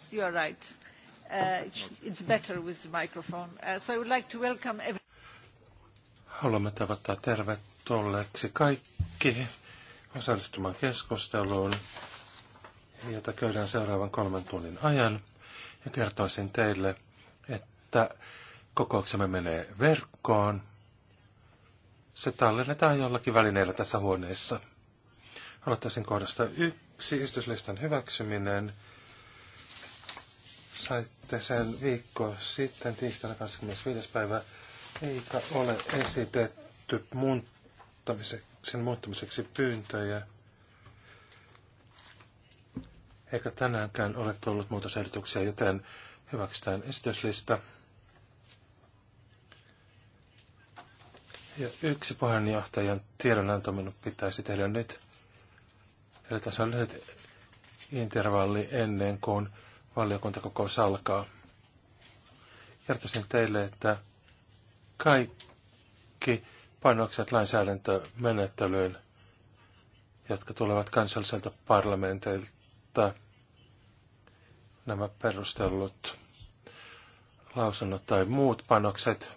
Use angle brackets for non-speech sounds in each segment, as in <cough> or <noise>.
Yes, you are right. Uh, it's better with the microphone. Uh, I would like to welcome every... Haluamme tavoittaa tervetulleeksi kaikki osallistumaan keskusteluun, jota käydään seuraavan kolmen tunnin ajan. Ja kertoisin teille, että kokouksemme menee verkkoon. Se tallennetaan jollakin välineellä tässä huoneessa. Aloittaisin kohdasta yksi, esityslistan hyväksyminen saitte sen viikko sitten tiistaina 25. päivä, eikä ole esitetty muuttamiseksi, muuttamiseksi pyyntöjä. Eikä tänäänkään ole tullut muutosehdotuksia, joten hyväksytään esityslista. Ja yksi puheenjohtajan tiedonanto minun pitäisi tehdä nyt. Eli tässä on lyhyt intervalli ennen kuin valiokuntakokous alkaa. Kertoisin teille, että kaikki panokset lainsäädäntömenettelyyn, jotka tulevat kansalliselta parlamenteilta, nämä perustellut lausunnot tai muut panokset,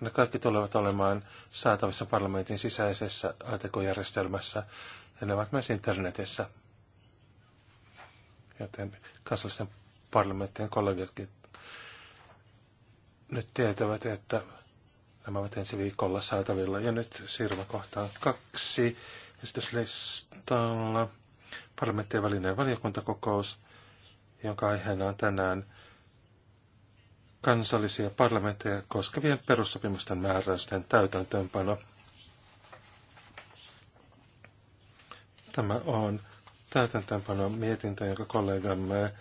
ne kaikki tulevat olemaan saatavissa parlamentin sisäisessä ATK-järjestelmässä ja ne ovat myös internetissä joten kansallisten parlamenttien kollegiatkin nyt tietävät, että nämä ovat ensi viikolla saatavilla. Ja nyt siirrymme kohtaan kaksi esityslistalla. Parlamenttien välinen valiokuntakokous, jonka aiheena on tänään kansallisia parlamentteja koskevien perussopimusten määräysten täytäntöönpano. Tämä on täytäntöönpano mietintö, jonka kollegamme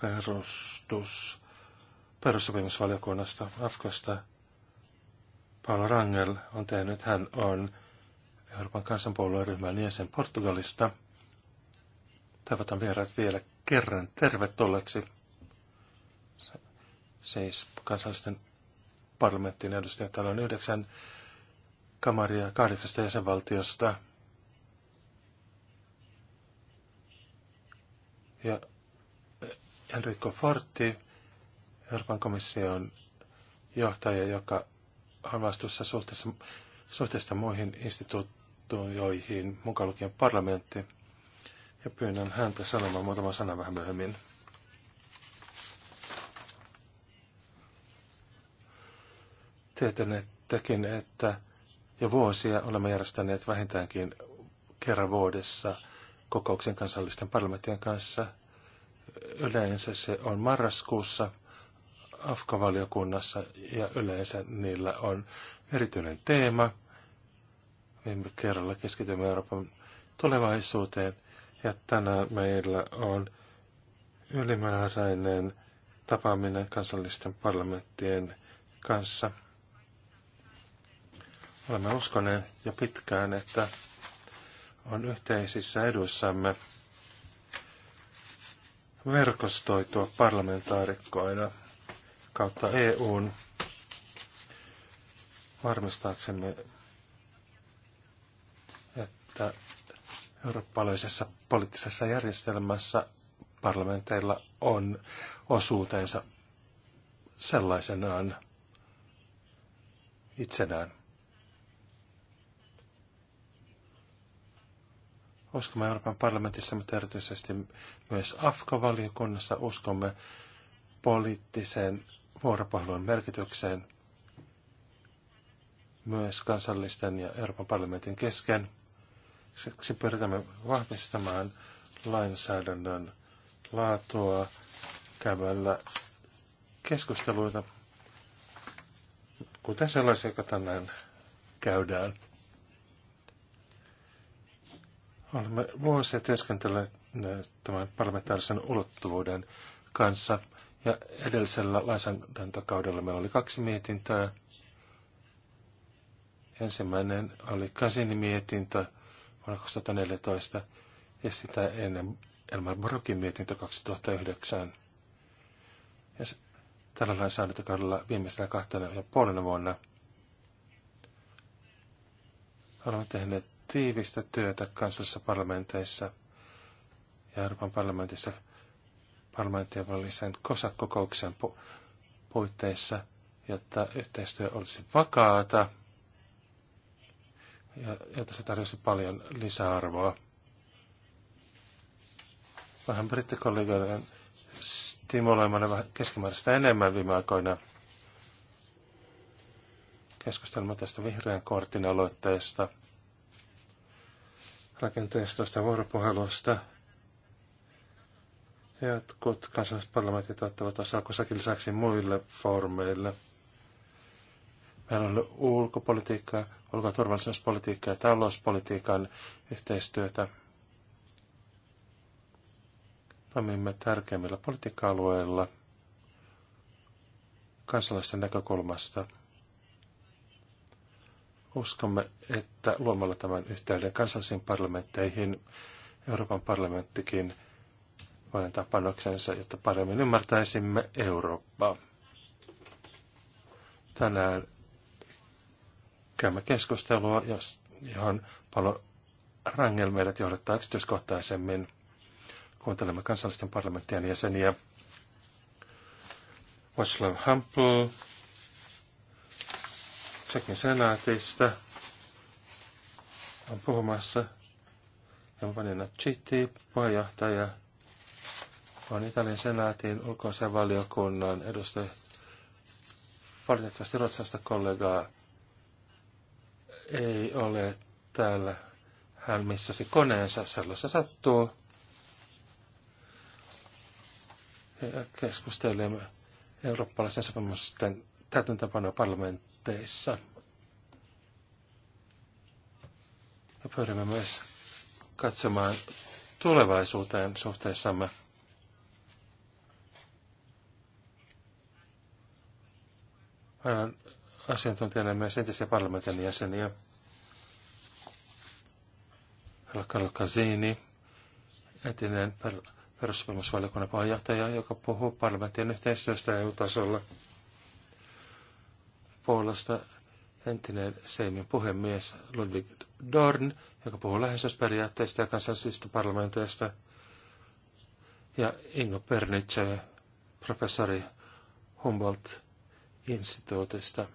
perustus perussopimusvaliokunnasta Afkosta Paolo Rangel on tehnyt. Hän on Euroopan kansanpuolueen ryhmän jäsen Portugalista. Tavataan vieraat vielä kerran tervetulleeksi. Seis kansallisten parlamenttien edustajat. Täällä on yhdeksän kamaria kahdeksasta jäsenvaltiosta – Ja Enrico Forti, Euroopan komission johtaja, joka on vastuussa suhteessa, suhteesta muihin instituutioihin, mukaan lukien parlamentti. Ja pyydän häntä sanomaan muutama sana vähän myöhemmin. Tietänettekin, että jo vuosia olemme järjestäneet vähintäänkin kerran vuodessa – kokouksen kansallisten parlamenttien kanssa. Yleensä se on marraskuussa AFKA-valiokunnassa ja yleensä niillä on erityinen teema. Viime kerralla keskitymme Euroopan tulevaisuuteen ja tänään meillä on ylimääräinen tapaaminen kansallisten parlamenttien kanssa. Olemme uskoneet jo pitkään, että on yhteisissä eduissamme verkostoitua parlamentaarikkoina kautta EUn varmistaaksemme, että eurooppalaisessa poliittisessa järjestelmässä parlamenteilla on osuutensa sellaisenaan itsenään. Uskomme Euroopan parlamentissa, mutta erityisesti myös AFKO-valiokunnassa uskomme poliittiseen vuoropuhelun merkitykseen myös kansallisten ja Euroopan parlamentin kesken. Siksi pyritämme vahvistamaan lainsäädännön laatua käymällä keskusteluita, kuten sellaisia, joita tänään käydään. Olemme vuosia työskentelleet tämän parlamentaarisen ulottuvuuden kanssa. Ja edellisellä lainsäädäntökaudella meillä oli kaksi mietintöä. Ensimmäinen oli Kasinin mietintö vuonna 2014 ja sitä ennen Elmar Brokin mietintö 2009. Ja tällä lainsäädäntökaudella viimeisenä kahtena ja puolena vuonna olemme tehneet tiivistä työtä kansallisissa parlamenteissa ja Euroopan parlamentissa parlamenttien välisen kosakokouksen pu- puitteissa, jotta yhteistyö olisi vakaata ja jotta se tarjosi paljon lisäarvoa. Vähän brittikollegoiden stimuloimana vähän keskimääräistä enemmän viime aikoina keskustelma tästä vihreän kortin aloitteesta – rakenteesta ja vuoropuhelusta. Jotkut kansalliset parlamentit ottavat osaa kussakin lisäksi muille foorumeille. Meillä on ulkopolitiikka, ulko- ja turvallisuuspolitiikkaa ja talouspolitiikan yhteistyötä. Toimimme tärkeimmillä politiikka-alueilla kansalaisten näkökulmasta – Uskomme, että luomalla tämän yhteyden kansallisiin parlamentteihin Euroopan parlamenttikin voi antaa panoksensa, jotta paremmin ymmärtäisimme Eurooppaa. Tänään käymme keskustelua, johon Palo Rangel meidät johdattaa yksityiskohtaisemmin. Kuuntelemme kansallisten parlamenttien jäseniä. Václav Hampel, Tsekin senaatista on puhumassa Jovanina Chitti, puheenjohtaja, on Italian senaatin ulkoasianvaliokunnan edustaja. Valitettavasti ruotsalaista kollegaa ei ole täällä. Hän missasi koneensa, sellaista sattuu. Ja keskustelemme eurooppalaisen sopimusten täytäntöpanoa parlamentti puitteissa. Me pyrimme myös katsomaan tulevaisuuteen suhteessamme. Meillä on asiantuntijana myös entisiä parlamentin jäseniä. Kallo Kazini, entinen perussopimusvaliokunnan puheenjohtaja, joka puhuu parlamentin yhteistyöstä EU-tasolla. Puolasta entinen Seimin puhemies Ludwig Dorn, joka puhuu läheisyysperiaatteista ja kansallisista parlamenteista, ja Ingo Pernice, professori Humboldt-instituutista,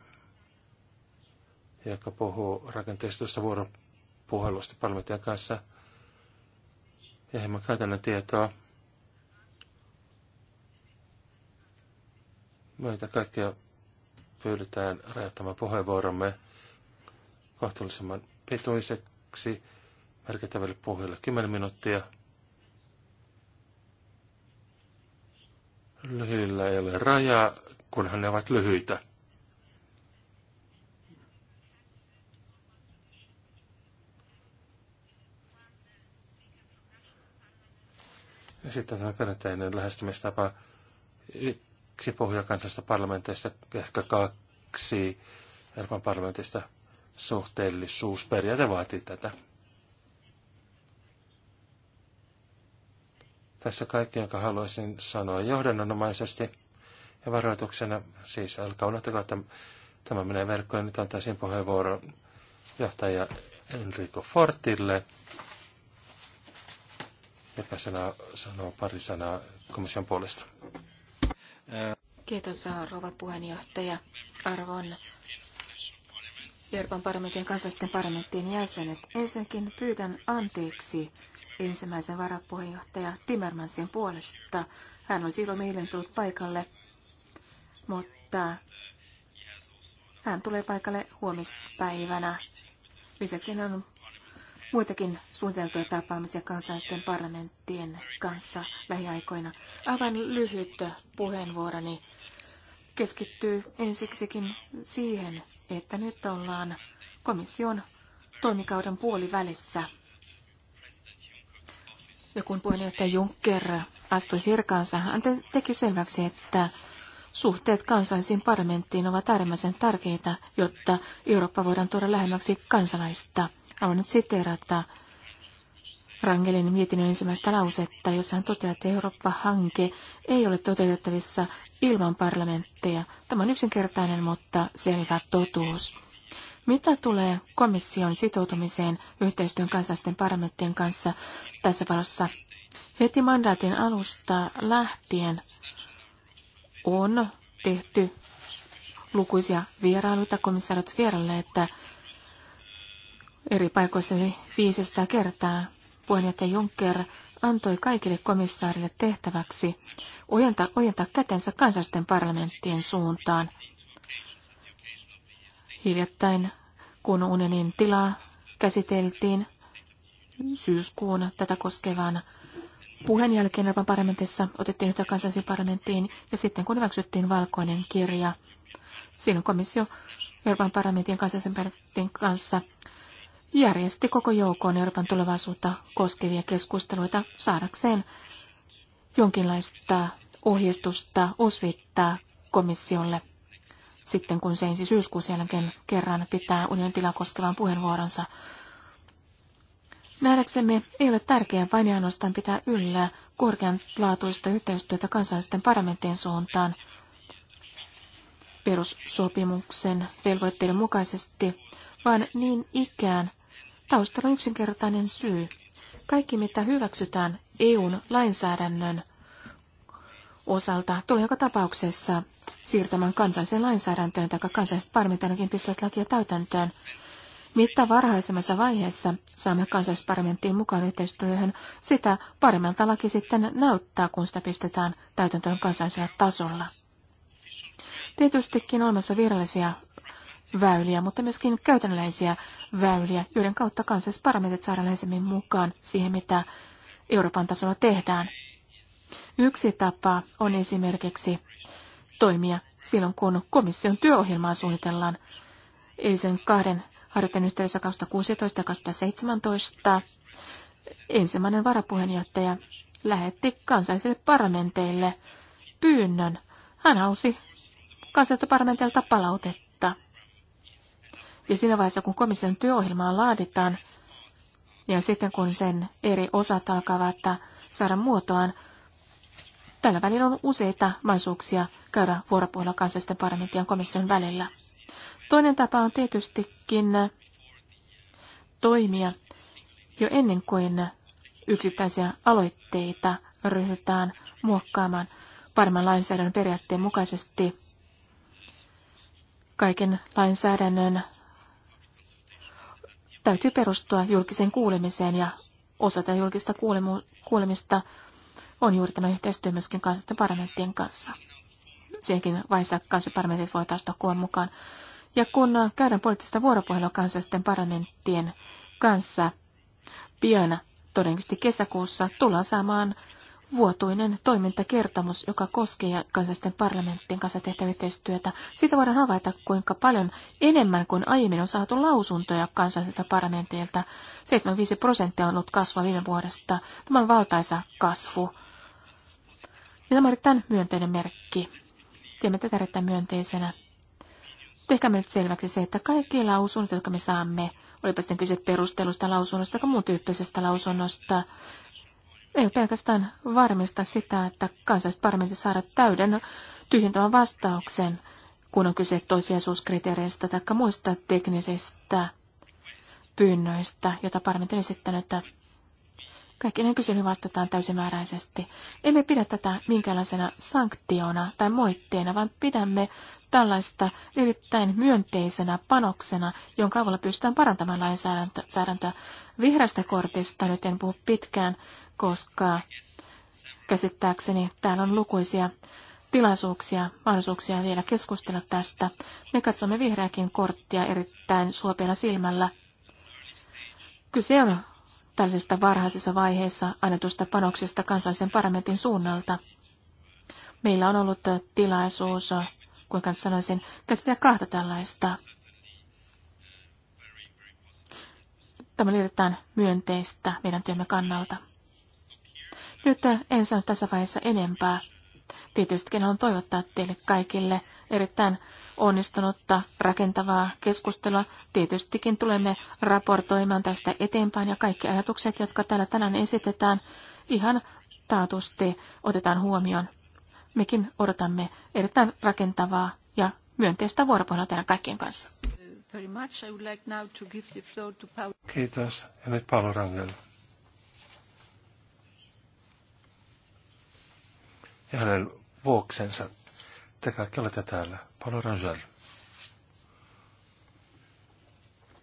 joka puhuu rakenteistosta vuoropuhelusta parlamentin kanssa. Ja hieman käytännön tietoa. Meitä kaikkia pyydetään rajoittamaan puheenvuoromme kohtuullisemman pituiseksi merkittäville puhujille 10 minuuttia. Lyhyillä ei ole rajaa, kunhan ne ovat lyhyitä. Ja sitten tämä perinteinen lähestymistapa kaksi pohjakansasta kansallisesta parlamenteista, ehkä kaksi Euroopan parlamentista. Suhteellisuusperiaate vaatii tätä. Tässä kaikki, jonka haluaisin sanoa johdannonomaisesti ja varoituksena, siis älkää unohtakaa, että tämä menee verkkoon. Nyt niin antaisin puheenvuoron johtaja Enrico Fortille, joka sanoo, sanoo pari sanaa komission puolesta. Kiitos, rouva puheenjohtaja. Arvon Euroopan parlamentin kansallisten parlamenttien jäsenet. Ensinnäkin pyydän anteeksi ensimmäisen varapuheenjohtaja Timmermansin puolesta. Hän on silloin meille tullut paikalle, mutta hän tulee paikalle huomispäivänä. Lisäksi hän on muitakin suunniteltuja tapaamisia kansallisten parlamenttien kanssa lähiaikoina. Aivan lyhyt puheenvuoroni keskittyy ensiksikin siihen, että nyt ollaan komission toimikauden puolivälissä. Ja kun puheenjohtaja Juncker astui virkaansa, hän teki selväksi, että suhteet kansallisiin parlamenttiin ovat äärimmäisen tärkeitä, jotta Eurooppa voidaan tuoda lähemmäksi kansalaista – Haluan nyt siteerata Rangelin mietinnön ensimmäistä lausetta, jossa hän toteaa, että Eurooppa-hanke ei ole toteutettavissa ilman parlamentteja. Tämä on yksinkertainen, mutta selvä totuus. Mitä tulee komission sitoutumiseen yhteistyön kansallisten parlamenttien kanssa tässä valossa? Heti mandaatin alusta lähtien on tehty lukuisia vierailuita, komissaarit vieraille, että eri paikoissa yli 500 kertaa. Puheenjohtaja Juncker antoi kaikille komissaarille tehtäväksi ojentaa, ojentaa kätensä kansallisten parlamenttien suuntaan. Hiljattain, kun unionin tilaa käsiteltiin syyskuun tätä koskevan puheen jälkeen Euroopan parlamentissa otettiin yhtä kansallisiin parlamenttiin ja sitten kun hyväksyttiin valkoinen kirja, silloin komissio Euroopan parlamentin kansallisen parlamentin kanssa järjesti koko joukon Euroopan tulevaisuutta koskevia keskusteluita saadakseen jonkinlaista ohjeistusta osvittaa komissiolle sitten kun se ensi syyskuussa jälkeen kerran pitää union tilaa koskevan puheenvuoronsa. Nähdäksemme ei ole tärkeää vain ja ainoastaan pitää yllä korkeanlaatuista yhteistyötä kansallisten parlamenttien suuntaan perussopimuksen velvoitteiden mukaisesti, vaan niin ikään Taustalla yksinkertainen syy. Kaikki, mitä hyväksytään EUn lainsäädännön osalta, tulee joka tapauksessa siirtämään kansalliseen lainsäädäntöön tai kansalliset parlamentaarikin pistävät lakia täytäntöön. Mitä varhaisemmassa vaiheessa saamme kansallisparlamenttiin mukaan yhteistyöhön, sitä paremmalta laki sitten näyttää, kun sitä pistetään täytäntöön kansallisella tasolla. Tietystikin olemassa virallisia väyliä, mutta myöskin käytännöllisiä väyliä, joiden kautta kansalliset parametrit saadaan läheisemmin mukaan siihen, mitä Euroopan tasolla tehdään. Yksi tapa on esimerkiksi toimia silloin, kun komission työohjelmaa suunnitellaan, eli sen kahden harjoitteen yhteydessä 2016 ja 2017. Ensimmäinen varapuheenjohtaja lähetti kansallisille parlamenteille pyynnön. Hän halusi kansalliselta parlamentilta palautetta ja siinä vaiheessa, kun komission työohjelmaa laaditaan, ja sitten kun sen eri osat alkavat saada muotoaan, tällä välin on useita mahdollisuuksia käydä vuoropuhelua kansallisten ja komission välillä. Toinen tapa on tietystikin toimia jo ennen kuin yksittäisiä aloitteita ryhdytään muokkaamaan paremman lainsäädännön periaatteen mukaisesti. Kaiken lainsäädännön täytyy perustua julkiseen kuulemiseen ja osa tätä julkista kuulemu- kuulemista on juuri tämä yhteistyö myöskin kansallisten parlamenttien kanssa. Siihenkin vaiheessa parlamentit voi taas koon mukaan. Ja kun käydään poliittista vuoropuhelua kansallisten parlamenttien kanssa, pian todennäköisesti kesäkuussa tullaan saamaan vuotuinen toimintakertomus, joka koskee kansallisten parlamenttien kanssa tehtävää yhteistyötä. Siitä voidaan havaita, kuinka paljon enemmän kuin aiemmin on saatu lausuntoja kansallisilta parlamenteilta. 75 prosenttia on ollut kasvua viime vuodesta. Tämä on valtaisa kasvu. Ja tämä on erittäin myönteinen merkki. Tiedämme tätä erittäin myönteisenä. Tehkäämme nyt selväksi se, että kaikki lausunnot, jotka me saamme, olipa sitten kyse perustelusta lausunnosta tai muun tyyppisestä lausunnosta, ei pelkästään varmista sitä, että kansalliset parlamentit saada täyden tyhjentävän vastauksen, kun on kyse toisiaisuuskriteereistä tai muista teknisistä pyynnöistä, jota parlamentti on esittänyt kaikki näihin kyselyyn vastataan täysimääräisesti. Emme pidä tätä minkäänlaisena sanktiona tai moitteena, vaan pidämme tällaista erittäin myönteisenä panoksena, jonka avulla pystytään parantamaan lainsäädäntöä. Vihreästä kortista nyt en puhu pitkään, koska käsittääkseni täällä on lukuisia tilaisuuksia, mahdollisuuksia vielä keskustella tästä. Me katsomme vihreäkin korttia erittäin suopeella silmällä. Kyse on tällaisesta varhaisessa vaiheessa annetusta panoksesta kansallisen parlamentin suunnalta. Meillä on ollut tilaisuus, kuinka sanoisin, käsitellä kahta tällaista. Tämä oli erittäin myönteistä meidän työmme kannalta. Nyt en sano tässä vaiheessa enempää. Tietystikin haluan toivottaa teille kaikille – erittäin onnistunutta rakentavaa keskustelua. Tietystikin tulemme raportoimaan tästä eteenpäin ja kaikki ajatukset, jotka täällä tänään esitetään, ihan taatusti otetaan huomioon. Mekin odotamme erittäin rakentavaa ja myönteistä vuoropuhelua teidän kaikkien kanssa. Kiitos. Ja nyt Paolo Rangel. Ja hänen vuoksensa te olette täällä. Paolo Rangel.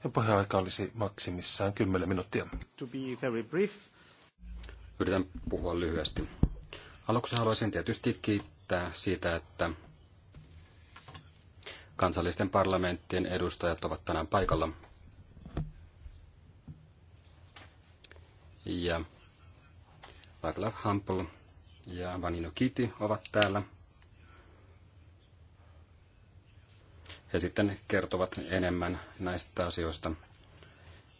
Ja puheenaika olisi maksimissaan 10 minuuttia. To be very brief. Yritän puhua lyhyesti. Aluksi haluaisin tietysti kiittää siitä, että kansallisten parlamenttien edustajat ovat tänään paikalla. Ja Václav Hampel ja Vanino Kiti ovat täällä. Ja sitten kertovat enemmän näistä asioista.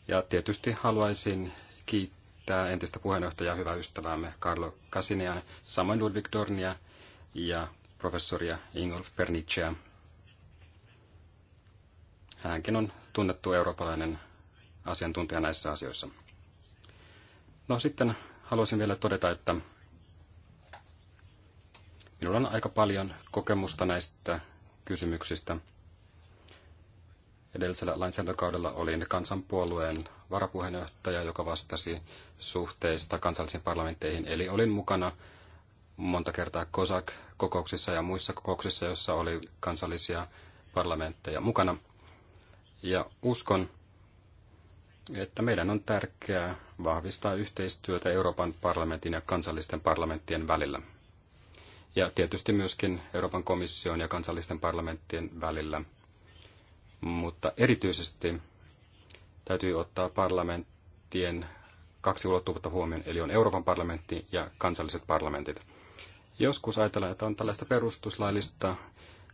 Ja tietysti haluaisin kiittää entistä puheenjohtajaa hyvää ystäväämme Carlo Casinian, samoin Ludwig Dornia ja professoria Ingolf Pernicea. Hänkin on tunnettu eurooppalainen asiantuntija näissä asioissa. No sitten haluaisin vielä todeta, että minulla on aika paljon kokemusta näistä kysymyksistä – Edellisellä lainsäädäntökaudella olin kansanpuolueen varapuheenjohtaja, joka vastasi suhteista kansallisiin parlamentteihin. Eli olin mukana monta kertaa COSAC-kokouksissa ja muissa kokouksissa, joissa oli kansallisia parlamentteja mukana. Ja uskon, että meidän on tärkeää vahvistaa yhteistyötä Euroopan parlamentin ja kansallisten parlamenttien välillä. Ja tietysti myöskin Euroopan komission ja kansallisten parlamenttien välillä – mutta erityisesti täytyy ottaa parlamenttien kaksi ulottuvuutta huomioon, eli on Euroopan parlamentti ja kansalliset parlamentit. Joskus ajatellaan, että on tällaista perustuslaillista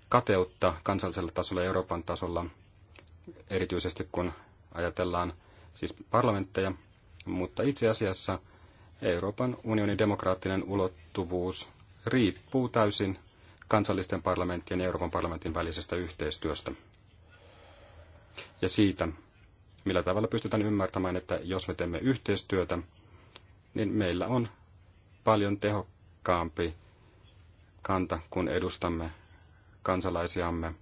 kateutta kansallisella tasolla ja Euroopan tasolla, erityisesti kun ajatellaan siis parlamentteja, mutta itse asiassa Euroopan unionin demokraattinen ulottuvuus riippuu täysin kansallisten parlamenttien ja Euroopan parlamentin välisestä yhteistyöstä ja siitä, millä tavalla pystytään ymmärtämään, että jos me teemme yhteistyötä, niin meillä on paljon tehokkaampi kanta, kun edustamme kansalaisiamme.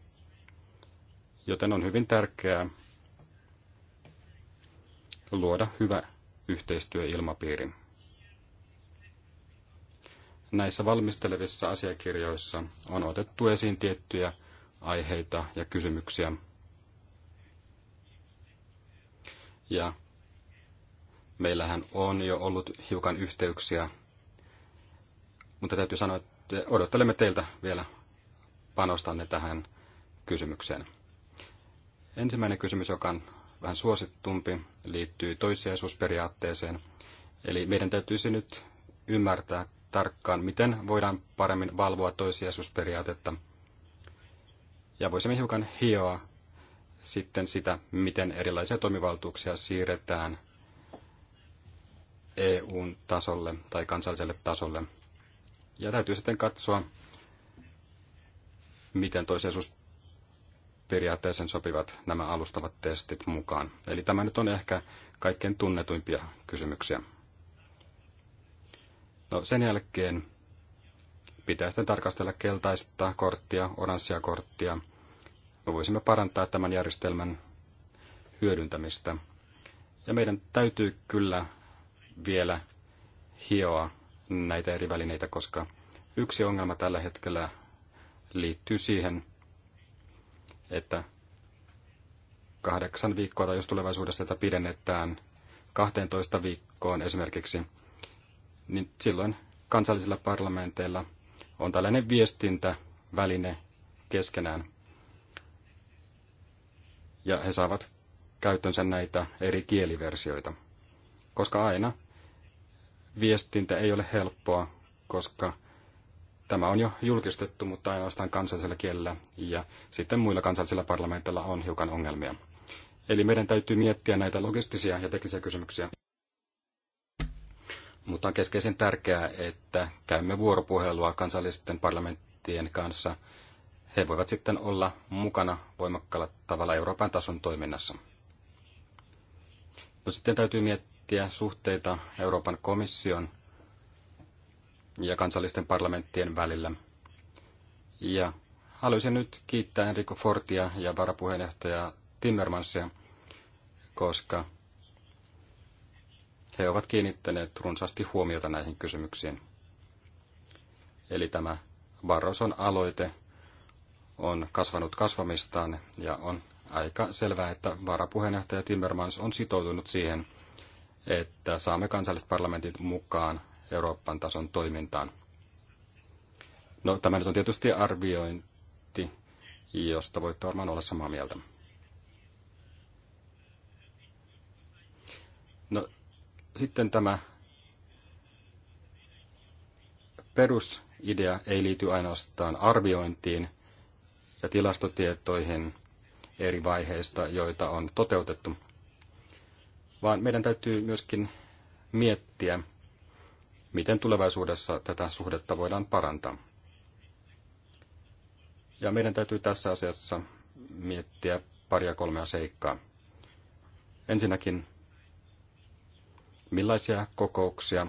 Joten on hyvin tärkeää luoda hyvä yhteistyöilmapiiri. Näissä valmistelevissa asiakirjoissa on otettu esiin tiettyjä aiheita ja kysymyksiä, Ja meillähän on jo ollut hiukan yhteyksiä, mutta täytyy sanoa, että odottelemme teiltä vielä panostanne tähän kysymykseen. Ensimmäinen kysymys, joka on vähän suosittumpi, liittyy toissijaisuusperiaatteeseen. Eli meidän täytyisi nyt ymmärtää tarkkaan, miten voidaan paremmin valvoa toissijaisuusperiaatetta. Ja voisimme hiukan hioa sitten sitä, miten erilaisia toimivaltuuksia siirretään EUn tasolle tai kansalliselle tasolle. Ja täytyy sitten katsoa, miten toisensuusperiaatteeseen sopivat nämä alustavat testit mukaan. Eli tämä nyt on ehkä kaikkein tunnetuimpia kysymyksiä. No sen jälkeen pitää sitten tarkastella keltaista korttia, oranssia korttia me voisimme parantaa tämän järjestelmän hyödyntämistä. Ja meidän täytyy kyllä vielä hioa näitä eri välineitä, koska yksi ongelma tällä hetkellä liittyy siihen, että kahdeksan viikkoa tai jos tulevaisuudessa tätä pidennetään 12 viikkoon esimerkiksi, niin silloin kansallisilla parlamenteilla on tällainen viestintäväline keskenään ja he saavat käyttönsä näitä eri kieliversioita. Koska aina viestintä ei ole helppoa, koska tämä on jo julkistettu, mutta ainoastaan kansallisella kielellä ja sitten muilla kansallisilla parlamenteilla on hiukan ongelmia. Eli meidän täytyy miettiä näitä logistisia ja teknisiä kysymyksiä. Mutta on keskeisen tärkeää, että käymme vuoropuhelua kansallisten parlamenttien kanssa he voivat sitten olla mukana voimakkaalla tavalla Euroopan tason toiminnassa. No sitten täytyy miettiä suhteita Euroopan komission ja kansallisten parlamenttien välillä. Ja haluaisin nyt kiittää Enrico Fortia ja varapuheenjohtaja Timmermansia, koska he ovat kiinnittäneet runsaasti huomiota näihin kysymyksiin. Eli tämä Barroson aloite on kasvanut kasvamistaan ja on aika selvää, että varapuheenjohtaja Timmermans on sitoutunut siihen, että saamme kansalliset parlamentit mukaan Euroopan tason toimintaan. No, tämä nyt on tietysti arviointi, josta voitte varmaan olla samaa mieltä. No, sitten tämä perusidea ei liity ainoastaan arviointiin, ja tilastotietoihin eri vaiheista, joita on toteutettu, vaan meidän täytyy myöskin miettiä, miten tulevaisuudessa tätä suhdetta voidaan parantaa. Ja meidän täytyy tässä asiassa miettiä paria kolmea seikkaa. Ensinnäkin, millaisia kokouksia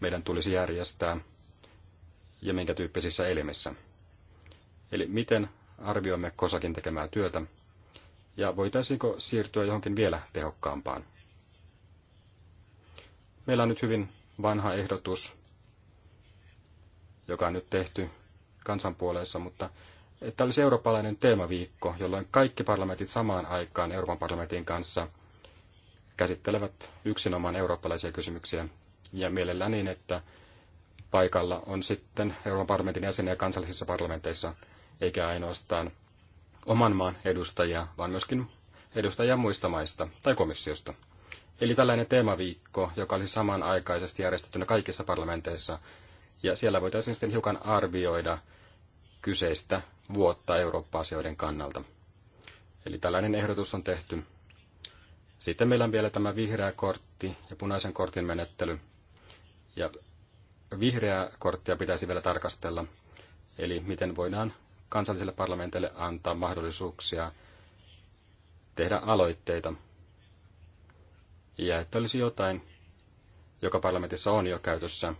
meidän tulisi järjestää ja minkä tyyppisissä elimissä – Eli miten arvioimme kosakin tekemää työtä ja voitaisiinko siirtyä johonkin vielä tehokkaampaan. Meillä on nyt hyvin vanha ehdotus, joka on nyt tehty kansanpuoleessa, mutta että olisi eurooppalainen teemaviikko, jolloin kaikki parlamentit samaan aikaan Euroopan parlamentin kanssa käsittelevät yksinomaan eurooppalaisia kysymyksiä. Ja mielellään niin, että paikalla on sitten Euroopan parlamentin jäseniä kansallisissa parlamenteissa – eikä ainoastaan oman maan edustajia, vaan myöskin edustajia muista maista tai komissiosta. Eli tällainen teemaviikko, joka olisi samanaikaisesti järjestettynä kaikissa parlamenteissa, ja siellä voitaisiin sitten hiukan arvioida kyseistä vuotta Eurooppa-asioiden kannalta. Eli tällainen ehdotus on tehty. Sitten meillä on vielä tämä vihreä kortti ja punaisen kortin menettely. Ja vihreää korttia pitäisi vielä tarkastella, eli miten voidaan kansallisille parlamenteille antaa mahdollisuuksia tehdä aloitteita. Ja että olisi jotain, joka parlamentissa on jo käytössä.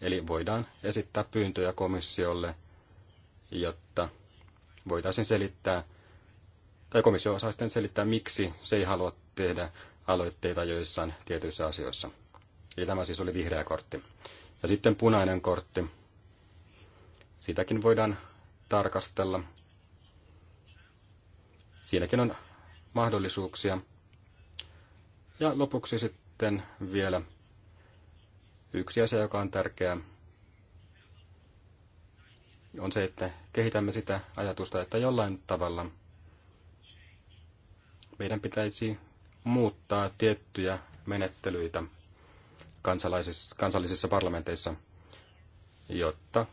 Eli voidaan esittää pyyntöjä komissiolle, jotta voitaisiin selittää, tai komissio osaa sitten selittää, miksi se ei halua tehdä aloitteita joissain tietyissä asioissa. Eli tämä siis oli vihreä kortti. Ja sitten punainen kortti. Sitäkin voidaan tarkastella. Siinäkin on mahdollisuuksia. Ja lopuksi sitten vielä yksi asia, joka on tärkeä, on se, että kehitämme sitä ajatusta, että jollain tavalla meidän pitäisi muuttaa tiettyjä menettelyitä kansallisissa parlamenteissa, jotta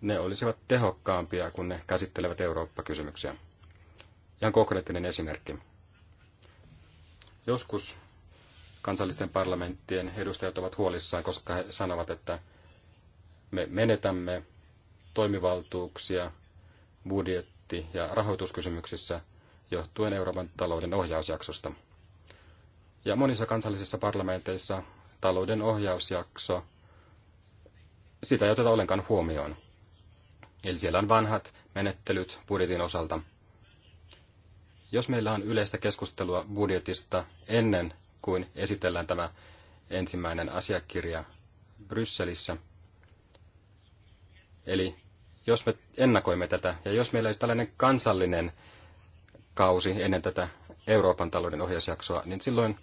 ne olisivat tehokkaampia, kun ne käsittelevät Eurooppa-kysymyksiä. Ihan konkreettinen esimerkki. Joskus kansallisten parlamenttien edustajat ovat huolissaan, koska he sanovat, että me menetämme toimivaltuuksia budjetti- ja rahoituskysymyksissä johtuen Euroopan talouden ohjausjaksosta. Ja monissa kansallisissa parlamenteissa talouden ohjausjakso, sitä ei oteta ollenkaan huomioon. Eli siellä on vanhat menettelyt budjetin osalta. Jos meillä on yleistä keskustelua budjetista ennen kuin esitellään tämä ensimmäinen asiakirja Brysselissä, eli jos me ennakoimme tätä, ja jos meillä olisi tällainen kansallinen kausi ennen tätä Euroopan talouden ohjausjaksoa, niin silloin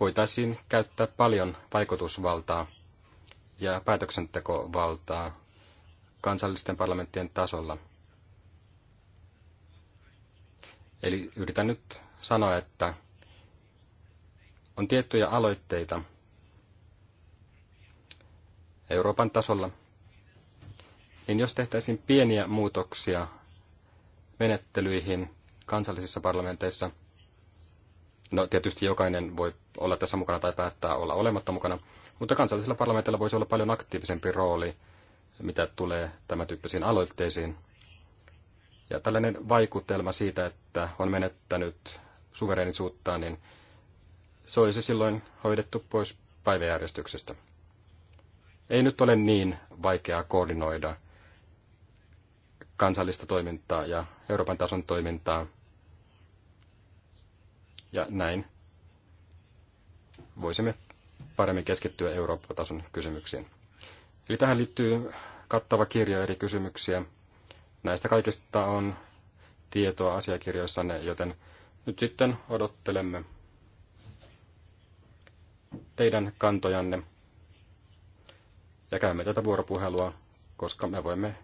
voitaisiin käyttää paljon vaikutusvaltaa ja päätöksentekovaltaa kansallisten parlamenttien tasolla. Eli yritän nyt sanoa, että on tiettyjä aloitteita Euroopan tasolla, niin jos tehtäisiin pieniä muutoksia menettelyihin kansallisissa parlamenteissa, no tietysti jokainen voi olla tässä mukana tai päättää olla olematta mukana, mutta kansallisella parlamentilla voisi olla paljon aktiivisempi rooli – mitä tulee tämän tyyppisiin aloitteisiin. Ja tällainen vaikutelma siitä, että on menettänyt suverenisuutta, niin se olisi silloin hoidettu pois päiväjärjestyksestä. Ei nyt ole niin vaikeaa koordinoida kansallista toimintaa ja Euroopan tason toimintaa. Ja näin voisimme paremmin keskittyä Eurooppa-tason kysymyksiin. Eli tähän liittyy kattava kirjo eri kysymyksiä. Näistä kaikista on tietoa asiakirjoissanne, joten nyt sitten odottelemme teidän kantojanne ja käymme tätä vuoropuhelua, koska me voimme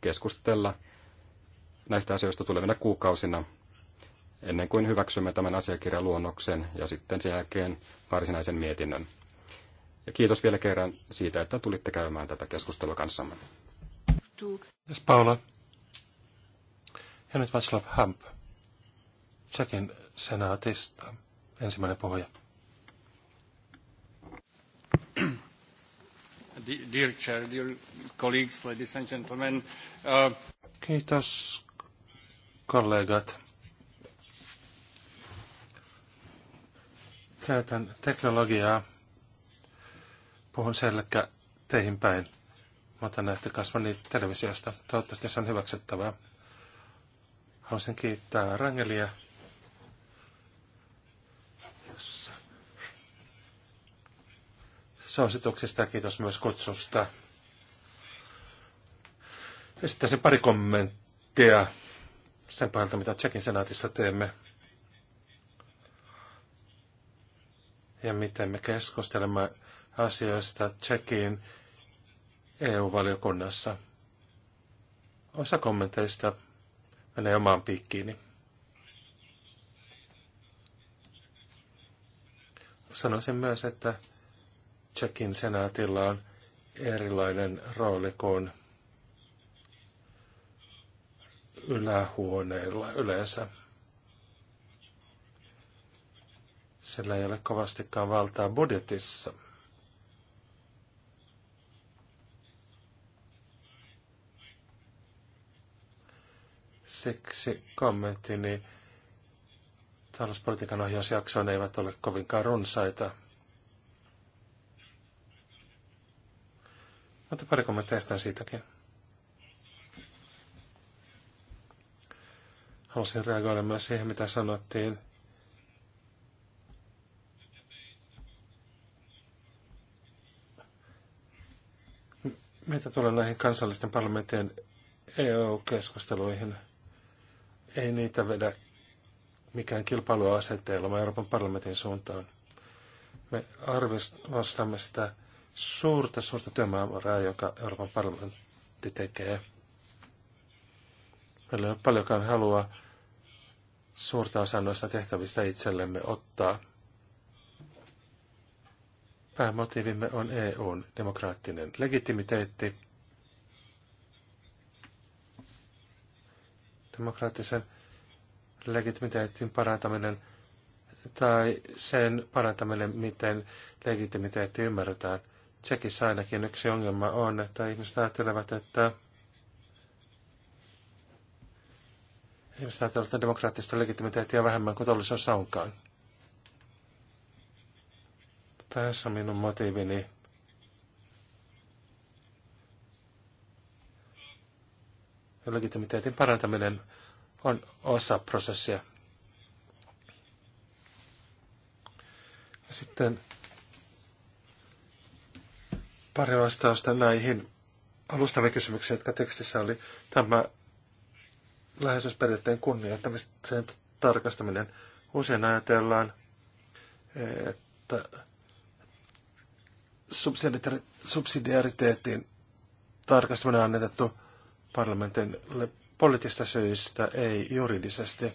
keskustella näistä asioista tulevina kuukausina ennen kuin hyväksymme tämän asiakirjan luonnoksen ja sitten sen jälkeen varsinaisen mietinnön. Ja kiitos vielä kerran siitä, että tulitte käymään tätä keskustelua kanssamme. Yes, Paula. Ja nyt Václav Hamp, Tsekin senaatista, ensimmäinen puhuja. Dear chair, dear colleagues, ladies and gentlemen. Uh... Kiitos kollegat. Käytän teknologiaa puhun selkä teihin päin. Mä otan näitä kasvani televisiosta. Toivottavasti se on hyväksyttävää. Haluaisin kiittää Rangelia. Suosituksista ja kiitos myös kutsusta. Esittäisin pari kommenttia sen pohjalta, mitä Tsekin senaatissa teemme. Ja miten me keskustelemme asiasta Tsekin EU-valiokunnassa. Osa kommenteista menee omaan piikkiini. Sanoisin myös, että Tsekin senaatilla on erilainen rooli kuin ylähuoneilla yleensä. Sillä ei ole kovastikaan valtaa budjetissa. Siksi kommenttini talouspolitiikan ohjausjaksoon eivät ole kovinkaan runsaita. Mutta pari kommenttia siitäkin. Haluaisin reagoida myös siihen, mitä sanottiin Mitä tulee näihin kansallisten parlamenttien EU-keskusteluihin? Ei niitä vedä mikään kilpailuasetelma Euroopan parlamentin suuntaan. Me arvostamme sitä suurta, suurta työmäärää, joka Euroopan parlamentti tekee. Meillä ei ole paljonkaan halua suurta osaa noista tehtävistä itsellemme ottaa. Päämotiivimme on EUn demokraattinen legitimiteetti – demokraattisen legitimiteetin parantaminen tai sen parantaminen, miten legitimiteetti ymmärretään. Tsekissä ainakin yksi ongelma on, että ihmiset ajattelevat, että ihmiset ajattelevat, että demokraattista legitimiteettiä vähemmän kuin tollisessa onkaan. Tässä minun motiivini ja legitimiteetin parantaminen on osa prosessia. Sitten pari vastausta näihin alustaviin kysymyksiin, jotka tekstissä oli. Tämä läheisyysperiaatteen kunnioittamisen tarkastaminen. Usein ajatellaan, että subsidiariteetin tarkastaminen on annettu parlamentin poliittisista syistä, ei juridisesti.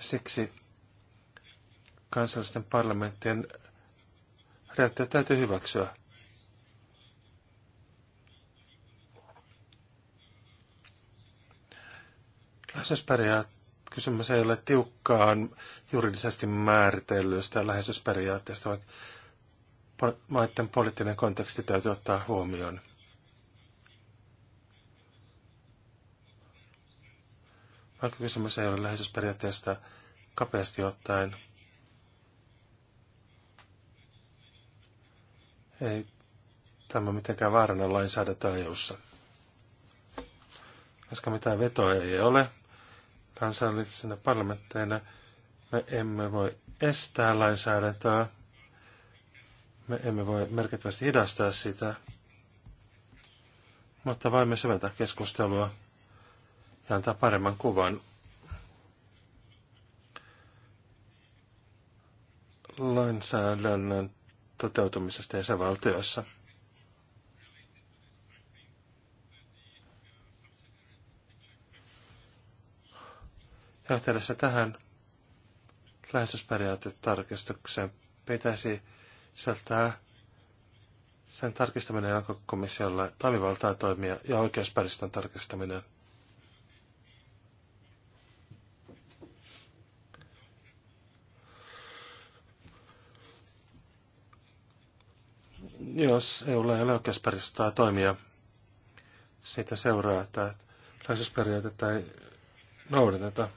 Siksi kansallisten parlamenttien reaktio täytyy hyväksyä. Läheisyysperiaatteessa kysymys ei ole tiukkaan juridisesti määritellystä läheisyysperiaatteesta, vaan maiden poliittinen konteksti täytyy ottaa huomioon. Vaikka kysymys ei ole lähetysperiaatteesta kapeasti ottaen, ei tämä mitenkään vaarana lainsäädäntöä EU-ssa. Koska mitään vetoa ei ole, kansallisena parlamentteina me emme voi estää lainsäädäntöä, me emme voi merkittävästi hidastaa sitä, mutta voimme syventää keskustelua ja antaa paremman kuvan lainsäädännön toteutumisesta jäsenvaltioissa. Ja yhteydessä tähän lähestysperiaatetarkistukseen pitäisi sisältää sen tarkistaminen, onko komissiolla toimivaltaa toimia, ja oikeuspääristön tarkistaminen – jos EUlla ei ole oikeusperistaa toimia, siitä seuraa, että läheisyysperiaatetta ei noudateta.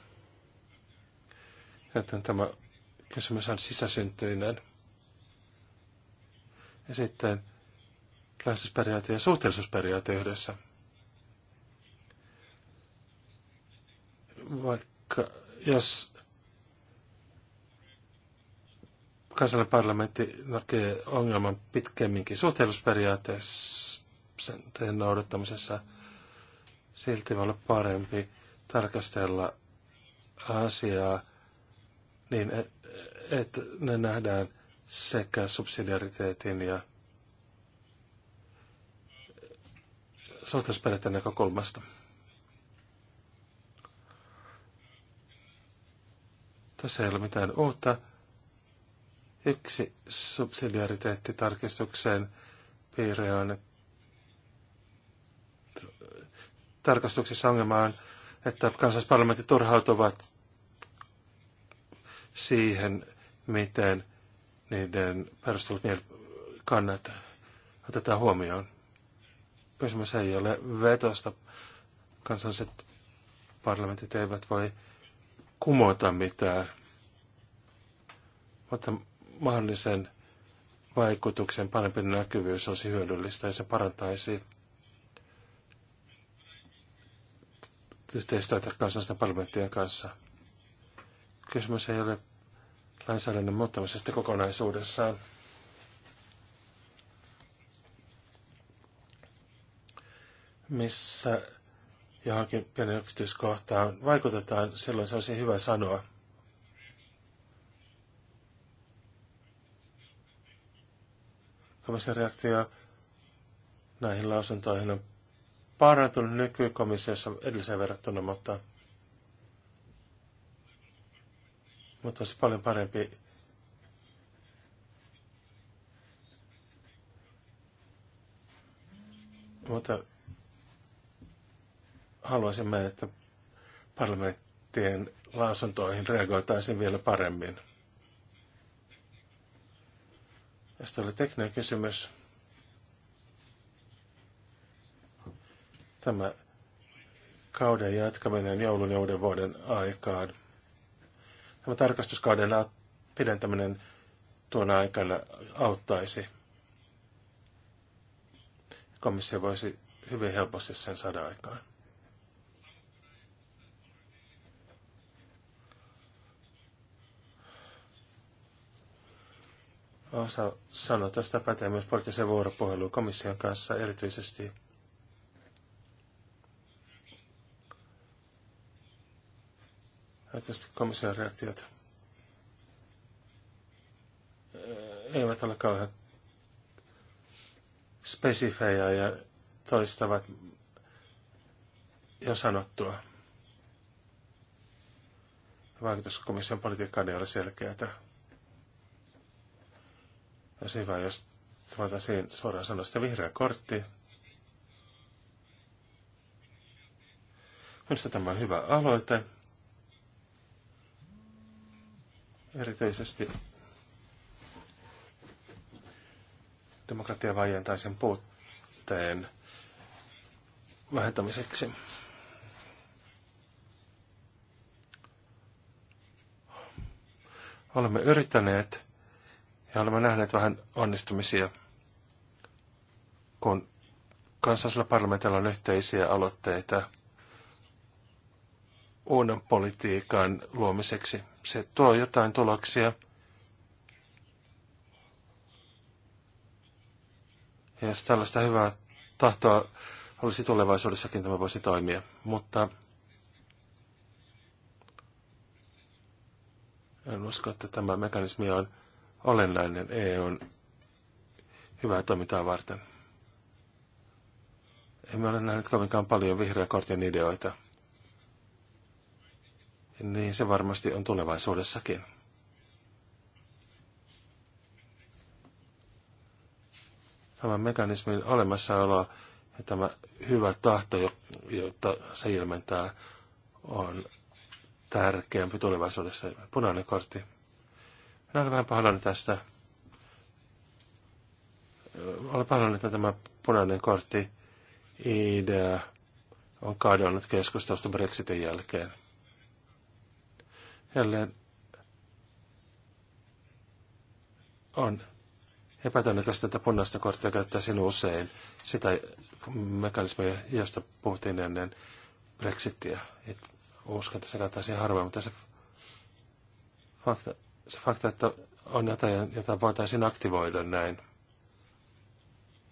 Joten tämä kysymys on sisäsyntyinen. Ja sitten läheisyysperiaate ja suhteellisuusperiaate yhdessä. Vaikka jos kansallinen parlamentti näkee ongelman pitkemminkin suhteellisuusperiaatteen noudattamisessa. Silti voi olla parempi tarkastella asiaa niin, että ne nähdään sekä subsidiariteetin ja suhteellisuusperiaatteen näkökulmasta. Tässä ei ole mitään uutta. Yksi subsidiariteettitarkistukseen piirre on, että tarkastuksessa ongelma on, että kansallisparlamentit turhautuvat siihen, miten niiden perustelut kannat otetaan huomioon. Kysymys ei ole vetosta. Kansalliset parlamentit eivät voi kumota mitään. Mutta mahdollisen vaikutuksen parempi näkyvyys olisi hyödyllistä ja se parantaisi yhteistyötä kansallisten parlamenttien kanssa. Kysymys ei ole lainsäädännön muuttamisesta kokonaisuudessaan. Missä johonkin pienen yksityiskohtaan vaikutetaan, silloin se olisi hyvä sanoa. komission reaktio näihin lausuntoihin on parantunut nykykomissiossa edelliseen verrattuna, mutta, mutta olisi paljon parempi mutta haluaisimme, että parlamenttien lausuntoihin reagoitaisiin vielä paremmin. Ja sitten oli tekninen kysymys. Tämä kauden jatkaminen joulun ja uuden vuoden aikaan. Tämä tarkastuskauden pidentäminen tuona aikana auttaisi. Komissio voisi hyvin helposti sen saada aikaan. osa sanoa. Tästä pätee myös poliittisen vuoropuheluun komission kanssa erityisesti. Erityisesti komission reaktiot eivät ole kauhean spesifejä ja toistavat jo sanottua. Vaikutuskomission politiikkaan ei ole selkeää. Olisi vaan, jos voitaisiin suoraan sanoa sitä vihreä kortti. Minusta tämä on hyvä aloite. Erityisesti demokratiavajien tai sen puutteen vähentämiseksi. Olemme yrittäneet ja olemme nähneet vähän onnistumisia, kun kansallisella parlamentilla on yhteisiä aloitteita uuden politiikan luomiseksi. Se tuo jotain tuloksia. Ja jos tällaista hyvää tahtoa olisi tulevaisuudessakin, tämä voisi toimia. Mutta en usko, että tämä mekanismi on olennainen EUn hyvää toimintaa varten. Emme ole nähneet kovinkaan paljon vihreä kortin ideoita. Niin se varmasti on tulevaisuudessakin. Tämä mekanismin olemassaolo ja tämä hyvä tahto, jota se ilmentää, on tärkeämpi tulevaisuudessa. Punainen kortti. Minä olen vähän pahoillani tästä. Olen pahoillani, että tämä punainen kortti idea on kadonnut keskustelusta Brexitin jälkeen. Jälleen on epätodennäköistä, että punaista korttia käyttäisiin usein sitä mekanismia, josta puhuttiin ennen Brexitia. Et uskon, että se käyttäisiin harvoin, mutta se fakta se fakta, että on jotain, jota voitaisiin aktivoida näin.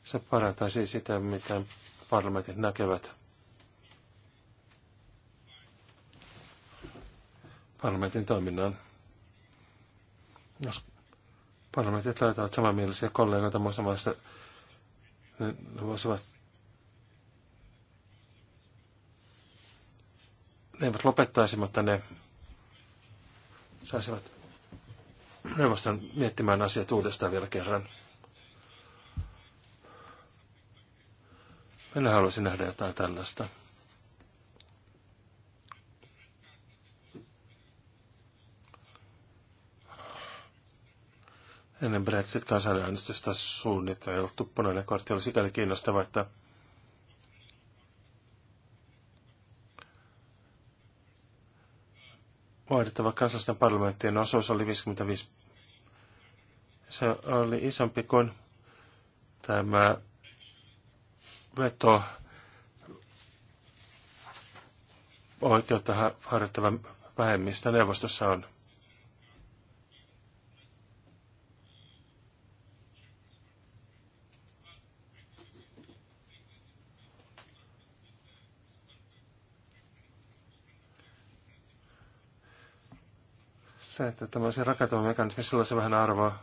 Se parantaisi sitä, mitä parlamentit näkevät. Parlamentin toiminnan. Jos parlamentit löytävät samanmielisiä kollegoita muissa maissa, niin ne voisivat ne eivät lopettaisi, mutta ne saisivat neuvostan miettimään asiat uudestaan vielä kerran. Minä haluaisin nähdä jotain tällaista. Ennen Brexit-kansanäänestystä suunniteltu punainen kortti oli sikäli kiinnostava, että vaadittava kansallisten parlamenttien osuus oli 55. Se oli isompi kuin tämä veto oikeutta harjoittava vähemmistä neuvostossa on. Se, että tämä rakentavan se sillä on se vähän arvoa.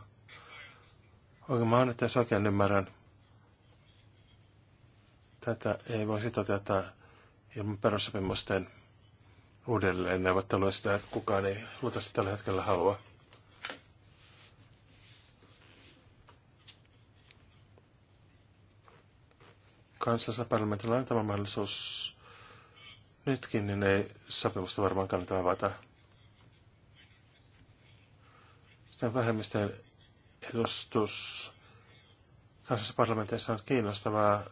Oikein mä että jos oikein ymmärrän, tätä ei voisi toteuttaa ilman perussopimusten uudelleen neuvottelua. Sitä kukaan ei luultavasti tällä hetkellä halua. kansallisella parlamentilla on tämä mahdollisuus nytkin, niin ei sopimusta varmaan kannata avata. sitä vähemmistöjen edustus kansallisessa parlamenteissa on kiinnostavaa.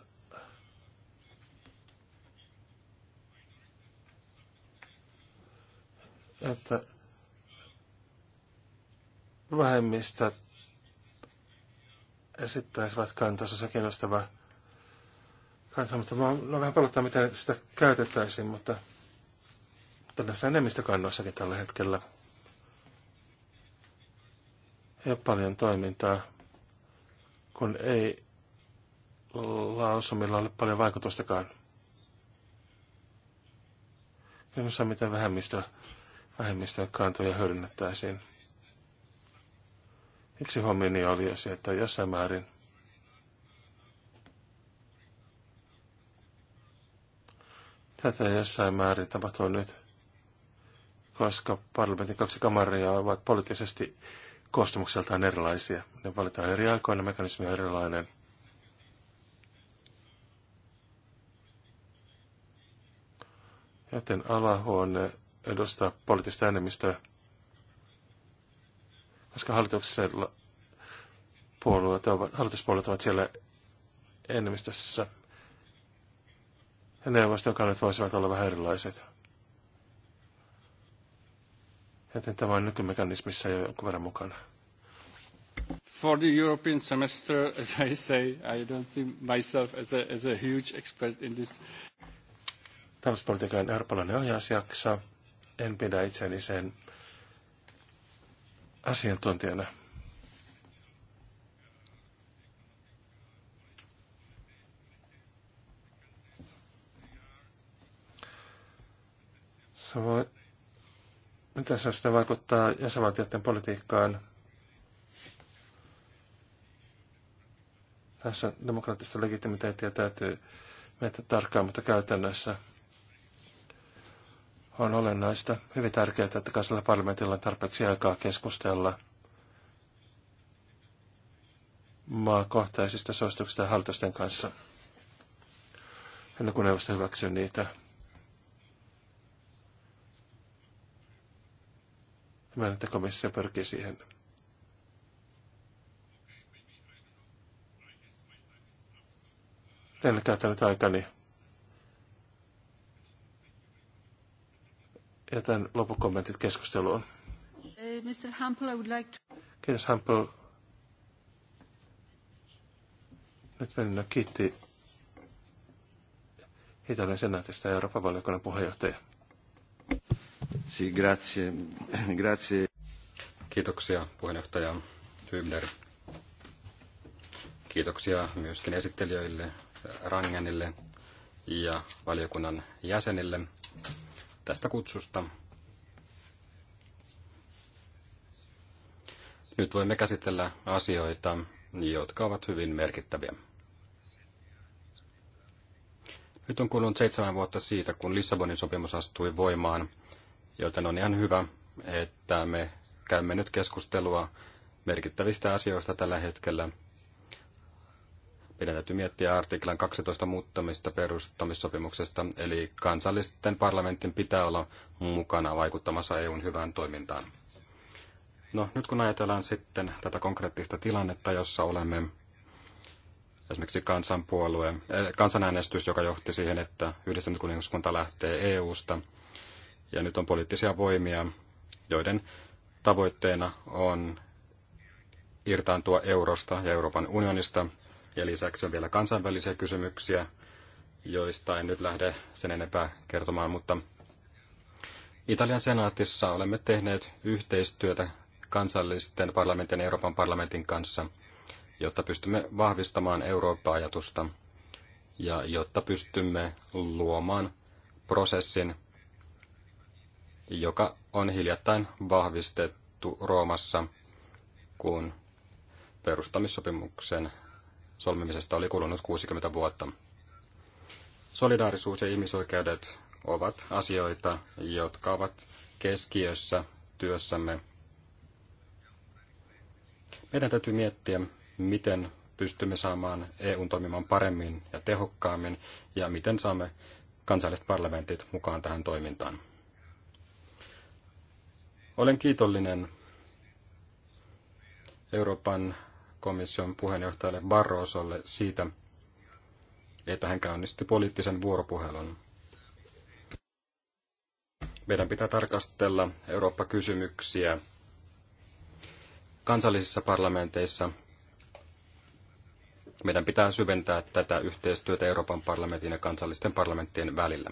Että vähemmistöt esittäisivät kantansa, se kiinnostava kansa, mutta mä olen vähän pelottaa, miten sitä käytettäisiin, mutta, mutta näissä enemmistökannoissakin tällä hetkellä. Japanin toimintaa, kun ei lausumilla ole paljon vaikutustakaan. En osaa mitään vähemmistö, vähemmistöä kantoja hyödynnettäisiin. Yksi hommini oli se, että jossain määrin tätä jossain määrin tapahtuu nyt, koska parlamentin kaksi kamaria ovat poliittisesti koostumukseltaan erilaisia. Ne valitaan eri aikoina, mekanismi on erilainen. Joten alahuone edustaa poliittista enemmistöä, koska hallituksella puolueet ovat, hallituspuolueet ovat siellä enemmistössä. Ja neuvoston voisivat olla vähän erilaiset joten tämä on nykymekanismissa jo jonkun verran mukana. For the European semester, <laughs> as I say, I don't see myself as a, as a huge expert in this. Talouspolitiikan eurooppalainen ohjausjakso. En pidä itseäni sen asiantuntijana. So voi Miten se sitten vaikuttaa jäsenvaltioiden politiikkaan? Tässä demokraattista legitimiteettiä täytyy miettiä tarkkaan, mutta käytännössä on olennaista, hyvin tärkeää, että kansallisella parlamentilla on tarpeeksi aikaa keskustella maakohtaisista suosituksista hallitusten kanssa, ennen kuin neuvosto hyväksyy niitä. Mä että komissio pyrkii siihen. En käyttänyt aikani. Jätän loppukommentit keskusteluun. Eh, Mr. Hampel, I would like to... Kiitos Hampel. Nyt mennään kiitti Italian senaatista ja Euroopan valiokunnan puheenjohtaja. Si, grazie. <clears throat> grazie. Kiitoksia puheenjohtaja Hymner. Kiitoksia myöskin esittelijöille, Rangenille ja valiokunnan jäsenille tästä kutsusta. Nyt voimme käsitellä asioita, jotka ovat hyvin merkittäviä. Nyt on kulunut seitsemän vuotta siitä, kun Lissabonin sopimus astui voimaan – Joten on ihan hyvä, että me käymme nyt keskustelua merkittävistä asioista tällä hetkellä. Meidän täytyy miettiä artiklan 12 muuttamista perustamissopimuksesta, eli kansallisten parlamentin pitää olla mukana vaikuttamassa EUn hyvään toimintaan. No nyt kun ajatellaan sitten tätä konkreettista tilannetta, jossa olemme esimerkiksi kansanpuolue, eh, kansanäänestys, joka johti siihen, että yhdistynyt kuningaskunta lähtee EUsta – ja nyt on poliittisia voimia, joiden tavoitteena on irtaantua eurosta ja Euroopan unionista, ja lisäksi on vielä kansainvälisiä kysymyksiä, joista en nyt lähde sen enempää kertomaan, mutta Italian senaatissa olemme tehneet yhteistyötä kansallisten parlamentin ja Euroopan parlamentin kanssa, jotta pystymme vahvistamaan Eurooppa-ajatusta ja jotta pystymme luomaan prosessin, joka on hiljattain vahvistettu Roomassa, kun perustamissopimuksen solmimisesta oli kulunut 60 vuotta. Solidaarisuus ja ihmisoikeudet ovat asioita, jotka ovat keskiössä työssämme. Meidän täytyy miettiä, miten pystymme saamaan EUn toimimaan paremmin ja tehokkaammin ja miten saamme kansalliset parlamentit mukaan tähän toimintaan. Olen kiitollinen Euroopan komission puheenjohtajalle Barrosolle siitä, että hän käynnisti poliittisen vuoropuhelun. Meidän pitää tarkastella Eurooppa-kysymyksiä kansallisissa parlamenteissa. Meidän pitää syventää tätä yhteistyötä Euroopan parlamentin ja kansallisten parlamenttien välillä.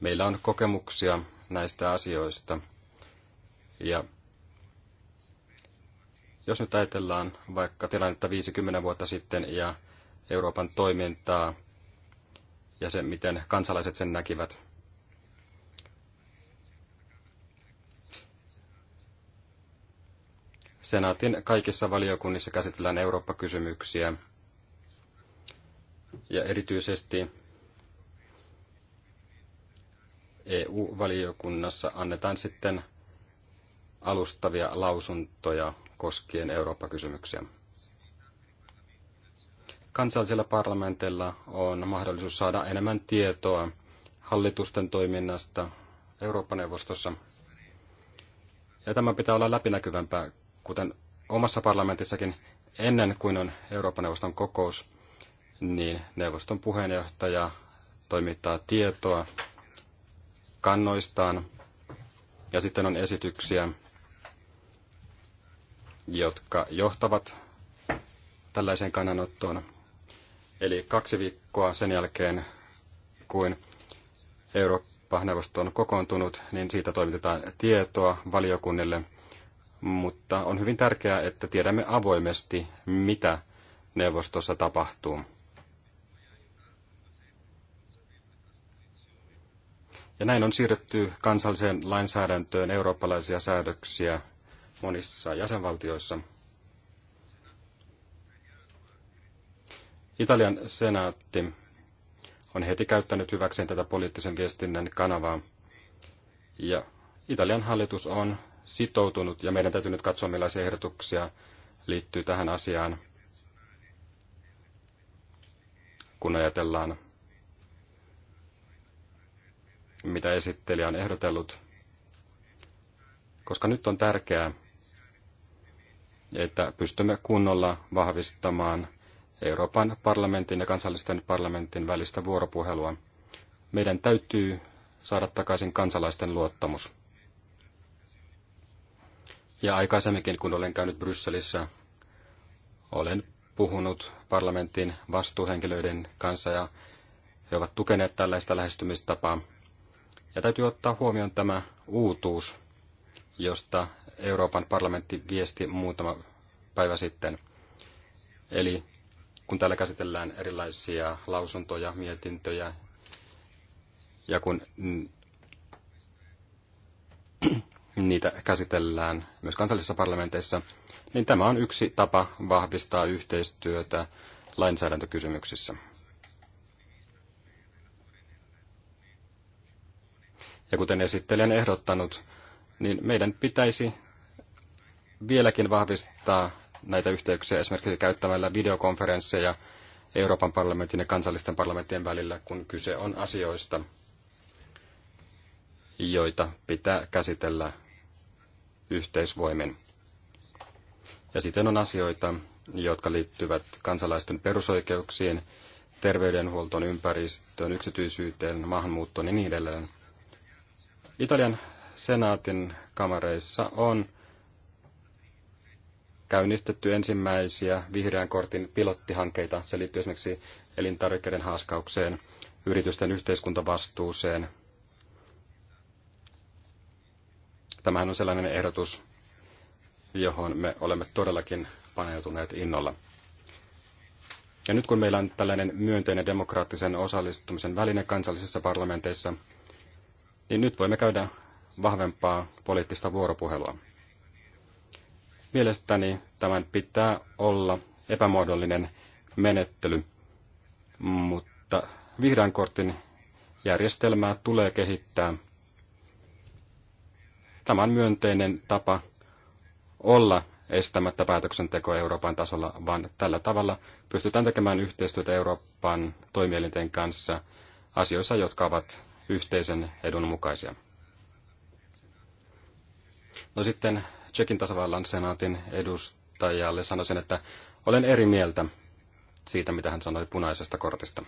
Meillä on kokemuksia näistä asioista. Ja jos nyt ajatellaan vaikka tilannetta 50 vuotta sitten ja Euroopan toimintaa ja se, miten kansalaiset sen näkivät. Senaatin kaikissa valiokunnissa käsitellään Eurooppa-kysymyksiä ja erityisesti EU-valiokunnassa annetaan sitten alustavia lausuntoja koskien Eurooppa-kysymyksiä. Kansallisilla parlamentilla on mahdollisuus saada enemmän tietoa hallitusten toiminnasta Eurooppa-neuvostossa. Ja tämä pitää olla läpinäkyvämpää, kuten omassa parlamentissakin ennen kuin on Eurooppa-neuvoston kokous, niin neuvoston puheenjohtaja toimittaa tietoa kannoistaan. Ja sitten on esityksiä, jotka johtavat tällaiseen kannanottoon. Eli kaksi viikkoa sen jälkeen, kuin Eurooppa-neuvosto on kokoontunut, niin siitä toimitetaan tietoa valiokunnille. Mutta on hyvin tärkeää, että tiedämme avoimesti, mitä neuvostossa tapahtuu. Ja näin on siirretty kansalliseen lainsäädäntöön eurooppalaisia säädöksiä monissa jäsenvaltioissa. Italian senaatti on heti käyttänyt hyväkseen tätä poliittisen viestinnän kanavaa. Ja Italian hallitus on sitoutunut, ja meidän täytyy nyt katsoa, millaisia ehdotuksia liittyy tähän asiaan, kun ajatellaan mitä esittelijä on ehdotellut, koska nyt on tärkeää, että pystymme kunnolla vahvistamaan Euroopan parlamentin ja kansallisten parlamentin välistä vuoropuhelua. Meidän täytyy saada takaisin kansalaisten luottamus. Ja aikaisemminkin, kun olen käynyt Brysselissä, olen puhunut parlamentin vastuuhenkilöiden kanssa ja he ovat tukeneet tällaista lähestymistapaa. Ja täytyy ottaa huomioon tämä uutuus, josta Euroopan parlamentti viesti muutama päivä sitten. Eli kun täällä käsitellään erilaisia lausuntoja, mietintöjä, ja kun <clears throat> niitä käsitellään myös kansallisissa parlamenteissa, niin tämä on yksi tapa vahvistaa yhteistyötä lainsäädäntökysymyksissä. Ja kuten esittelen ehdottanut, niin meidän pitäisi vieläkin vahvistaa näitä yhteyksiä esimerkiksi käyttämällä videokonferensseja Euroopan parlamentin ja kansallisten parlamenttien välillä, kun kyse on asioista, joita pitää käsitellä yhteisvoimin. Ja sitten on asioita, jotka liittyvät kansalaisten perusoikeuksiin, terveydenhuoltoon, ympäristöön, yksityisyyteen, maahanmuuttoon ja niin edelleen. Italian senaatin kamareissa on käynnistetty ensimmäisiä vihreän kortin pilottihankkeita. Se liittyy esimerkiksi elintarvikkeiden haaskaukseen, yritysten yhteiskuntavastuuseen. Tämähän on sellainen ehdotus, johon me olemme todellakin paneutuneet innolla. Ja nyt kun meillä on tällainen myönteinen demokraattisen osallistumisen väline kansallisissa parlamenteissa, niin nyt voimme käydä vahvempaa poliittista vuoropuhelua. Mielestäni tämän pitää olla epämuodollinen menettely, mutta vihreän kortin järjestelmää tulee kehittää. Tämä on myönteinen tapa olla estämättä päätöksentekoa Euroopan tasolla, vaan tällä tavalla pystytään tekemään yhteistyötä Euroopan toimielinten kanssa asioissa, jotka ovat yhteisen edun mukaisia. No sitten Tsekin tasavallan senaatin edustajalle sanoisin, että olen eri mieltä siitä, mitä hän sanoi punaisesta kortista.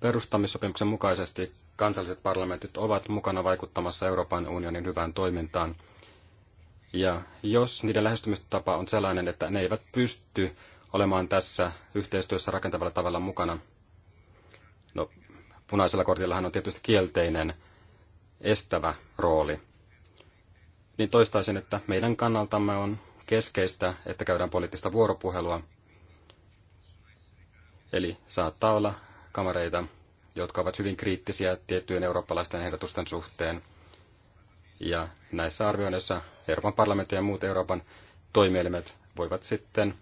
Perustamissopimuksen mukaisesti kansalliset parlamentit ovat mukana vaikuttamassa Euroopan unionin hyvään toimintaan. Ja jos niiden lähestymistapa on sellainen, että ne eivät pysty olemaan tässä yhteistyössä rakentavalla tavalla mukana, no punaisella hän on tietysti kielteinen estävä rooli. Niin toistaisin, että meidän kannaltamme on keskeistä, että käydään poliittista vuoropuhelua. Eli saattaa olla kamareita, jotka ovat hyvin kriittisiä tiettyjen eurooppalaisten ehdotusten suhteen. Ja näissä arvioinneissa Euroopan parlamentti ja muut Euroopan toimielimet voivat sitten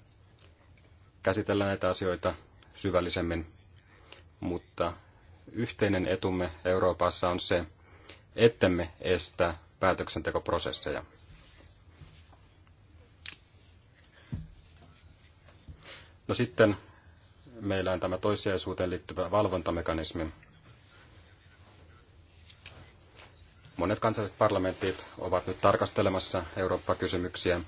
käsitellä näitä asioita syvällisemmin, mutta yhteinen etumme Euroopassa on se, ettemme estä päätöksentekoprosesseja. No sitten meillä on tämä toissijaisuuteen liittyvä valvontamekanismi. Monet kansalliset parlamentit ovat nyt tarkastelemassa Eurooppa-kysymyksiä,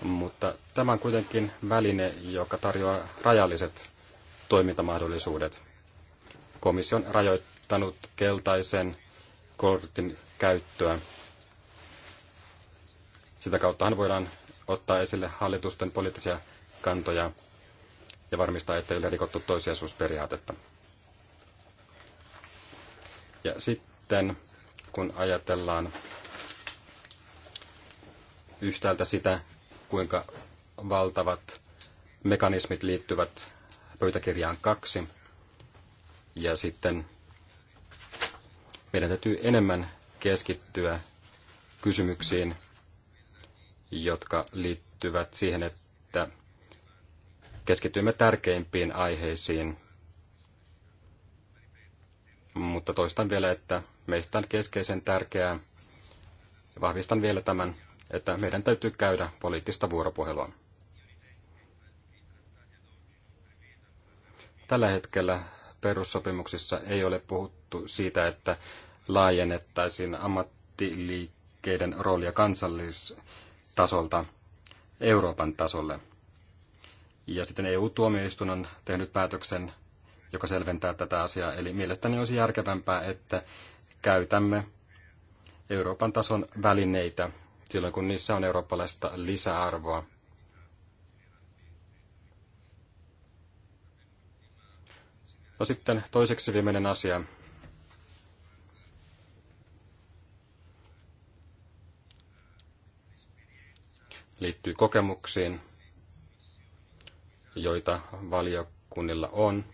mutta tämä on kuitenkin väline, joka tarjoaa rajalliset toimintamahdollisuudet komissio on rajoittanut keltaisen kortin käyttöä. Sitä kauttahan voidaan ottaa esille hallitusten poliittisia kantoja ja varmistaa, ei ole rikottu toisiasuusperiaatetta. Ja sitten, kun ajatellaan yhtäältä sitä, kuinka valtavat mekanismit liittyvät pöytäkirjaan kaksi, ja sitten meidän täytyy enemmän keskittyä kysymyksiin, jotka liittyvät siihen, että keskitymme tärkeimpiin aiheisiin. Mutta toistan vielä, että meistä on keskeisen tärkeää, vahvistan vielä tämän, että meidän täytyy käydä poliittista vuoropuhelua. Tällä hetkellä perussopimuksissa ei ole puhuttu siitä, että laajennettaisiin ammattiliikkeiden roolia kansallistasolta Euroopan tasolle. Ja sitten EU-tuomioistuin on tehnyt päätöksen, joka selventää tätä asiaa. Eli mielestäni olisi järkevämpää, että käytämme Euroopan tason välineitä silloin, kun niissä on eurooppalaista lisäarvoa No sitten toiseksi viimeinen asia. Liittyy kokemuksiin, joita valiokunnilla on.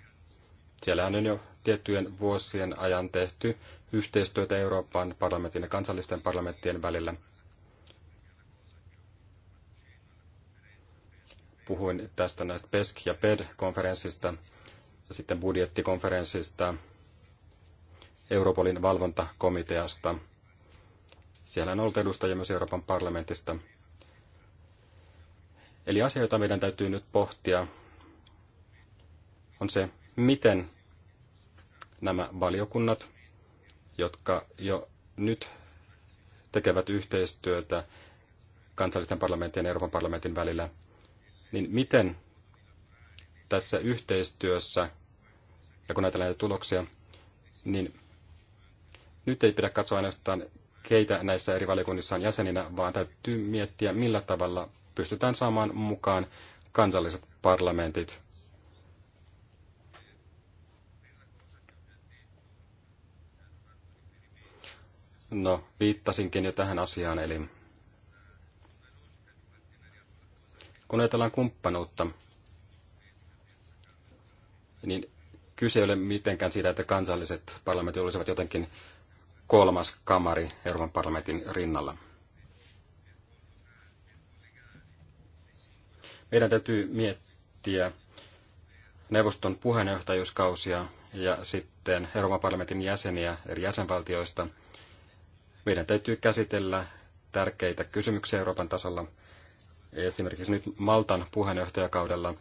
Siellä on jo tiettyjen vuosien ajan tehty yhteistyötä Euroopan parlamentin ja kansallisten parlamenttien välillä. Puhuin tästä näistä PESC- ja PED-konferenssista, sitten budjettikonferenssista, Europolin valvontakomiteasta. Siellä on ollut edustajia myös Euroopan parlamentista. Eli asia, jota meidän täytyy nyt pohtia, on se, miten nämä valiokunnat, jotka jo nyt tekevät yhteistyötä kansallisten parlamenttien ja Euroopan parlamentin välillä, niin miten tässä yhteistyössä ja kun näitä näitä tuloksia, niin nyt ei pidä katsoa ainoastaan, keitä näissä eri valiokunnissa on jäseninä, vaan täytyy miettiä, millä tavalla pystytään saamaan mukaan kansalliset parlamentit. No, viittasinkin jo tähän asiaan, eli kun ajatellaan kumppanuutta, niin Kyse ei ole mitenkään siitä, että kansalliset parlamentit olisivat jotenkin kolmas kamari Euroopan parlamentin rinnalla. Meidän täytyy miettiä neuvoston puheenjohtajuuskausia ja sitten Euroopan parlamentin jäseniä eri jäsenvaltioista. Meidän täytyy käsitellä tärkeitä kysymyksiä Euroopan tasolla esimerkiksi nyt Maltan puheenjohtajakaudella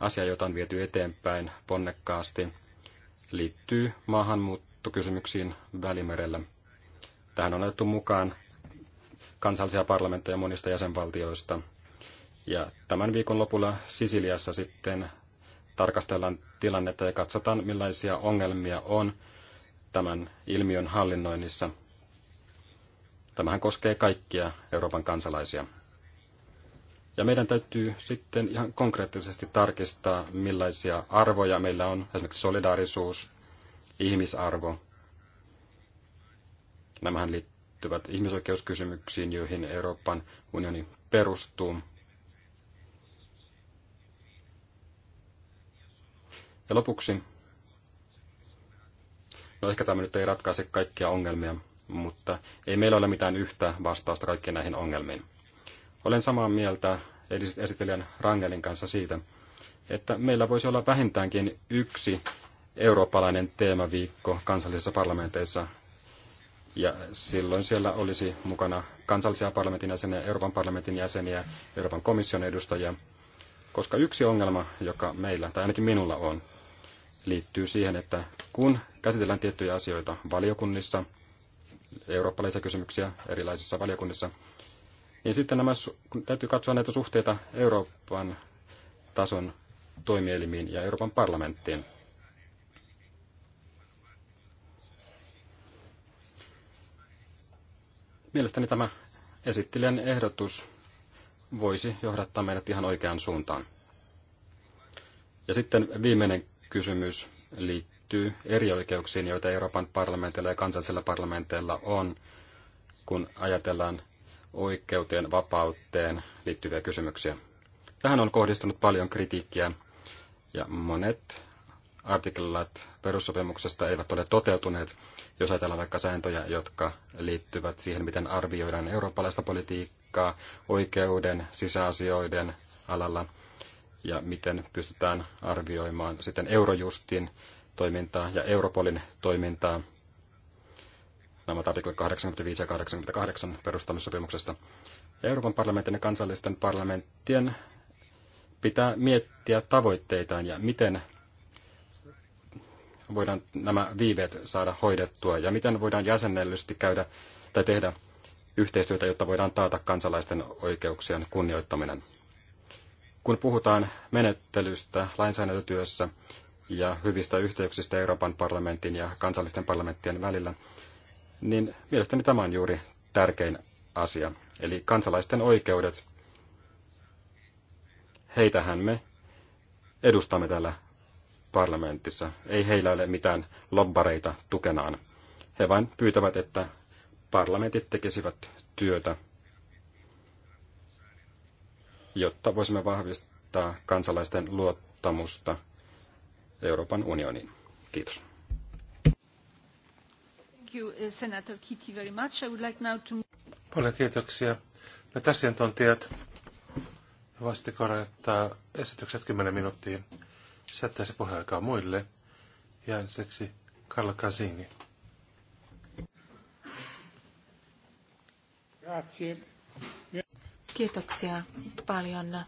asia, jota on viety eteenpäin ponnekkaasti, liittyy maahanmuuttokysymyksiin Välimerellä. Tähän on otettu mukaan kansallisia parlamentteja monista jäsenvaltioista. Ja tämän viikon lopulla Sisiliassa sitten tarkastellaan tilannetta ja katsotaan, millaisia ongelmia on tämän ilmiön hallinnoinnissa. Tämähän koskee kaikkia Euroopan kansalaisia. Ja meidän täytyy sitten ihan konkreettisesti tarkistaa, millaisia arvoja meillä on, esimerkiksi solidaarisuus, ihmisarvo. Nämähän liittyvät ihmisoikeuskysymyksiin, joihin Euroopan unioni perustuu. Ja lopuksi, no ehkä tämä nyt ei ratkaise kaikkia ongelmia, mutta ei meillä ole mitään yhtä vastausta kaikkiin näihin ongelmiin. Olen samaa mieltä esittelijän Rangelin kanssa siitä, että meillä voisi olla vähintäänkin yksi eurooppalainen teemaviikko kansallisissa parlamenteissa. Ja silloin siellä olisi mukana kansallisia parlamentin jäseniä, Euroopan parlamentin jäseniä, Euroopan komission edustajia. Koska yksi ongelma, joka meillä, tai ainakin minulla on, liittyy siihen, että kun käsitellään tiettyjä asioita valiokunnissa, eurooppalaisia kysymyksiä erilaisissa valiokunnissa, ja sitten nämä, kun täytyy katsoa näitä suhteita Euroopan tason toimielimiin ja Euroopan parlamenttiin. Mielestäni tämä esittelijän ehdotus voisi johdattaa meidät ihan oikeaan suuntaan. Ja sitten viimeinen kysymys liittyy eri oikeuksiin, joita Euroopan parlamentilla ja kansallisella parlamenteilla on, kun ajatellaan oikeuteen, vapauteen liittyviä kysymyksiä. Tähän on kohdistunut paljon kritiikkiä ja monet artiklat perussopimuksesta eivät ole toteutuneet, jos ajatellaan vaikka sääntöjä, jotka liittyvät siihen, miten arvioidaan eurooppalaista politiikkaa oikeuden, sisäasioiden alalla ja miten pystytään arvioimaan sitten Eurojustin toimintaa ja Europolin toimintaa nämä artikla 85 ja 88 perustamissopimuksesta. Euroopan parlamentin ja kansallisten parlamenttien pitää miettiä tavoitteitaan ja miten voidaan nämä viiveet saada hoidettua ja miten voidaan jäsennellysti käydä tai tehdä yhteistyötä, jotta voidaan taata kansalaisten oikeuksien kunnioittaminen. Kun puhutaan menettelystä lainsäädäntötyössä ja hyvistä yhteyksistä Euroopan parlamentin ja kansallisten parlamenttien välillä, niin mielestäni tämä on juuri tärkein asia. Eli kansalaisten oikeudet, heitähän me edustamme täällä parlamentissa. Ei heillä ole mitään lobbareita tukenaan. He vain pyytävät, että parlamentit tekisivät työtä, jotta voisimme vahvistaa kansalaisten luottamusta Euroopan unioniin. Kiitos. Thank you, uh, Senator Kitty, very much. I would like now to... Paljon kiitoksia. Nyt asiantuntijat vasti korottaa esitykset 10 minuuttiin. Sättäisi puheaikaa muille. Ja ensiksi Karla Casini. Kiitoksia paljon.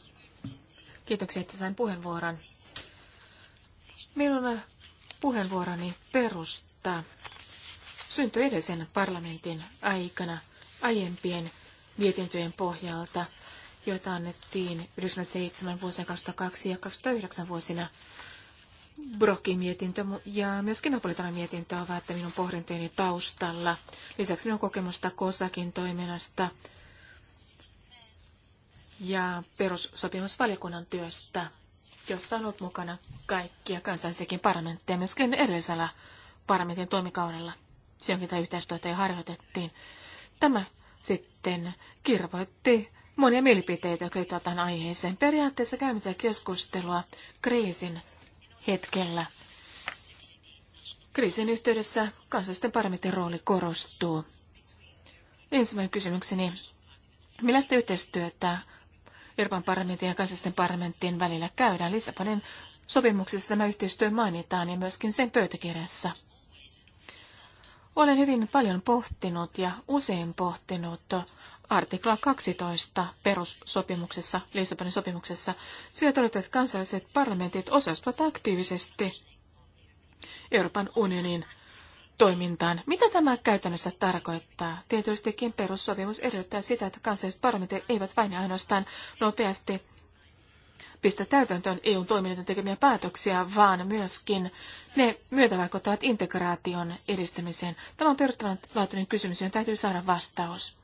Kiitoksia, että sain puheenvuoron. Minun puheenvuoroni perustaa syntyi edellisen parlamentin aikana aiempien mietintöjen pohjalta, joita annettiin 97 vuosien 2002 ja 2009 vuosina. Brokin mietintö ja myöskin Napolitanan mietintö ovat minun pohdintojeni taustalla. Lisäksi minun kokemusta Kosakin toiminnasta ja perussopimusvaliokunnan työstä, jossa on ollut mukana kaikkia kansallisiakin parlamentteja myöskin edellisellä parlamentin toimikaudella silloin tätä yhteistyötä jo harjoitettiin. Tämä sitten kirvoitti monia mielipiteitä, jotka liittyvät tähän aiheeseen. Periaatteessa käymme keskustelua kriisin hetkellä. Kriisin yhteydessä kansallisten parlamentin rooli korostuu. Ensimmäinen kysymykseni. Millaista yhteistyötä Euroopan parlamentin ja kansallisten parlamentin välillä käydään? Lissabonin sopimuksessa tämä yhteistyö mainitaan ja myöskin sen pöytäkirjassa. Olen hyvin paljon pohtinut ja usein pohtinut artikla 12 perussopimuksessa, Lissabonin sopimuksessa. Siellä todetaan, että kansalliset parlamentit osallistuvat aktiivisesti Euroopan unionin toimintaan. Mitä tämä käytännössä tarkoittaa? Tietystikin perussopimus edellyttää sitä, että kansalliset parlamentit eivät vain ainoastaan nopeasti pistä täytäntöön EUn toiminnan tekemiä päätöksiä, vaan myöskin ne myötävaikuttavat integraation edistämiseen. Tämä on perustavanlaatuinen kysymys, johon täytyy saada vastaus.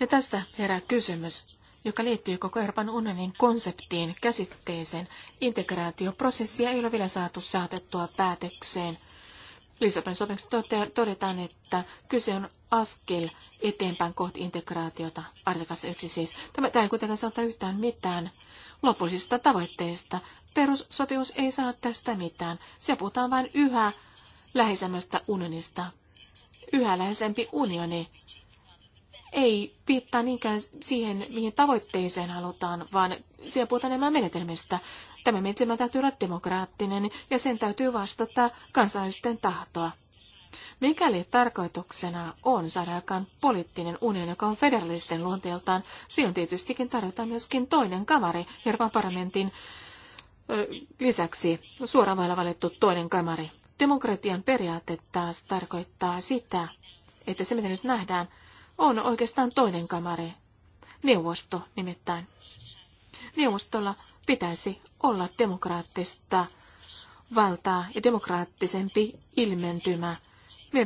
Ja tästä herää kysymys, joka liittyy koko Euroopan unionin konseptiin, käsitteeseen. Integraatioprosessia ei ole vielä saatu saatettua päätökseen. Lissabonin sopimuksessa todetaan, että kyse on askel eteenpäin kohti integraatiota, artikassa 1 siis. Tämä ei kuitenkaan sanota yhtään mitään lopullisista tavoitteista. Perussopimus ei sano tästä mitään. Se puhutaan vain yhä läheisemmästä unionista. Yhä läheisempi unioni ei viittaa niinkään siihen, mihin tavoitteeseen halutaan, vaan siellä puhutaan enemmän menetelmistä. Tämä menetelmä täytyy olla demokraattinen ja sen täytyy vastata kansallisten tahtoa. Mikäli tarkoituksena on saada aikaan poliittinen unioni, joka on federalisten luonteeltaan, silloin tietystikin tarvitaan myöskin toinen kamari Euroopan parlamentin ö, lisäksi suoraan vailla valittu toinen kamari. Demokratian periaate taas tarkoittaa sitä, että se mitä nyt nähdään on oikeastaan toinen kamari, neuvosto nimittäin. Neuvostolla pitäisi olla demokraattista valtaa ja demokraattisempi ilmentymä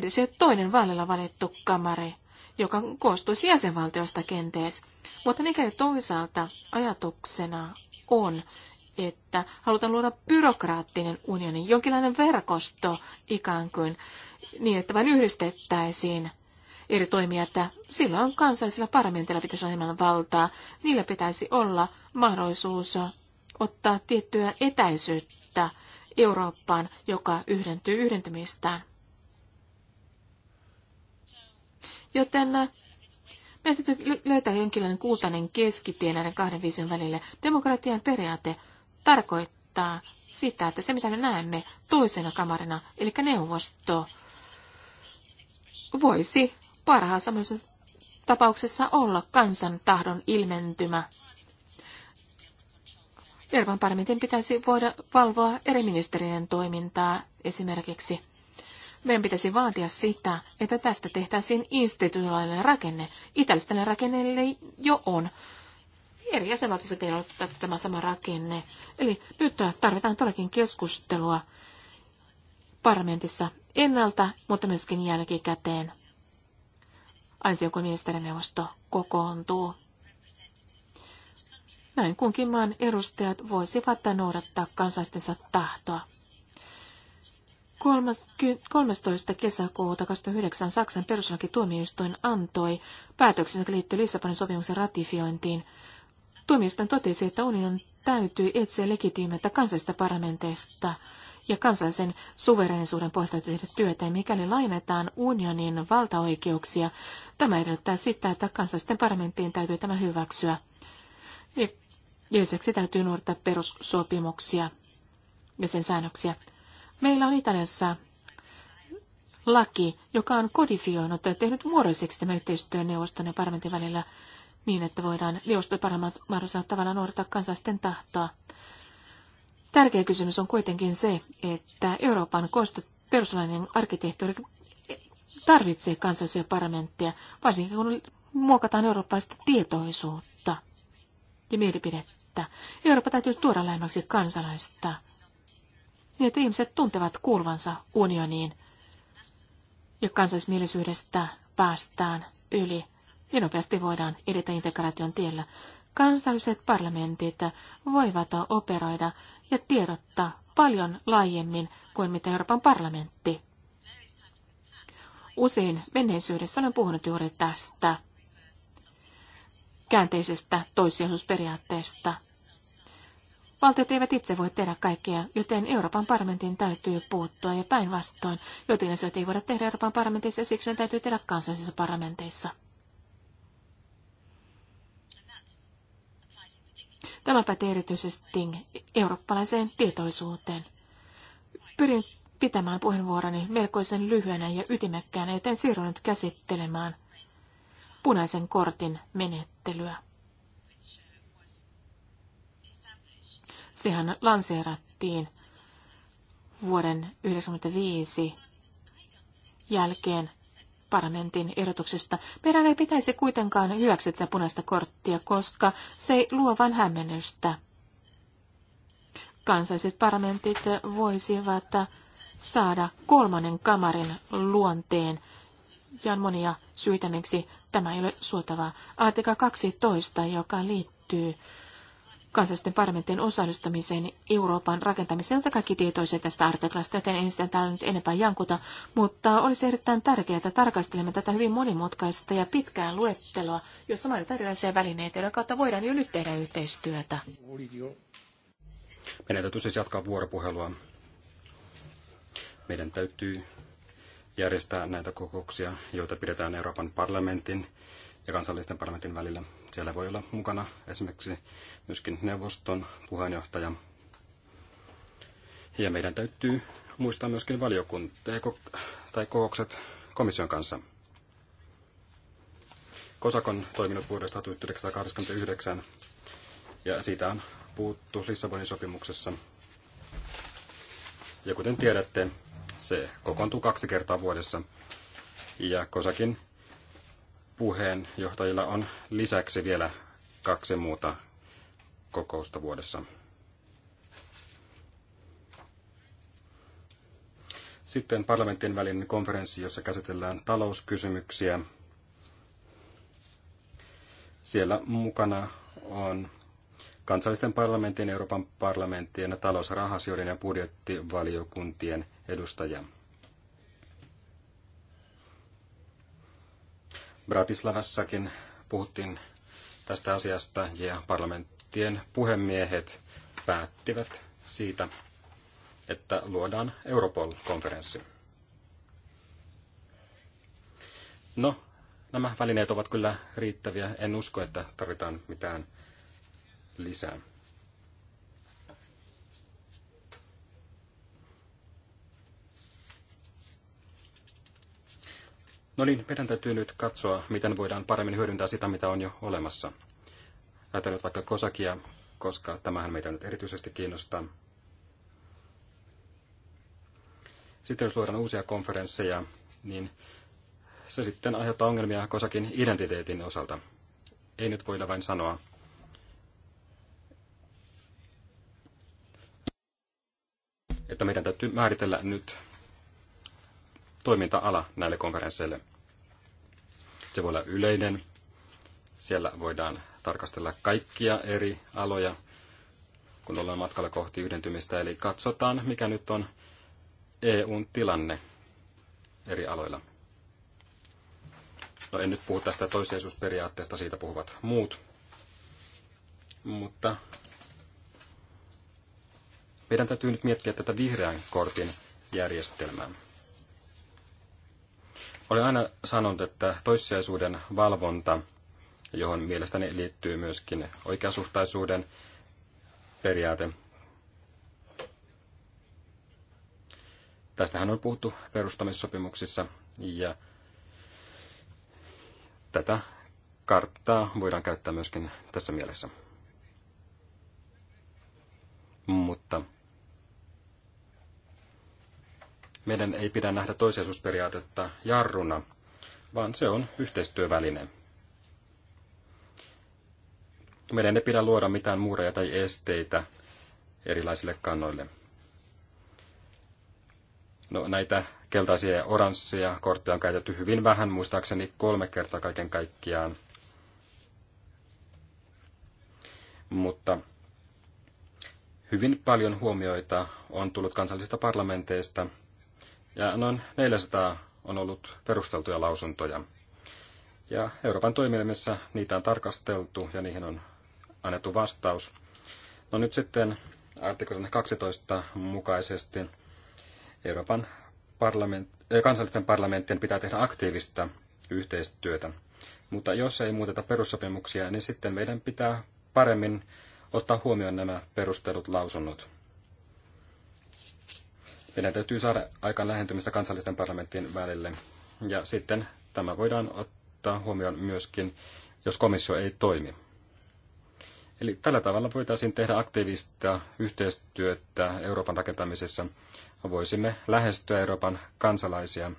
se toinen vaalilla valittu kamari, joka koostuisi jäsenvaltiosta kenties. Mutta mikäli toisaalta ajatuksena on, että halutaan luoda byrokraattinen unioni, jonkinlainen verkosto ikään kuin, niin että vain yhdistettäisiin eri että silloin kansallisilla parlamentilla pitäisi olla enemmän valtaa. Niillä pitäisi olla mahdollisuus ottaa tiettyä etäisyyttä Eurooppaan, joka yhdentyy yhdentymistään. Joten äh, meidän täytyy löytää jonkinlainen kultainen keskitie näiden kahden viisin välille. Demokratian periaate tarkoittaa sitä, että se mitä me näemme toisena kamarina, eli neuvosto, voisi parhaassa tapauksessa olla kansan tahdon ilmentymä. Euroopan parlamentin pitäisi voida valvoa eri ministerien toimintaa esimerkiksi meidän pitäisi vaatia sitä, että tästä tehtäisiin institutionaalinen rakenne. Italiassa tällainen ei jo on. Eri jäsenvaltioissa pitää olla tämä sama rakenne. Eli nyt tarvitaan todellakin keskustelua parlamentissa ennalta, mutta myöskin jälkikäteen. Ansio, joku ministerineuvosto kokoontuu. Näin kunkin maan edustajat voisivat noudattaa kansaistensa tahtoa. 13. kesäkuuta 2009 Saksan perustuslakituomioistuin antoi päätöksensä joka liittyy Lissabonin sopimuksen ratifiointiin. Tuomioistuin totesi, että unionin täytyy etsiä legitiimettä kansallisesta parlamenteista ja kansallisen suverenisuuden pohjalta tehdä työtä. Ja mikäli lainetaan unionin valtaoikeuksia, tämä edellyttää sitä, että kansallisten parlamenttien täytyy tämä hyväksyä. Ja lisäksi täytyy nuorta perussopimuksia ja sen säännöksiä. Meillä on Italiassa laki, joka on kodifioinut ja tehnyt muodolliseksi tämän yhteistyön neuvoston ja parlamentin välillä niin, että voidaan neuvosto parhaimmalla mahdollisella tavalla noudattaa kansalaisten tahtoa. Tärkeä kysymys on kuitenkin se, että Euroopan perustuslainen arkkitehtuuri tarvitsee kansallisia parlamentteja, varsinkin kun muokataan eurooppalaista tietoisuutta ja mielipidettä. Eurooppa täytyy tuoda lähemmäksi kansalaista niin että ihmiset tuntevat kuuluvansa unioniin ja kansallismielisyydestä päästään yli ja nopeasti voidaan edetä integraation tiellä. Kansalliset parlamentit voivat operoida ja tiedottaa paljon laajemmin kuin mitä Euroopan parlamentti. Usein menneisyydessä olen puhunut juuri tästä käänteisestä toissijaisuusperiaatteesta – Valtiot eivät itse voi tehdä kaikkea, joten Euroopan parlamentin täytyy puuttua ja päinvastoin. jotin asioita ei voida tehdä Euroopan parlamentissa ja siksi ne täytyy tehdä kansallisissa parlamenteissa. Tämä pätee erityisesti eurooppalaiseen tietoisuuteen. Pyrin pitämään puheenvuoroni melkoisen lyhyenä ja ytimekkäänä, joten siirryn nyt käsittelemään punaisen kortin menettelyä. Sehän lanseerattiin vuoden 1995 jälkeen parlamentin erotuksesta. Meidän ei pitäisi kuitenkaan hyväksyä tätä punaista korttia, koska se luo vain hämmennystä. Kansalliset parlamentit voisivat saada kolmannen kamarin luonteen, ja on monia syitä, miksi tämä ei ole suotavaa. Artikla 12, joka liittyy kansallisten parlamenttien osallistumiseen Euroopan rakentamiseen. Olette kaikki tietoisia tästä artiklasta, joten en sitä täällä nyt enempää jankuta, mutta olisi erittäin tärkeää, että tarkastelemme tätä hyvin monimutkaista ja pitkää luetteloa, jossa mainitaan erilaisia välineitä, joiden kautta voidaan jo nyt tehdä yhteistyötä. Meidän täytyy siis jatkaa vuoropuhelua. Meidän täytyy järjestää näitä kokouksia, joita pidetään Euroopan parlamentin ja kansallisten parlamentin välillä. Siellä voi olla mukana esimerkiksi myöskin neuvoston puheenjohtaja. Ja meidän täytyy muistaa myöskin valiokunta tai kokoukset komission kanssa. Kosakon on toiminut vuodesta 1989 ja siitä on puuttu Lissabonin sopimuksessa. Ja kuten tiedätte, se kokoontuu kaksi kertaa vuodessa ja Kosakin puheenjohtajilla on lisäksi vielä kaksi muuta kokousta vuodessa. Sitten parlamentin välinen konferenssi, jossa käsitellään talouskysymyksiä. Siellä mukana on kansallisten parlamenttien, Euroopan parlamenttien, talousrahasioiden ja budjettivaliokuntien edustajia. Bratislavassakin puhuttiin tästä asiasta ja parlamenttien puhemiehet päättivät siitä, että luodaan Europol-konferenssi. No, nämä välineet ovat kyllä riittäviä. En usko, että tarvitaan mitään lisää. No niin, meidän täytyy nyt katsoa, miten voidaan paremmin hyödyntää sitä, mitä on jo olemassa. Ajatellaan nyt vaikka kosakia, koska tämähän meitä nyt erityisesti kiinnostaa. Sitten jos luodaan uusia konferensseja, niin se sitten aiheuttaa ongelmia kosakin identiteetin osalta. Ei nyt voida vain sanoa, että meidän täytyy määritellä nyt toiminta-ala näille konferensseille. Se voi olla yleinen. Siellä voidaan tarkastella kaikkia eri aloja, kun ollaan matkalla kohti yhdentymistä. Eli katsotaan, mikä nyt on EUn tilanne eri aloilla. No en nyt puhu tästä toisiaisuusperiaatteesta, siitä puhuvat muut. Mutta meidän täytyy nyt miettiä tätä vihreän kortin järjestelmää. Olen aina sanonut, että toissijaisuuden valvonta, johon mielestäni liittyy myöskin oikeasuhtaisuuden periaate, Tästähän on puhuttu perustamissopimuksissa ja tätä karttaa voidaan käyttää myöskin tässä mielessä. Mutta Meidän ei pidä nähdä toiseisuusperiaatetta jarruna, vaan se on yhteistyöväline. Meidän ei pidä luoda mitään muureja tai esteitä erilaisille kannoille. No, näitä keltaisia ja oranssia kortteja on käytetty hyvin vähän, muistaakseni kolme kertaa kaiken kaikkiaan. Mutta hyvin paljon huomioita on tullut kansallisista parlamenteista – ja noin 400 on ollut perusteltuja lausuntoja. Ja Euroopan toimielimissä niitä on tarkasteltu ja niihin on annettu vastaus. No nyt sitten artiklan 12 mukaisesti Euroopan parlament, eh, kansallisten parlamenttien pitää tehdä aktiivista yhteistyötä. Mutta jos ei muuteta perussopimuksia, niin sitten meidän pitää paremmin ottaa huomioon nämä perustelut lausunnot. Meidän täytyy saada aikaan lähentymistä kansallisten parlamenttien välille. Ja sitten tämä voidaan ottaa huomioon myöskin, jos komissio ei toimi. Eli tällä tavalla voitaisiin tehdä aktiivista yhteistyötä Euroopan rakentamisessa. Voisimme lähestyä Euroopan kansalaisia.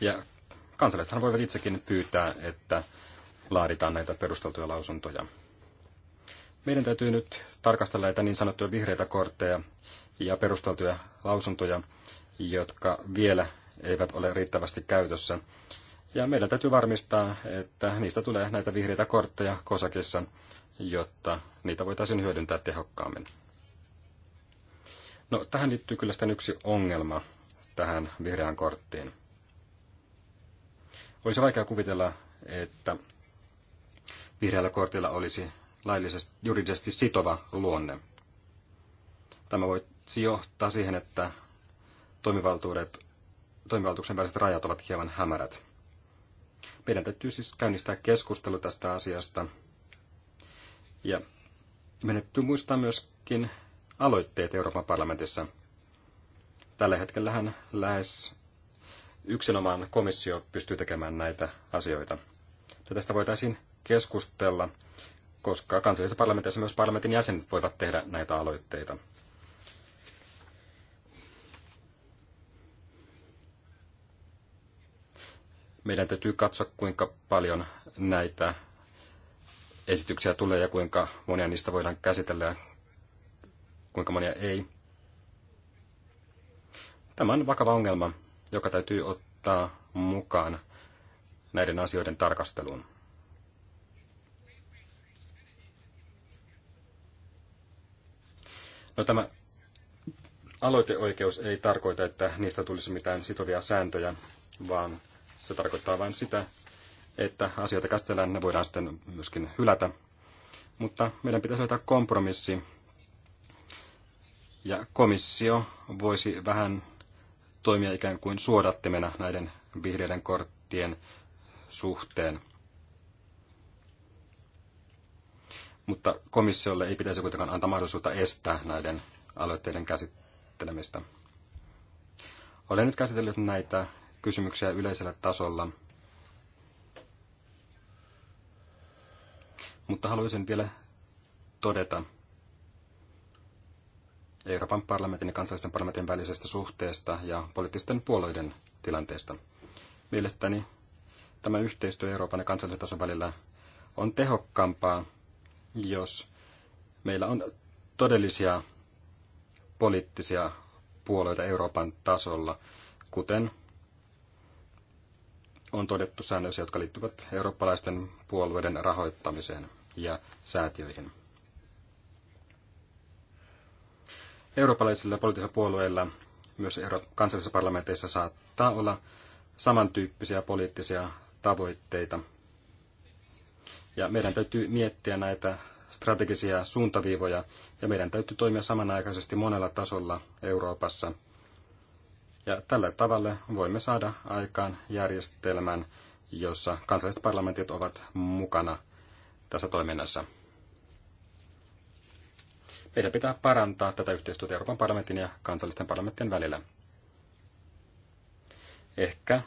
Ja kansalaisethan voivat itsekin pyytää, että laaditaan näitä perusteltuja lausuntoja. Meidän täytyy nyt tarkastella näitä niin sanottuja vihreitä kortteja, ja perusteltuja lausuntoja, jotka vielä eivät ole riittävästi käytössä. Ja meidän täytyy varmistaa, että niistä tulee näitä vihreitä kortteja kosakissa, jotta niitä voitaisiin hyödyntää tehokkaammin. No, tähän liittyy kyllä sitten yksi ongelma tähän vihreään korttiin. Olisi vaikea kuvitella, että vihreällä kortilla olisi laillisesti, juridisesti sitova luonne. Tämä voi se johtaa siihen, että toimivaltuudet, toimivaltuuksen väliset rajat ovat hieman hämärät. Meidän täytyy siis käynnistää keskustelu tästä asiasta. Ja meidän täytyy muistaa myöskin aloitteet Euroopan parlamentissa. Tällä hetkellähän lähes yksinomaan komissio pystyy tekemään näitä asioita. Ja tästä voitaisiin keskustella, koska kansallisessa parlamentissa myös parlamentin jäsenet voivat tehdä näitä aloitteita. meidän täytyy katsoa, kuinka paljon näitä esityksiä tulee ja kuinka monia niistä voidaan käsitellä ja kuinka monia ei. Tämä on vakava ongelma, joka täytyy ottaa mukaan näiden asioiden tarkasteluun. No tämä aloiteoikeus ei tarkoita, että niistä tulisi mitään sitovia sääntöjä, vaan se tarkoittaa vain sitä, että asioita käsitellään, ne voidaan sitten myöskin hylätä. Mutta meidän pitäisi löytää kompromissi. Ja komissio voisi vähän toimia ikään kuin suodattimena näiden vihreiden korttien suhteen. Mutta komissiolle ei pitäisi kuitenkaan antaa mahdollisuutta estää näiden aloitteiden käsittelemistä. Olen nyt käsitellyt näitä kysymyksiä yleisellä tasolla. Mutta haluaisin vielä todeta Euroopan parlamentin ja kansallisten parlamentin välisestä suhteesta ja poliittisten puolueiden tilanteesta. Mielestäni tämä yhteistyö Euroopan ja kansallisen tason välillä on tehokkaampaa, jos meillä on todellisia poliittisia puolueita Euroopan tasolla, kuten on todettu säännöksiä, jotka liittyvät eurooppalaisten puolueiden rahoittamiseen ja säätiöihin. Eurooppalaisilla poliittisilla puolueilla myös kansallisissa parlamenteissa saattaa olla samantyyppisiä poliittisia tavoitteita. Ja meidän täytyy miettiä näitä strategisia suuntaviivoja ja meidän täytyy toimia samanaikaisesti monella tasolla Euroopassa – ja tällä tavalla voimme saada aikaan järjestelmän, jossa kansalliset parlamentit ovat mukana tässä toiminnassa. Meidän pitää parantaa tätä yhteistyötä Euroopan parlamentin ja kansallisten parlamenttien välillä. Ehkä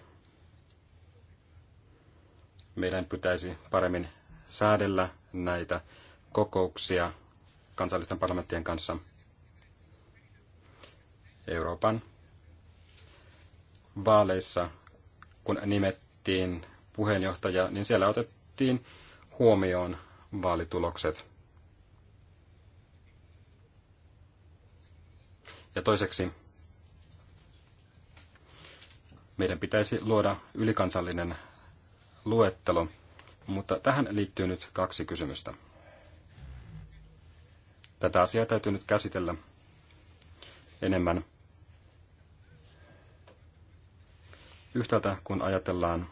meidän pitäisi paremmin säädellä näitä kokouksia kansallisten parlamenttien kanssa. Euroopan vaaleissa, kun nimettiin puheenjohtaja, niin siellä otettiin huomioon vaalitulokset. Ja toiseksi meidän pitäisi luoda ylikansallinen luettelo, mutta tähän liittyy nyt kaksi kysymystä. Tätä asiaa täytyy nyt käsitellä enemmän. Yhtäältä kun ajatellaan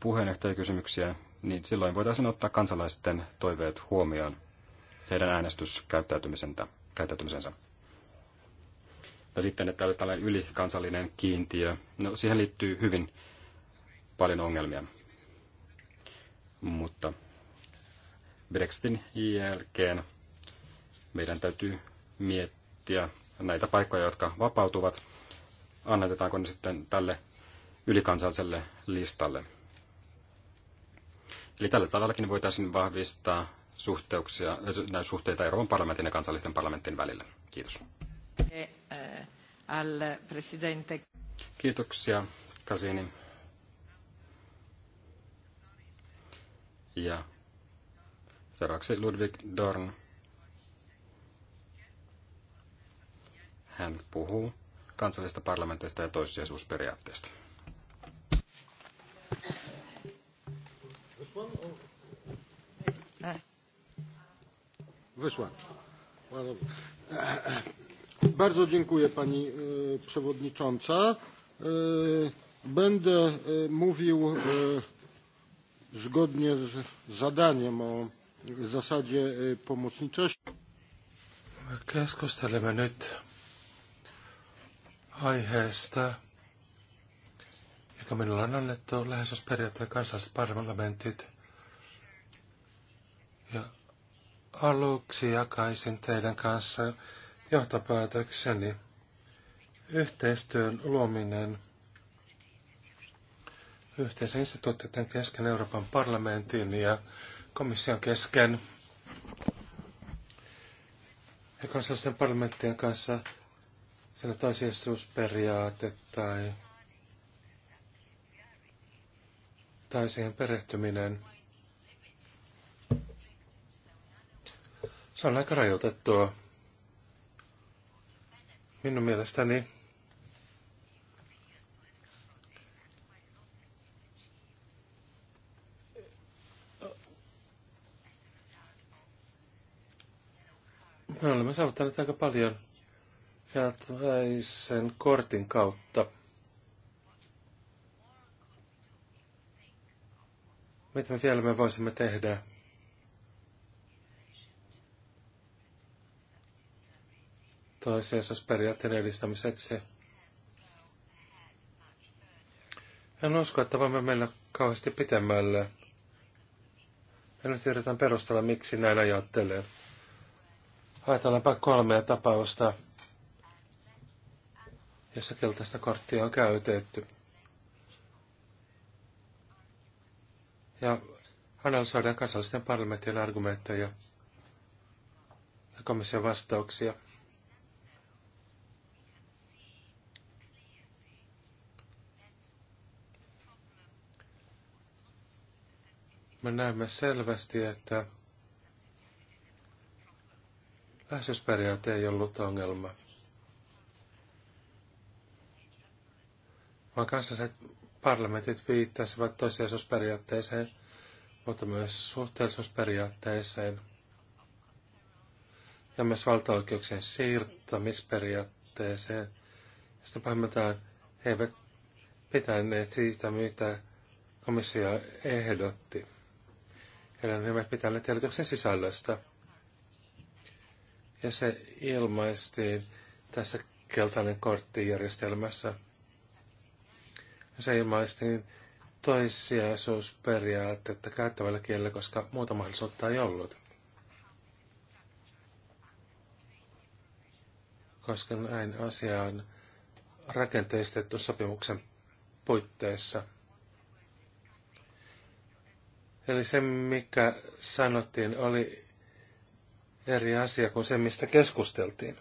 puheenjohtajakysymyksiä, niin silloin voitaisiin ottaa kansalaisten toiveet huomioon heidän äänestyskäyttäytymisensä. Ja no sitten, että olisi tällainen ylikansallinen kiintiö. No, siihen liittyy hyvin paljon ongelmia. Mutta Brexitin jälkeen meidän täytyy miettiä näitä paikkoja, jotka vapautuvat, annetetaanko ne sitten tälle ylikansalliselle listalle. Eli tällä tavallakin voitaisiin vahvistaa suhteuksia, äh, suhteita Euroopan parlamentin ja kansallisten parlamentin välillä. Kiitos. Eh, eh, Kiitoksia, Kasini. Ja seuraavaksi Ludwig Dorn. Hän puhuu kansallisista parlamenteista ja toissijaisuusperiaatteesta. Bardzo dziękuję pani przewodnicząca. Będę mówił zgodnie z zadaniem o zasadzie pomocniczości. Keskustelemme nyt aiheesta, joka minulla on annettu läheisyysperiaatteen kansalliset parlamentit. Ja aluksi jakaisin teidän kanssa johtopäätökseni. Yhteistyön luominen yhteisen instituutioiden kesken Euroopan parlamentin ja komission kesken ja kansallisten parlamenttien kanssa – siellä on toisiasuusperiaate tai, tai siihen perehtyminen. Se on aika rajoitettua. Minun mielestäni me olemme saavuttaneet aika paljon sen kortin kautta. Mitä me vielä me voisimme tehdä? periaatteen edistämiseksi. En usko, että voimme mennä kauheasti pitemmälle. En nyt yritän perustella, miksi näin ajattelee. Ajatellaanpa kolmea tapausta jossa keltaista korttia on käytetty. Ja analysoidaan kansallisten parlamenttien argumentteja ja komission vastauksia. Me näemme selvästi, että läheisyysperiaate ei ollut ongelma. vaan kansalliset parlamentit viittasivat toissijaisuusperiaatteeseen, mutta myös suhteellisuusperiaatteeseen ja myös valtaoikeuksien siirtämisperiaatteeseen. Sitten pahimmiltaan he eivät pitäneet siitä, mitä komissio ehdotti. Heidän eivät pitäneet tiedotuksen sisällöstä. Ja se ilmaistiin tässä keltainen kortti järjestelmässä – se ilmaistiin toissijaisuusperiaatetta käyttävällä kielellä, koska muuta mahdollisuutta ei ollut. Koska näin asiaan rakenteistettu sopimuksen puitteissa. Eli se, mikä sanottiin, oli eri asia kuin se, mistä keskusteltiin.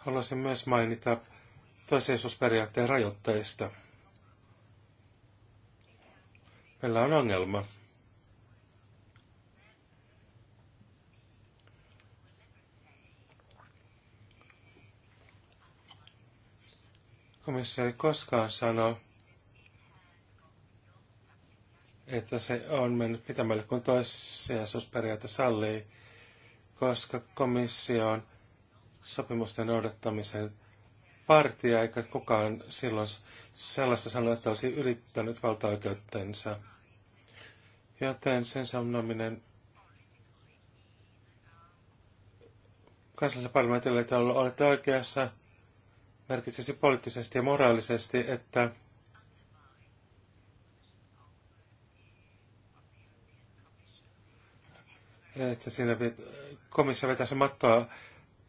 Haluaisin myös mainita toiseisuusperiaatteen rajoitteista. Meillä on ongelma. Komissio ei koskaan sano, että se on mennyt pitämällä, kun toissijaisuusperiaate sallii, koska komission sopimusten noudattamisen partia, eikä kukaan silloin sellaista sanoa, että olisi ylittänyt valtaoikeutensa. Joten sen sanominen kansallisen parlamentille, että olette oikeassa, merkitsisi poliittisesti ja moraalisesti, että että siinä komissio vetää se mattoa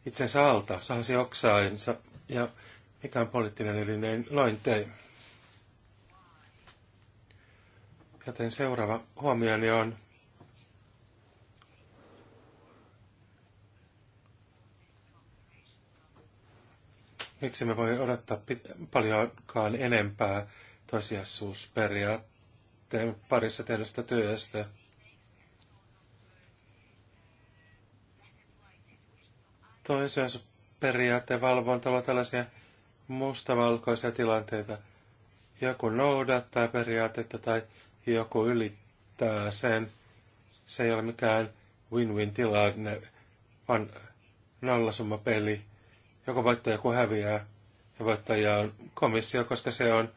itsensä alta, sahasi oksainsa ja mikään poliittinen elin niin noin tein. Joten seuraava huomioni on miksi me voi odottaa paljonkaan enempää tosiasuusperiaatteen parissa tehdystä työstä. toisiosperiaatteen valvonta ovat tällaisia mustavalkoisia tilanteita. Joku noudattaa periaatetta tai joku ylittää sen. Se ei ole mikään win-win tilanne, vaan nollasumma peli. Joko voittaja, joku häviää. Ja voittaja on komissio, koska se on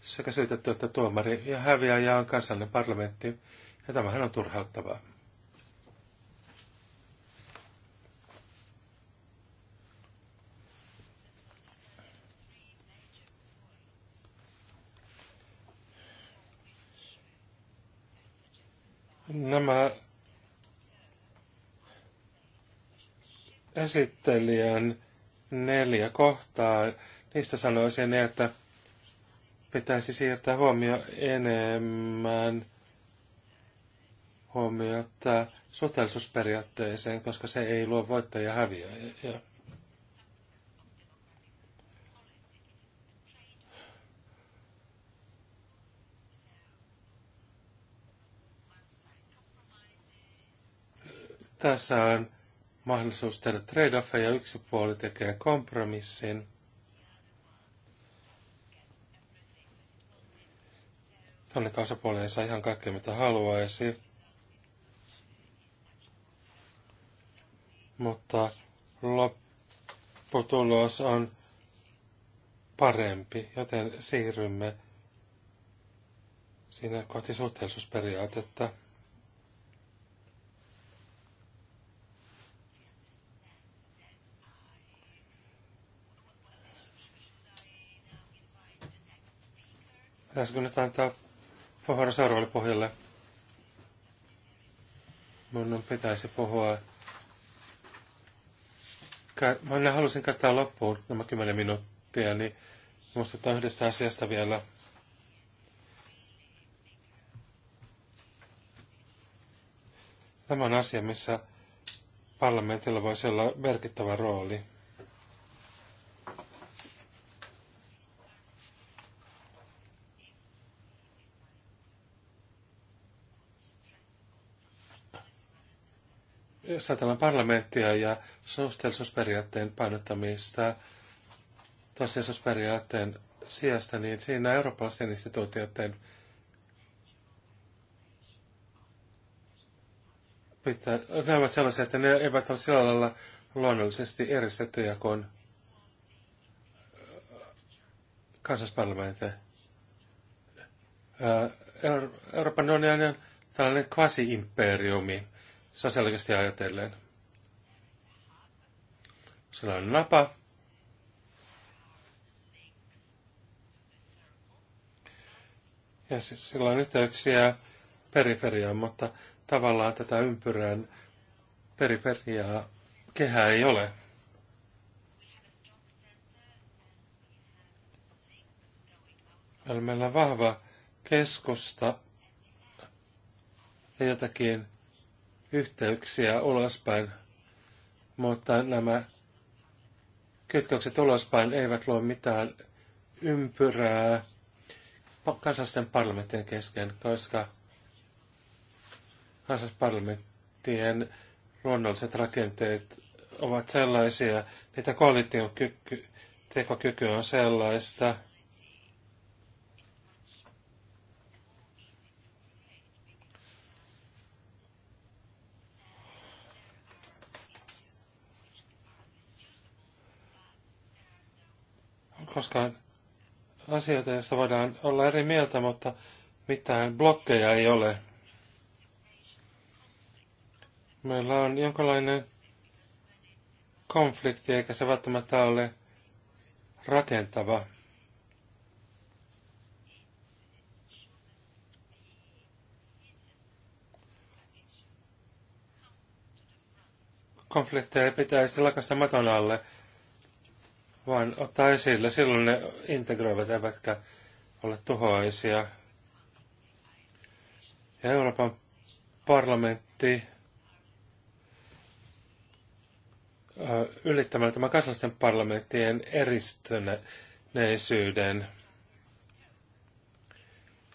sekä syytetty että tuomari. Ja häviäjä on kansallinen parlamentti. Ja tämähän on turhauttavaa. Nämä esittelijän neljä kohtaa, niistä sanoisin, että pitäisi siirtää huomio enemmän huomiota suhteellisuusperiaatteeseen, koska se ei luo voittajia häviöjä. Tässä on mahdollisuus tehdä trade ja yksi puoli tekee kompromissin. Toinen osapuoli ei saa ihan kaikkea mitä haluaisi. Mutta lopputulos on parempi, joten siirrymme siinä kohti suhteellisuusperiaatetta. Pitäisikö nyt antaa puheenvuoro seuraavalle pohjalle? Minun pitäisi puhua. Mä halusin katsoa loppuun nämä kymmenen minuuttia, niin muistutan yhdestä asiasta vielä. Tämä on asia, missä parlamentilla voisi olla merkittävä rooli. jos ajatellaan parlamenttia ja suhteellisuusperiaatteen painottamista tosiasuusperiaatteen sijasta, niin siinä eurooppalaisten instituutioiden pitää, ne ovat sellaisia, että ne eivät ole sillä lailla luonnollisesti eristettyjä kuin kansallisparlamenteja. Euroopan unioni on tällainen quasi-imperiumi selkeästi ajatellen. Sillä on napa. Ja sillä on yhteyksiä periferiaan, mutta tavallaan tätä ympyrän periferiaa kehää ei ole. Meillä on vahva keskusta ja jotakin yhteyksiä ulospäin, mutta nämä kytkökset ulospäin eivät luo mitään ympyrää kansallisten parlamenttien kesken, koska kansallisparlamenttien luonnolliset rakenteet ovat sellaisia, niitä koalition tekokyky on sellaista, koskaan asioita, joista voidaan olla eri mieltä, mutta mitään blokkeja ei ole. Meillä on jonkinlainen konflikti, eikä se välttämättä ole rakentava. konflikteja pitäisi lakasta maton alle vain ottaa esille. Silloin ne integroivat eivätkä ole tuhoaisia. Ja Euroopan parlamentti ylittämällä tämän kansallisten parlamenttien eristöneisyyden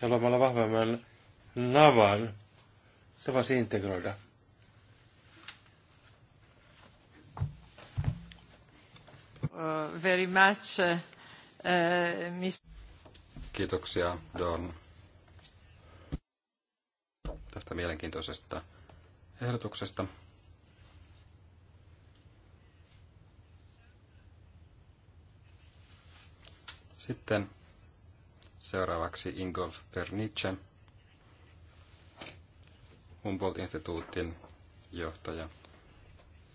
ja luomalla vahvemman navan, se voisi integroida Uh, very much, uh, uh Kiitoksia, Don, tästä mielenkiintoisesta ehdotuksesta. Sitten seuraavaksi Ingolf Pernice, Humboldt-instituutin johtaja.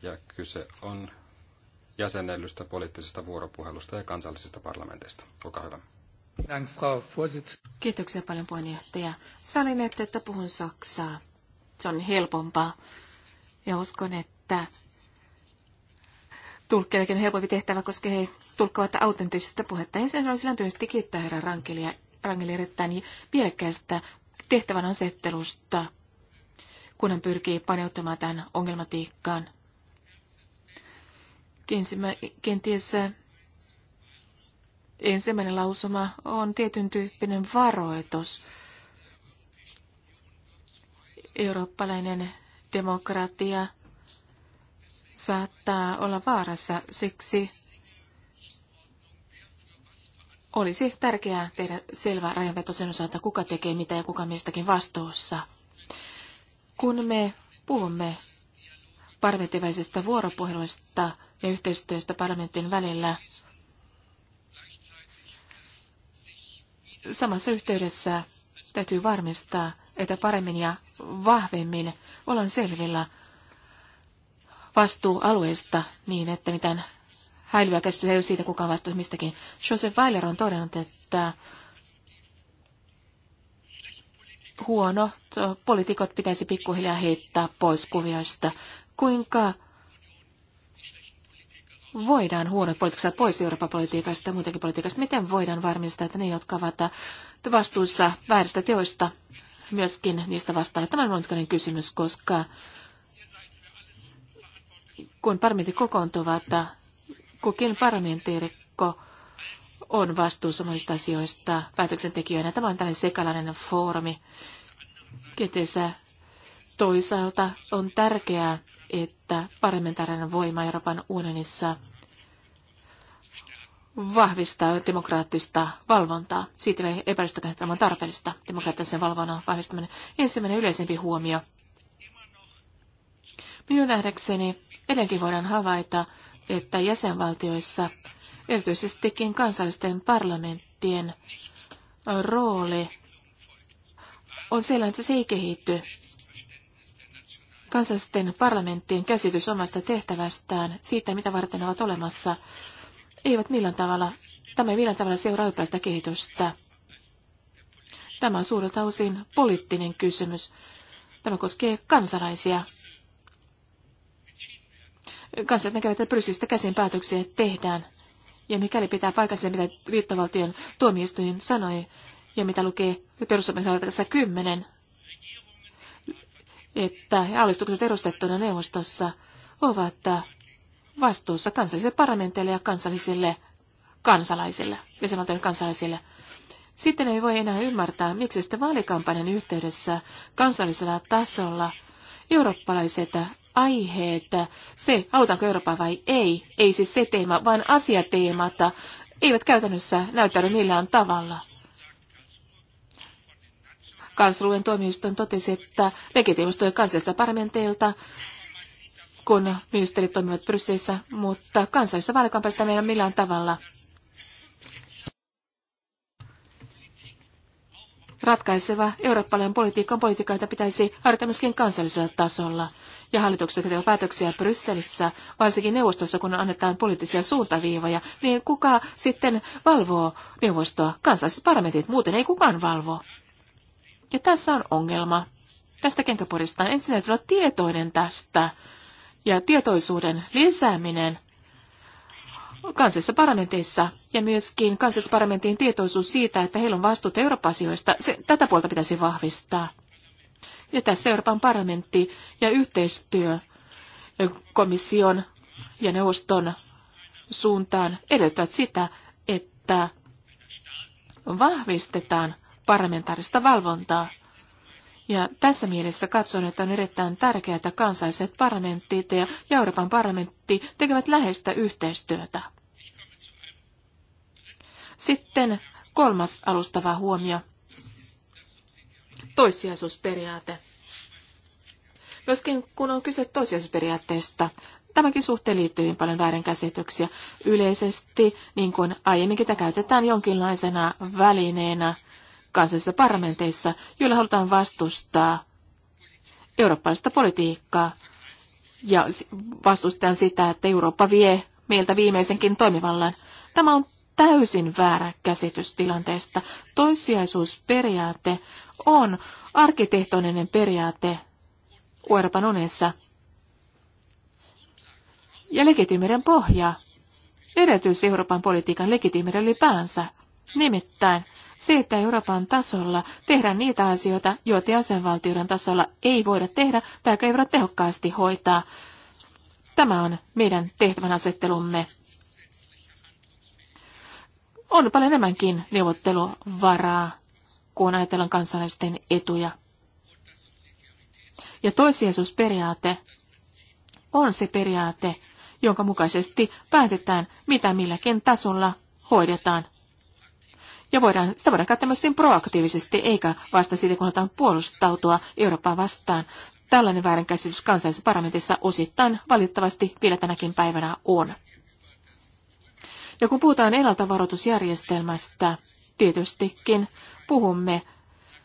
Ja kyse on jäsennellystä poliittisesta vuoropuhelusta ja kansallisista parlamenteista. Olkaa hyvä. Kiitoksia paljon puheenjohtaja. Salin, että, että puhun saksaa. Se on helpompaa. Ja uskon, että tulkkeillekin on helpompi tehtävä, koska he tulkkovat autenttisesta puhetta. Ensin haluaisin lämpimästi kiittää herra Rankelia, Rankelia erittäin mielekkäästä tehtävän asettelusta, kun hän pyrkii paneutumaan tämän ongelmatiikkaan. Kenties ensimmäinen lausuma on tietyn tyyppinen varoitus. Eurooppalainen demokratia saattaa olla vaarassa, siksi olisi tärkeää tehdä selvä rajanveto sen osalta, kuka tekee mitä ja kuka mistäkin vastuussa. Kun me puhumme parventiväisestä vuoropuhelusta, ja yhteistyöstä parlamentin välillä. Samassa yhteydessä täytyy varmistaa, että paremmin ja vahvemmin ollaan selvillä vastuualueista niin, että mitään häilyä käsitystä ei ole siitä, kuka vastuu mistäkin. Joseph Weiler on todennut, että huono poliitikot pitäisi pikkuhiljaa heittää pois kuvioista. Kuinka voidaan huonot poliittiset pois Euroopan politiikasta ja muutenkin politiikasta? Miten voidaan varmistaa, että ne, jotka ovat äh, vastuussa vääristä teoista, myöskin niistä vastaa? Tämä on monimutkainen kysymys, koska kun parlamentit kokoontuvat, äh, kukin parlamentiirikko on vastuussa monista asioista päätöksentekijöinä. Tämä on tällainen sekalainen foorumi. Ketensä äh, Toisaalta on tärkeää, että parlamentaarinen voima Euroopan unionissa vahvistaa demokraattista valvontaa. Siitä ei epäilystäkään, että tämä on tarpeellista, demokraattisen valvonnan vahvistaminen. Ensimmäinen yleisempi huomio. Minun nähdäkseni edelleenkin voidaan havaita, että jäsenvaltioissa, erityisestikin kansallisten parlamenttien rooli on sellainen, että se ei kehitty kansallisten parlamenttien käsitys omasta tehtävästään, siitä mitä varten ovat olemassa, eivät millään tavalla, tämä ei millään tavalla seuraa ylpeästä kehitystä. Tämä on suurelta osin poliittinen kysymys. Tämä koskee kansalaisia. Kansat näkevät, että Brysselistä käsin päätöksiä tehdään. Ja mikäli pitää paikassa, mitä liittovaltion tuomioistuin sanoi, ja mitä lukee perussopimuksessa kymmenen että alistukset edustettuna neuvostossa ovat vastuussa kansallisille parlamenteille ja kansallisille kansalaisille, jäsenvaltojen kansalaisille. Sitten ei voi enää ymmärtää, miksi sitten vaalikampanjan yhteydessä kansallisella tasolla eurooppalaiset aiheet, se halutaanko Eurooppa vai ei, ei siis se teema, vaan asiateemat, eivät käytännössä näyttäydy millään tavalla. Kansallisuuden tuomioistuin totesi, että legitiimistui kansallisilta parlamenteilta, kun ministerit toimivat Brysselissä, mutta kansallisessa vaalikampanjassa meillä ei millään tavalla ratkaiseva eurooppalainen politiikka on politiikka, jota pitäisi harjoittaa myöskin kansallisella tasolla. Ja hallitukset tekevät päätöksiä Brysselissä, varsinkin neuvostossa, kun annetaan poliittisia suuntaviivoja, niin kuka sitten valvoo neuvostoa? Kansalliset parlamentit, muuten ei kukaan valvo. Ja tässä on ongelma. Tästä kenkäporista on ensin tulla tietoinen tästä. Ja tietoisuuden lisääminen kansallisessa parlamentissa ja myöskin kansallisessa parlamentin tietoisuus siitä, että heillä on vastuuta Eurooppa-asioista, se, tätä puolta pitäisi vahvistaa. Ja tässä Euroopan parlamentti ja yhteistyö komission ja neuvoston suuntaan edellyttävät sitä, että vahvistetaan parlamentaarista valvontaa. Ja tässä mielessä katson, että on erittäin tärkeää, että kansalliset parlamentit ja Euroopan parlamentti tekevät läheistä yhteistyötä. Sitten kolmas alustava huomio. Toissijaisuusperiaate. Joskin kun on kyse toissijaisuusperiaatteesta, tämäkin suhteen liittyy hyvin paljon väärinkäsityksiä. Yleisesti, niin kuin aiemminkin, tätä käytetään jonkinlaisena välineenä – kansallisissa parlamenteissa, joilla halutaan vastustaa eurooppalaista politiikkaa ja vastustetaan sitä, että Eurooppa vie meiltä viimeisenkin toimivallan. Tämä on täysin väärä käsitys tilanteesta. Toissijaisuusperiaate on arkkitehtoninen periaate Euroopan unessa ja legitiimiden pohja edellytys Euroopan politiikan legitiimiden ylipäänsä Nimittäin se, että Euroopan tasolla tehdään niitä asioita, joita jäsenvaltioiden tasolla ei voida tehdä tai ei voida tehokkaasti hoitaa. Tämä on meidän asettelumme. On paljon enemmänkin neuvotteluvaraa, kun ajatellaan kansalaisten etuja. Ja toissijaisuusperiaate on se periaate, jonka mukaisesti päätetään, mitä milläkin tasolla hoidetaan. Ja voidaan, sitä voidaan katsoa myös proaktiivisesti, eikä vasta siitä, kun halutaan puolustautua Eurooppaa vastaan. Tällainen väärinkäsitys kansallisessa parlamentissa osittain valitettavasti vielä tänäkin päivänä on. Ja kun puhutaan elaltavaroitusjärjestelmästä, tietystikin puhumme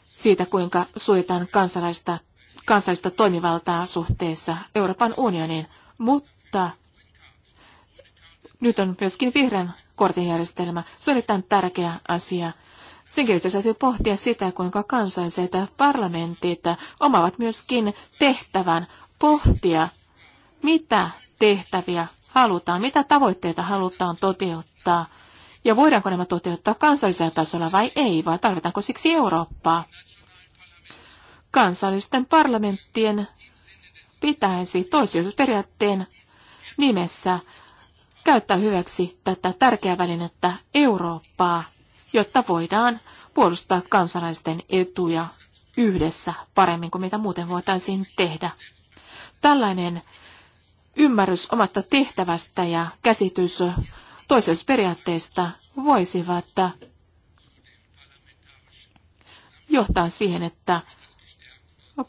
siitä, kuinka suojataan kansalaista, kansallista toimivaltaa suhteessa Euroopan unioniin, mutta nyt on myöskin vihreän kortijärjestelmä. Se on erittäin tärkeä asia. Sen yhteydessä täytyy pohtia sitä, kuinka kansalliset parlamentit omavat myöskin tehtävän pohtia, mitä tehtäviä halutaan, mitä tavoitteita halutaan toteuttaa ja voidaanko nämä toteuttaa kansallisella tasolla vai ei, vai tarvitaanko siksi Eurooppaa. Kansallisten parlamenttien pitäisi toisiosuusperiaatteen nimessä käyttää hyväksi tätä tärkeää välinettä Eurooppaa, jotta voidaan puolustaa kansalaisten etuja yhdessä paremmin kuin mitä muuten voitaisiin tehdä. Tällainen ymmärrys omasta tehtävästä ja käsitys toiseusperiaatteesta voisivat johtaa siihen, että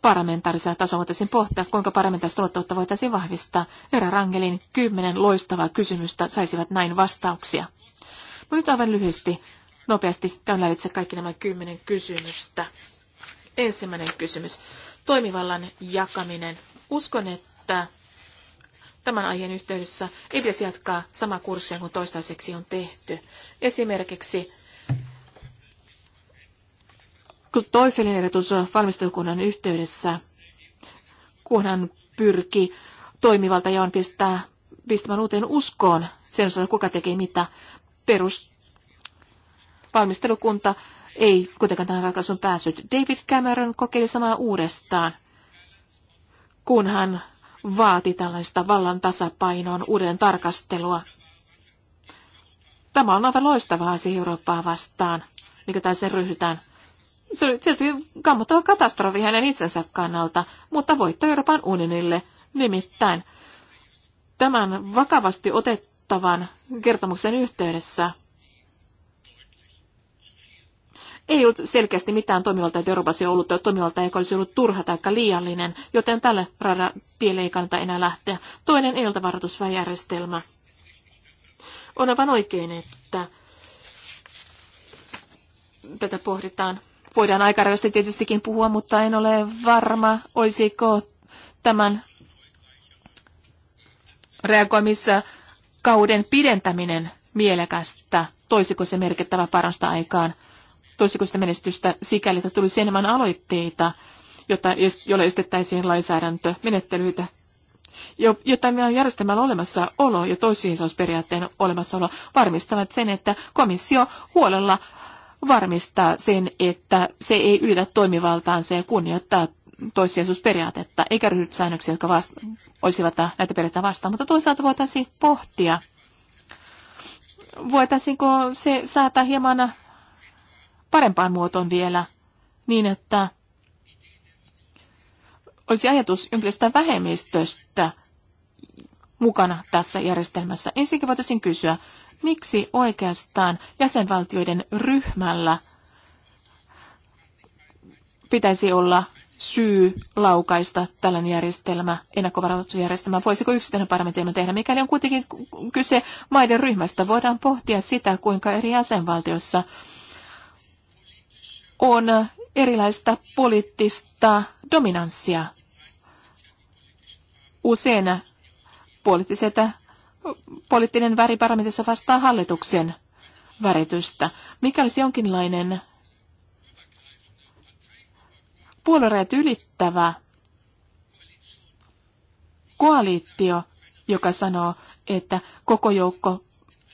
parlamentaarisella tasolla voitaisiin pohtia, kuinka parlamentaarista luottavuutta voitaisiin vahvistaa. Herra Rangelin kymmenen loistavaa kysymystä saisivat näin vastauksia. Mutta nyt aivan lyhyesti, nopeasti käyn lävitse kaikki nämä kymmenen kysymystä. Ensimmäinen kysymys. Toimivallan jakaminen. Uskon, että tämän aiheen yhteydessä ei pitäisi jatkaa samaa kurssia kuin toistaiseksi on tehty. Esimerkiksi Toifelin ehdotus valmistelukunnan yhteydessä, kunhan pyrki toimivalta ja on pistää, pistämään uuteen uskoon sen osalta, kuka tekee mitä. Perusvalmistelukunta ei kuitenkaan tähän ratkaisuun päässyt. David Cameron kokeili samaa uudestaan, kun hän vaati tällaista vallan tasapainoon uuden tarkastelua. Tämä on aivan loistava asia Eurooppaa vastaan, niin tässä ryhdytään se oli tietysti kammottava katastrofi hänen itsensä kannalta, mutta voitto Euroopan unionille nimittäin. Tämän vakavasti otettavan kertomuksen yhteydessä ei ollut selkeästi mitään toimivaltaa, että Euroopassa ei ollut toimivalta, eikä olisi ollut turha tai liiallinen, joten tälle rada tielle ei kannata enää lähteä. Toinen iltavaroitusjärjestelmä. On aivan oikein, että tätä pohditaan. Voidaan aikarajoista tietystikin puhua, mutta en ole varma, olisiko tämän reagoimissa kauden pidentäminen mielekästä, toisiko se merkittävä parasta aikaan, toisiko sitä menestystä sikäli, että tulisi enemmän aloitteita, jota, jolla estettäisiin lainsäädäntömenettelyitä, jotta on järjestelmällä olemassaolo ja toissijaisuusperiaatteen olemassaolo varmistavat sen, että komissio huolella varmistaa sen, että se ei ylitä toimivaltaansa ja kunnioittaa toissijaisuusperiaatetta, eikä ryhdy säännöksiä, jotka vasta- olisivat näitä periaatteita vastaan. Mutta toisaalta voitaisiin pohtia, voitaisiinko se saata hieman parempaan muotoon vielä, niin että olisi ajatus jonkinlaista vähemmistöstä mukana tässä järjestelmässä. Ensinnäkin voitaisiin kysyä, miksi oikeastaan jäsenvaltioiden ryhmällä pitäisi olla syy laukaista tällainen järjestelmä, ennakkovaroitusjärjestelmä? Voisiko yksittäinen parlamentti tehdä? Mikäli on kuitenkin kyse maiden ryhmästä, voidaan pohtia sitä, kuinka eri jäsenvaltioissa on erilaista poliittista dominanssia. Usein poliittiset poliittinen väri parlamentissa vastaa hallituksen väritystä. Mikä olisi jonkinlainen puolueet ylittävä koaliittio, joka sanoo, että koko joukko,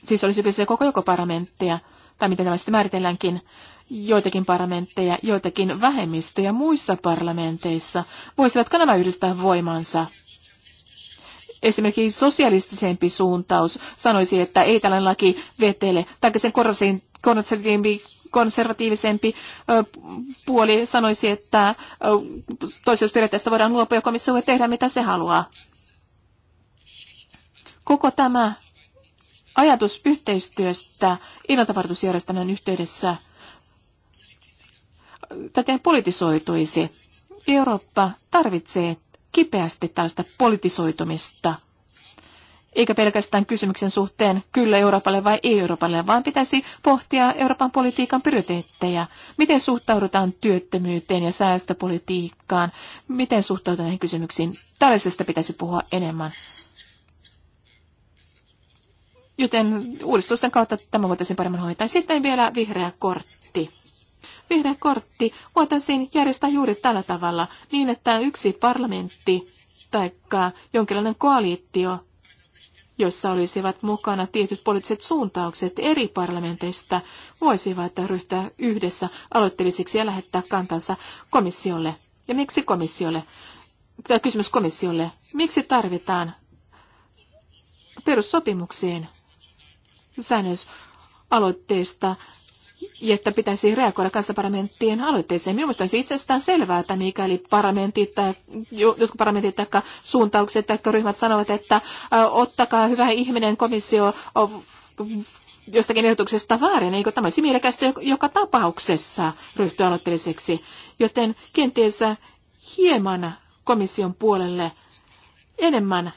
siis olisi kyse koko joukko parlamentteja, tai miten tämä sitten määritelläänkin, joitakin parlamentteja, joitakin vähemmistöjä muissa parlamenteissa, voisivatko nämä yhdistää voimansa esimerkiksi sosialistisempi suuntaus sanoisi, että ei tällainen laki vetele, tai sen konservatiivi, konservatiivisempi puoli sanoisi, että toiseusperiaatteesta voidaan luopua ja komissio voi tehdä mitä se haluaa. Koko tämä ajatus yhteistyöstä innotavaroitusjärjestelmän yhteydessä täten politisoituisi. Eurooppa tarvitsee kipeästi tällaista politisoitumista. Eikä pelkästään kysymyksen suhteen kyllä Euroopalle vai ei Euroopalle, vaan pitäisi pohtia Euroopan politiikan prioriteetteja. Miten suhtaudutaan työttömyyteen ja säästöpolitiikkaan? Miten suhtaudutaan näihin kysymyksiin? Tällaisesta pitäisi puhua enemmän. Joten uudistusten kautta tämä voitaisiin paremmin hoitaa. Sitten vielä vihreä kortti. Vihreä kortti voitaisiin järjestää juuri tällä tavalla, niin että yksi parlamentti tai jonkinlainen koalitio, jossa olisivat mukana tietyt poliittiset suuntaukset eri parlamenteista, voisivat ryhtyä yhdessä aloitteellisiksi ja lähettää kantansa komissiolle. Ja miksi komissiolle? Tämä kysymys komissiolle. Miksi tarvitaan perussopimukseen säännös aloitteista että pitäisi reagoida kansanparlamenttien aloitteeseen. Minusta olisi itsestään selvää, että mikäli parlamentit tai jotkut parlamentit tai suuntaukset tai ryhmät sanovat, että ottakaa hyvä ihminen komissio jostakin ehdotuksesta väärin, eikö tämä olisi mielekästä joka tapauksessa ryhtyä aloitteelliseksi. Joten kenties hieman komission puolelle enemmän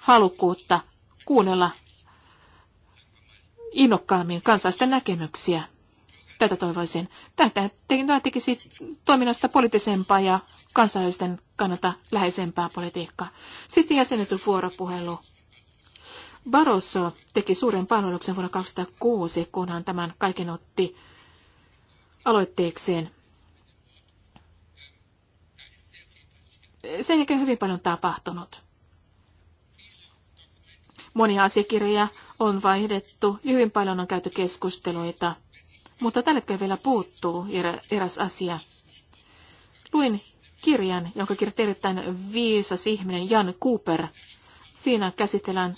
halukkuutta kuunnella innokkaammin kansaisten näkemyksiä. Tätä toivoisin. Tätä tekisi toiminnasta poliittisempaa ja kansallisten kannalta läheisempää politiikkaa. Sitten jäsenetty vuoropuhelu. Barroso teki suuren palveluksen vuonna 2006, kun hän tämän kaiken otti aloitteekseen. Sen jälkeen hyvin paljon tapahtunut. Monia asiakirjoja on vaihdettu ja hyvin paljon on käyty keskusteluita – mutta tälle vielä puuttuu eräs asia. Luin kirjan, jonka kirjoitti erittäin viisas ihminen Jan Cooper. Siinä käsitellään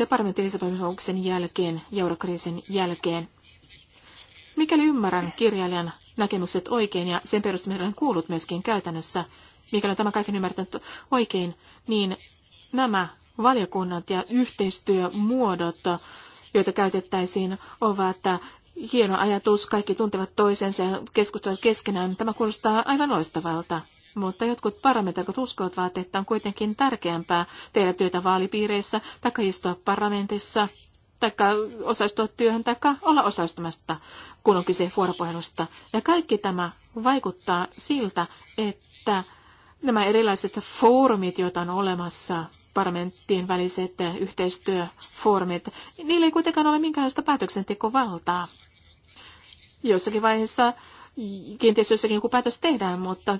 ja parlamentin jälkeen, eurokriisin jälkeen. Mikäli ymmärrän kirjailijan näkemykset oikein ja sen perusteella olen kuullut myöskin käytännössä, mikäli tämä kaiken ymmärtänyt oikein, niin nämä valiokunnat ja yhteistyömuodot, joita käytettäisiin, ovat hieno ajatus, kaikki tuntevat toisensa ja keskustelevat keskenään. Tämä kuulostaa aivan loistavalta. Mutta jotkut parametrikot uskovat, että on kuitenkin tärkeämpää tehdä työtä vaalipiireissä, taikka istua parlamentissa, taikka osallistua työhön, taikka olla osallistumasta, kun on kyse vuoropuhelusta. Ja kaikki tämä vaikuttaa siltä, että nämä erilaiset foorumit, joita on olemassa, parlamenttien väliset yhteistyöfoorumit, niillä ei kuitenkaan ole minkäänlaista päätöksentekovaltaa. Jossakin vaiheessa kenties jossakin joku päätös tehdään, mutta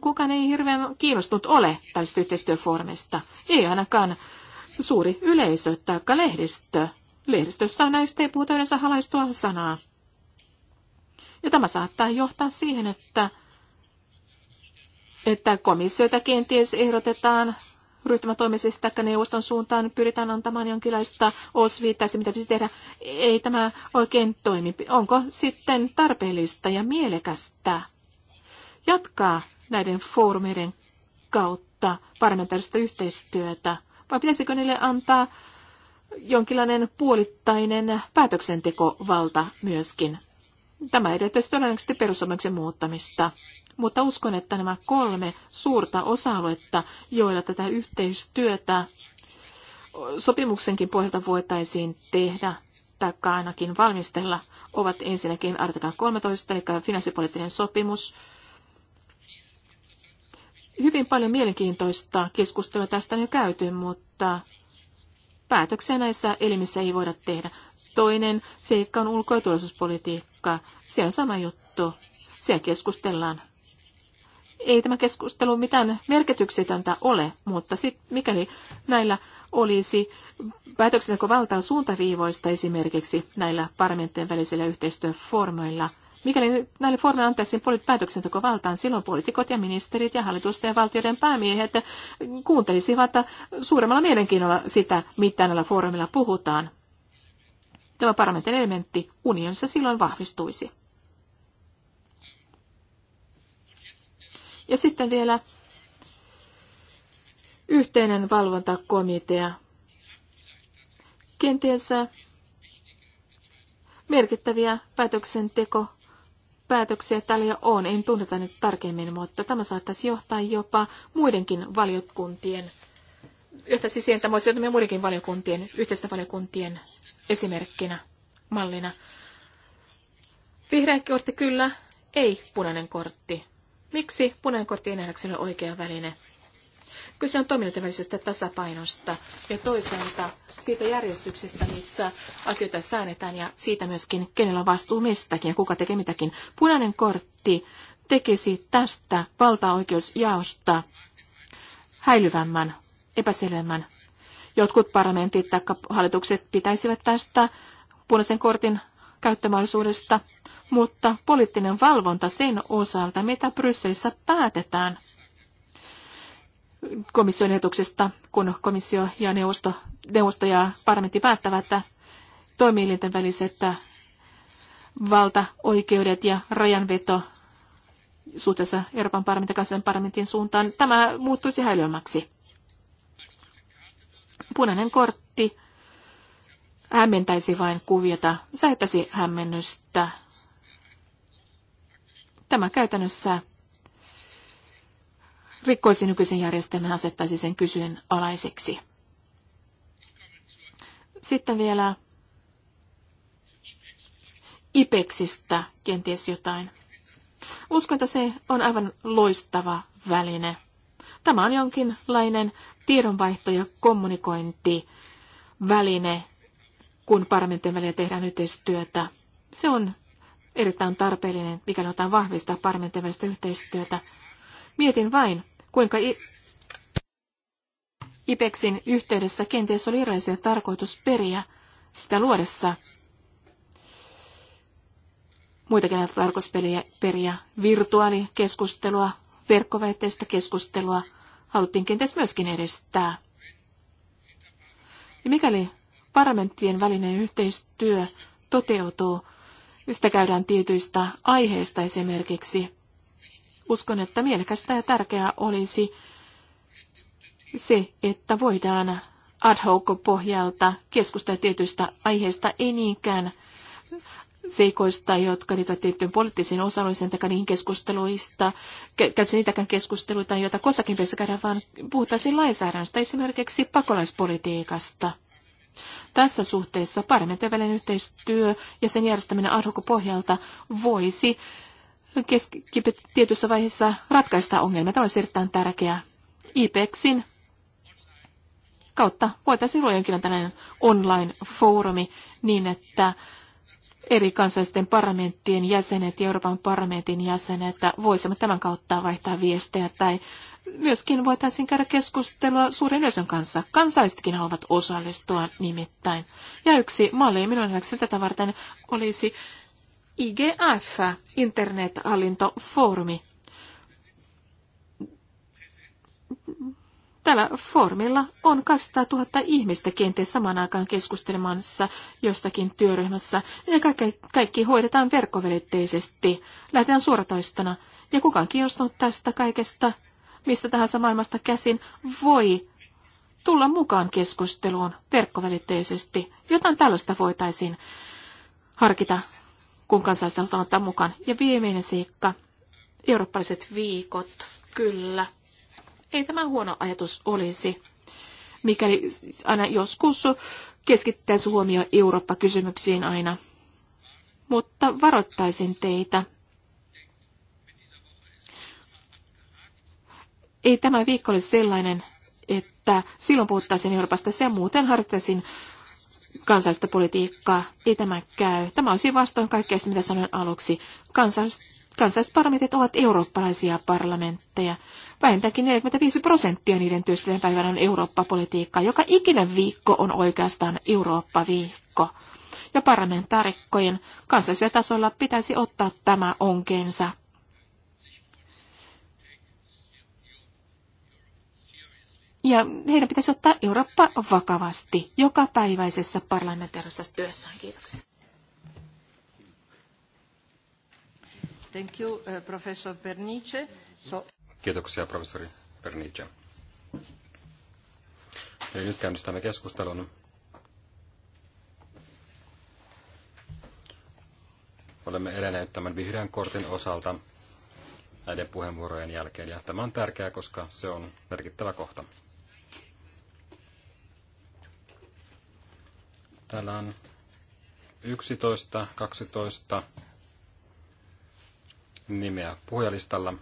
kukaan ei hirveän kiinnostunut ole tästä yhteistyöformista. Ei ainakaan suuri yleisö tai lehdistö. Lehdistössä näistä ei puhuta yleensä halaistua sanaa. Ja tämä saattaa johtaa siihen, että, että komissioita kenties ehdotetaan sitä, että neuvoston suuntaan pyritään antamaan jonkinlaista osviittaa, se mitä pitäisi tehdä, ei tämä oikein toimi. Onko sitten tarpeellista ja mielekästä jatkaa näiden foorumeiden kautta parlamentaarista yhteistyötä, vai pitäisikö niille antaa jonkinlainen puolittainen päätöksentekovalta myöskin? Tämä edellyttäisi todennäköisesti perusomuksen muuttamista. Mutta uskon, että nämä kolme suurta osa-aluetta, joilla tätä yhteistyötä sopimuksenkin pohjalta voitaisiin tehdä, tai ainakin valmistella, ovat ensinnäkin artikla 13, eli finanssipoliittinen sopimus. Hyvin paljon mielenkiintoista keskustelua tästä on jo käyty, mutta päätöksiä näissä elimissä ei voida tehdä. Toinen seikka on ulko- ja turvallisuuspolitiikka. Se on sama juttu. Siellä keskustellaan ei tämä keskustelu mitään merkityksetöntä ole, mutta sit, mikäli näillä olisi päätöksentekovaltaa suuntaviivoista esimerkiksi näillä parlamenttien välisillä yhteistyöformoilla, Mikäli näille formeille antaisiin poliit päätöksentekovaltaan, silloin poliitikot ja ministerit ja hallitusten ja valtioiden päämiehet kuuntelisivat suuremmalla mielenkiinnolla sitä, mitä näillä foorumilla puhutaan. Tämä parlamentin elementti unionissa silloin vahvistuisi. Ja sitten vielä yhteinen valvontakomitea. Kenties merkittäviä päätöksenteko päätöksiä täällä jo on, en tunneta nyt tarkemmin, mutta tämä saattaisi johtaa jopa muidenkin valiokuntien, johtaisi siihen, että voisi jotain muidenkin valiokuntien, yhteisten valiokuntien esimerkkinä, mallina. Vihreä kortti kyllä, ei punainen kortti. Miksi punainen kortti ei nähdäkseni ole oikea väline? Kyse on toimijoiden välisestä tasapainosta ja toisaalta siitä järjestyksestä, missä asioita säännetään ja siitä myöskin, kenellä on vastuu mistäkin ja kuka tekee mitäkin. Punainen kortti tekisi tästä valtaoikeusjaosta häilyvämmän, epäselvemmän. Jotkut parlamentit tai hallitukset pitäisivät tästä punaisen kortin käyttömahdollisuudesta, mutta poliittinen valvonta sen osalta, mitä Brysselissä päätetään komission etuksesta, kun komissio ja neuvosto, neuvosto ja parlamentti päättävät toimielinten väliset valtaoikeudet ja rajanveto suhteessa Euroopan parlamentin ja parlamentin suuntaan. Tämä muuttuisi häilymäksi. Punainen kortti hämmentäisi vain kuviota, säätäisi hämmennystä. Tämä käytännössä rikkoisi nykyisen järjestelmän asettaisi sen kysyjen alaiseksi. Sitten vielä IPEXistä kenties jotain. Uskon, että se on aivan loistava väline. Tämä on jonkinlainen tiedonvaihto- ja kommunikointiväline, kun parlamenttien välillä tehdään yhteistyötä. Se on erittäin tarpeellinen, mikäli otetaan vahvistaa parlamenttien välistä yhteistyötä. Mietin vain, kuinka I- IPEXin yhteydessä kenties oli erilaisia tarkoitusperiä sitä luodessa. Muitakin näitä tarkoitusperiä, virtuaalikeskustelua, verkkovälitteistä keskustelua haluttiin kenties myöskin edistää. Ja mikäli parlamenttien välinen yhteistyö toteutuu. Sitä käydään tietyistä aiheista esimerkiksi. Uskon, että mielekästä ja tärkeää olisi se, että voidaan ad hoc pohjalta keskustella tietyistä aiheista, ei niinkään seikoista, jotka liittyvät tiettyyn poliittisiin osallisiin tai niihin keskusteluista, käytäisiin niitäkään keskusteluita, joita kossakin käydään, vaan puhutaan lainsäädännöstä, esimerkiksi pakolaispolitiikasta. Tässä suhteessa parlamentin yhteistyö ja sen järjestäminen pohjalta voisi keski- tietyssä vaiheessa ratkaista ongelmia. Tämä olisi erittäin tärkeää. IPEXin kautta voitaisiin luoda jonkinlainen online-foorumi niin, että eri kansallisten parlamenttien jäsenet ja Euroopan parlamentin jäsenet, että voisimme tämän kautta vaihtaa viestejä tai myöskin voitaisiin käydä keskustelua suuren yleisön kanssa. Kansallisetkin haluavat osallistua nimittäin. Ja yksi malli minun lisäksi tätä varten olisi IGF, internethallintofoorumi. Tällä formilla on 200 000 ihmistä kenties saman aikaan keskustelemassa jostakin työryhmässä, ja kaikki, kaikki hoidetaan verkkovälitteisesti, lähdetään suoratoistona, ja kukaan kiinnostunut tästä kaikesta, mistä tahansa maailmasta käsin, voi tulla mukaan keskusteluun verkkovälitteisesti. Jotain tällaista voitaisiin harkita, kun kansalaiset ottaa mukaan. Ja viimeinen seikka, eurooppalaiset viikot, kyllä ei tämä huono ajatus olisi, mikäli aina joskus keskittäisi huomio Eurooppa-kysymyksiin aina. Mutta varoittaisin teitä. Ei tämä viikko ole sellainen, että silloin puhuttaisiin Euroopasta ja muuten harjoittaisin kansallista politiikkaa. Ei tämä käy. Tämä olisi vastoin kaikkea mitä sanoin aluksi. kansallista. Kansallisparlamentit ovat eurooppalaisia parlamentteja. Vähintäänkin 45 prosenttia niiden työstä päivänä on Eurooppa-politiikkaa. Joka ikinen viikko on oikeastaan Eurooppa-viikko. Ja parlamentaarikkojen kansallisella tasolla pitäisi ottaa tämä onkeensa. Ja heidän pitäisi ottaa Eurooppa vakavasti joka päiväisessä parlamentaarisessa työssään. Kiitoksia. Thank you, uh, professor Pernice. So... Kiitoksia, professori Pernice. Eli nyt käynnistämme keskustelun. Olemme edenneet tämän vihreän kortin osalta näiden puheenvuorojen jälkeen, ja tämä on tärkeää, koska se on merkittävä kohta. Täällä on 11, 12, nimeä puhujalistalla.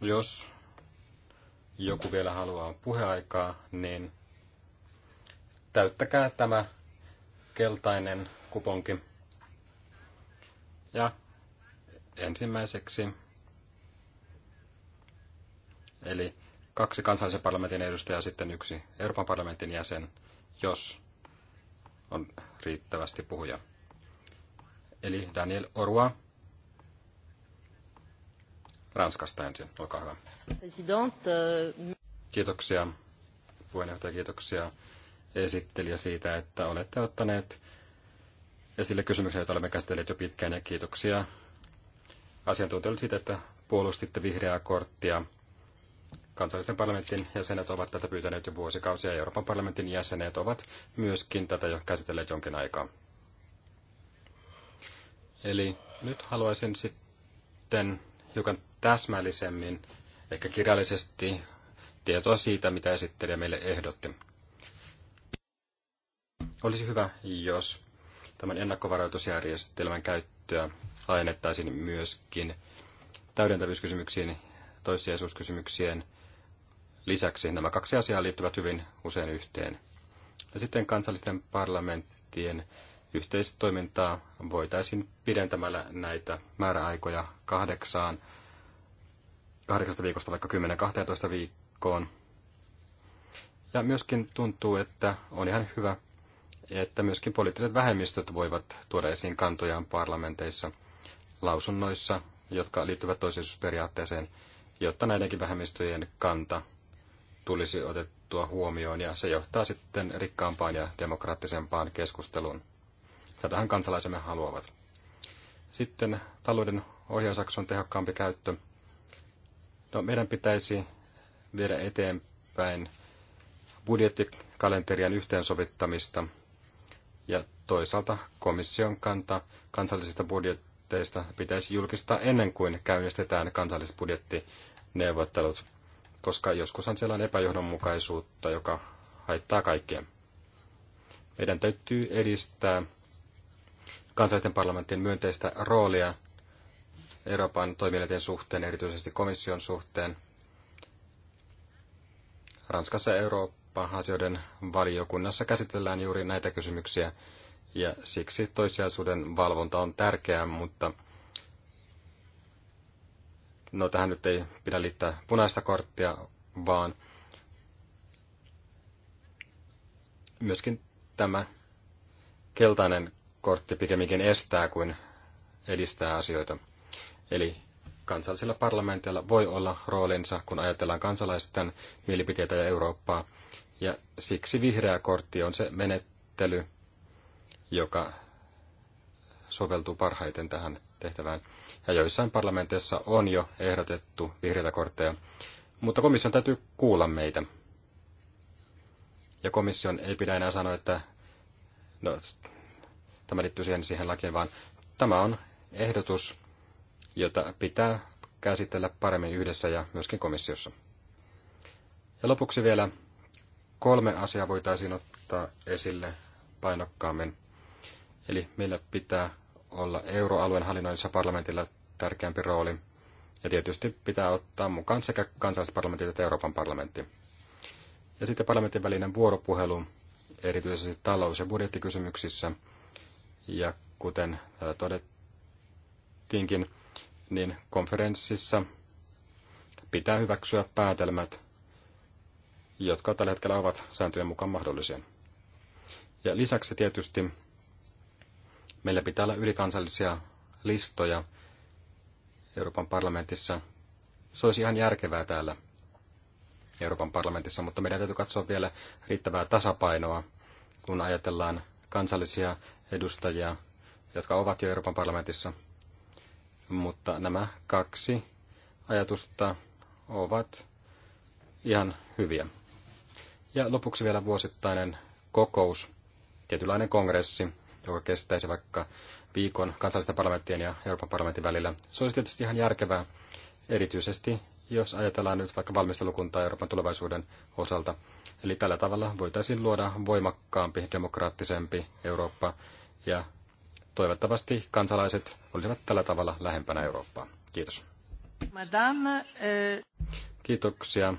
Jos joku vielä haluaa puheaikaa, niin täyttäkää tämä keltainen kuponki. Ja ensimmäiseksi, eli kaksi kansallisen parlamentin edustajaa ja sitten yksi Euroopan parlamentin jäsen, jos on riittävästi puhuja eli Daniel Orwa, Ranskasta ensin, olkaa hyvä. Euh, kiitoksia puheenjohtaja, kiitoksia esittelijä siitä, että olette ottaneet esille kysymyksiä, joita olemme käsitelleet jo pitkään, ja kiitoksia asiantuntijoille siitä, että puolustitte vihreää korttia. Kansallisten parlamentin jäsenet ovat tätä pyytäneet jo vuosikausia, ja Euroopan parlamentin jäsenet ovat myöskin tätä jo käsitelleet jonkin aikaa. Eli nyt haluaisin sitten hiukan täsmällisemmin, ehkä kirjallisesti, tietoa siitä, mitä esittelijä meille ehdotti. Olisi hyvä, jos tämän ennakkovaroitusjärjestelmän käyttöä laajennettaisiin myöskin täydentävyyskysymyksiin, toissijaisuuskysymyksien lisäksi. Nämä kaksi asiaa liittyvät hyvin usein yhteen. Ja sitten kansallisten parlamenttien yhteistoimintaa voitaisiin pidentämällä näitä määräaikoja kahdeksaan, kahdeksasta viikosta vaikka 10-12 viikkoon. Ja myöskin tuntuu, että on ihan hyvä, että myöskin poliittiset vähemmistöt voivat tuoda esiin kantojaan parlamenteissa lausunnoissa, jotka liittyvät toisiusperiaatteeseen, jotta näidenkin vähemmistöjen kanta tulisi otettua huomioon ja se johtaa sitten rikkaampaan ja demokraattisempaan keskusteluun. Tätähän kansalaisemme haluavat. Sitten talouden ohjausakson tehokkaampi käyttö. No, meidän pitäisi viedä eteenpäin budjettikalenterian yhteensovittamista ja toisaalta komission kanta kansallisista budjetteista pitäisi julkistaa ennen kuin käynnistetään budjettineuvottelut, koska joskushan siellä on epäjohdonmukaisuutta, joka haittaa kaikkea. Meidän täytyy edistää kansallisten parlamenttien myönteistä roolia Euroopan toimielinten suhteen, erityisesti komission suhteen. Ranskassa Eurooppa-asioiden valiokunnassa käsitellään juuri näitä kysymyksiä, ja siksi toissijaisuuden valvonta on tärkeää, mutta no tähän nyt ei pidä liittää punaista korttia, vaan myöskin tämä keltainen kortti pikemminkin estää kuin edistää asioita. Eli kansallisilla parlamenteilla voi olla roolinsa, kun ajatellaan kansalaisten mielipiteitä ja Eurooppaa. Ja siksi vihreä kortti on se menettely, joka soveltuu parhaiten tähän tehtävään. Ja joissain parlamenteissa on jo ehdotettu vihreitä kortteja, mutta komission täytyy kuulla meitä. Ja komission ei pidä enää sanoa, että no, tämä liittyy siihen, siihen lakiin, vaan tämä on ehdotus, jota pitää käsitellä paremmin yhdessä ja myöskin komissiossa. Ja lopuksi vielä kolme asiaa voitaisiin ottaa esille painokkaammin. Eli meillä pitää olla euroalueen hallinnoinnissa parlamentilla tärkeämpi rooli. Ja tietysti pitää ottaa mukaan sekä kansallisparlamentit että Euroopan parlamentti. Ja sitten parlamentin välinen vuoropuhelu, erityisesti talous- ja budjettikysymyksissä – ja kuten todettiinkin, niin konferenssissa pitää hyväksyä päätelmät, jotka tällä hetkellä ovat sääntöjen mukaan mahdollisia. Ja lisäksi tietysti meillä pitää olla ylikansallisia listoja Euroopan parlamentissa. Se olisi ihan järkevää täällä Euroopan parlamentissa, mutta meidän täytyy katsoa vielä riittävää tasapainoa, kun ajatellaan kansallisia edustajia, jotka ovat jo Euroopan parlamentissa. Mutta nämä kaksi ajatusta ovat ihan hyviä. Ja lopuksi vielä vuosittainen kokous, tietynlainen kongressi, joka kestäisi vaikka viikon kansallisten parlamenttien ja Euroopan parlamentin välillä. Se olisi tietysti ihan järkevää, erityisesti jos ajatellaan nyt vaikka valmistelukuntaa Euroopan tulevaisuuden osalta. Eli tällä tavalla voitaisiin luoda voimakkaampi, demokraattisempi Eurooppa ja toivottavasti kansalaiset olisivat tällä tavalla lähempänä Eurooppaa. Kiitos. Madame, eh... Kiitoksia.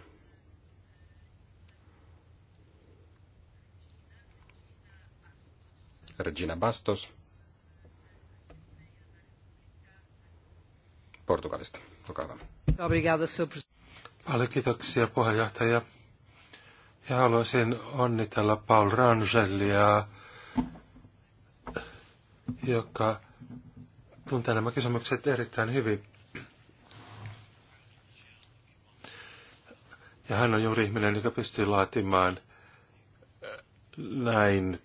Regina Bastos Portugalista. Olkaa hyvä. Paljon kiitoksia puheenjohtaja. Ja haluaisin onnitella Paul Rangelia, joka tuntee nämä kysymykset erittäin hyvin. Ja hän on juuri ihminen, joka pystyy laatimaan näin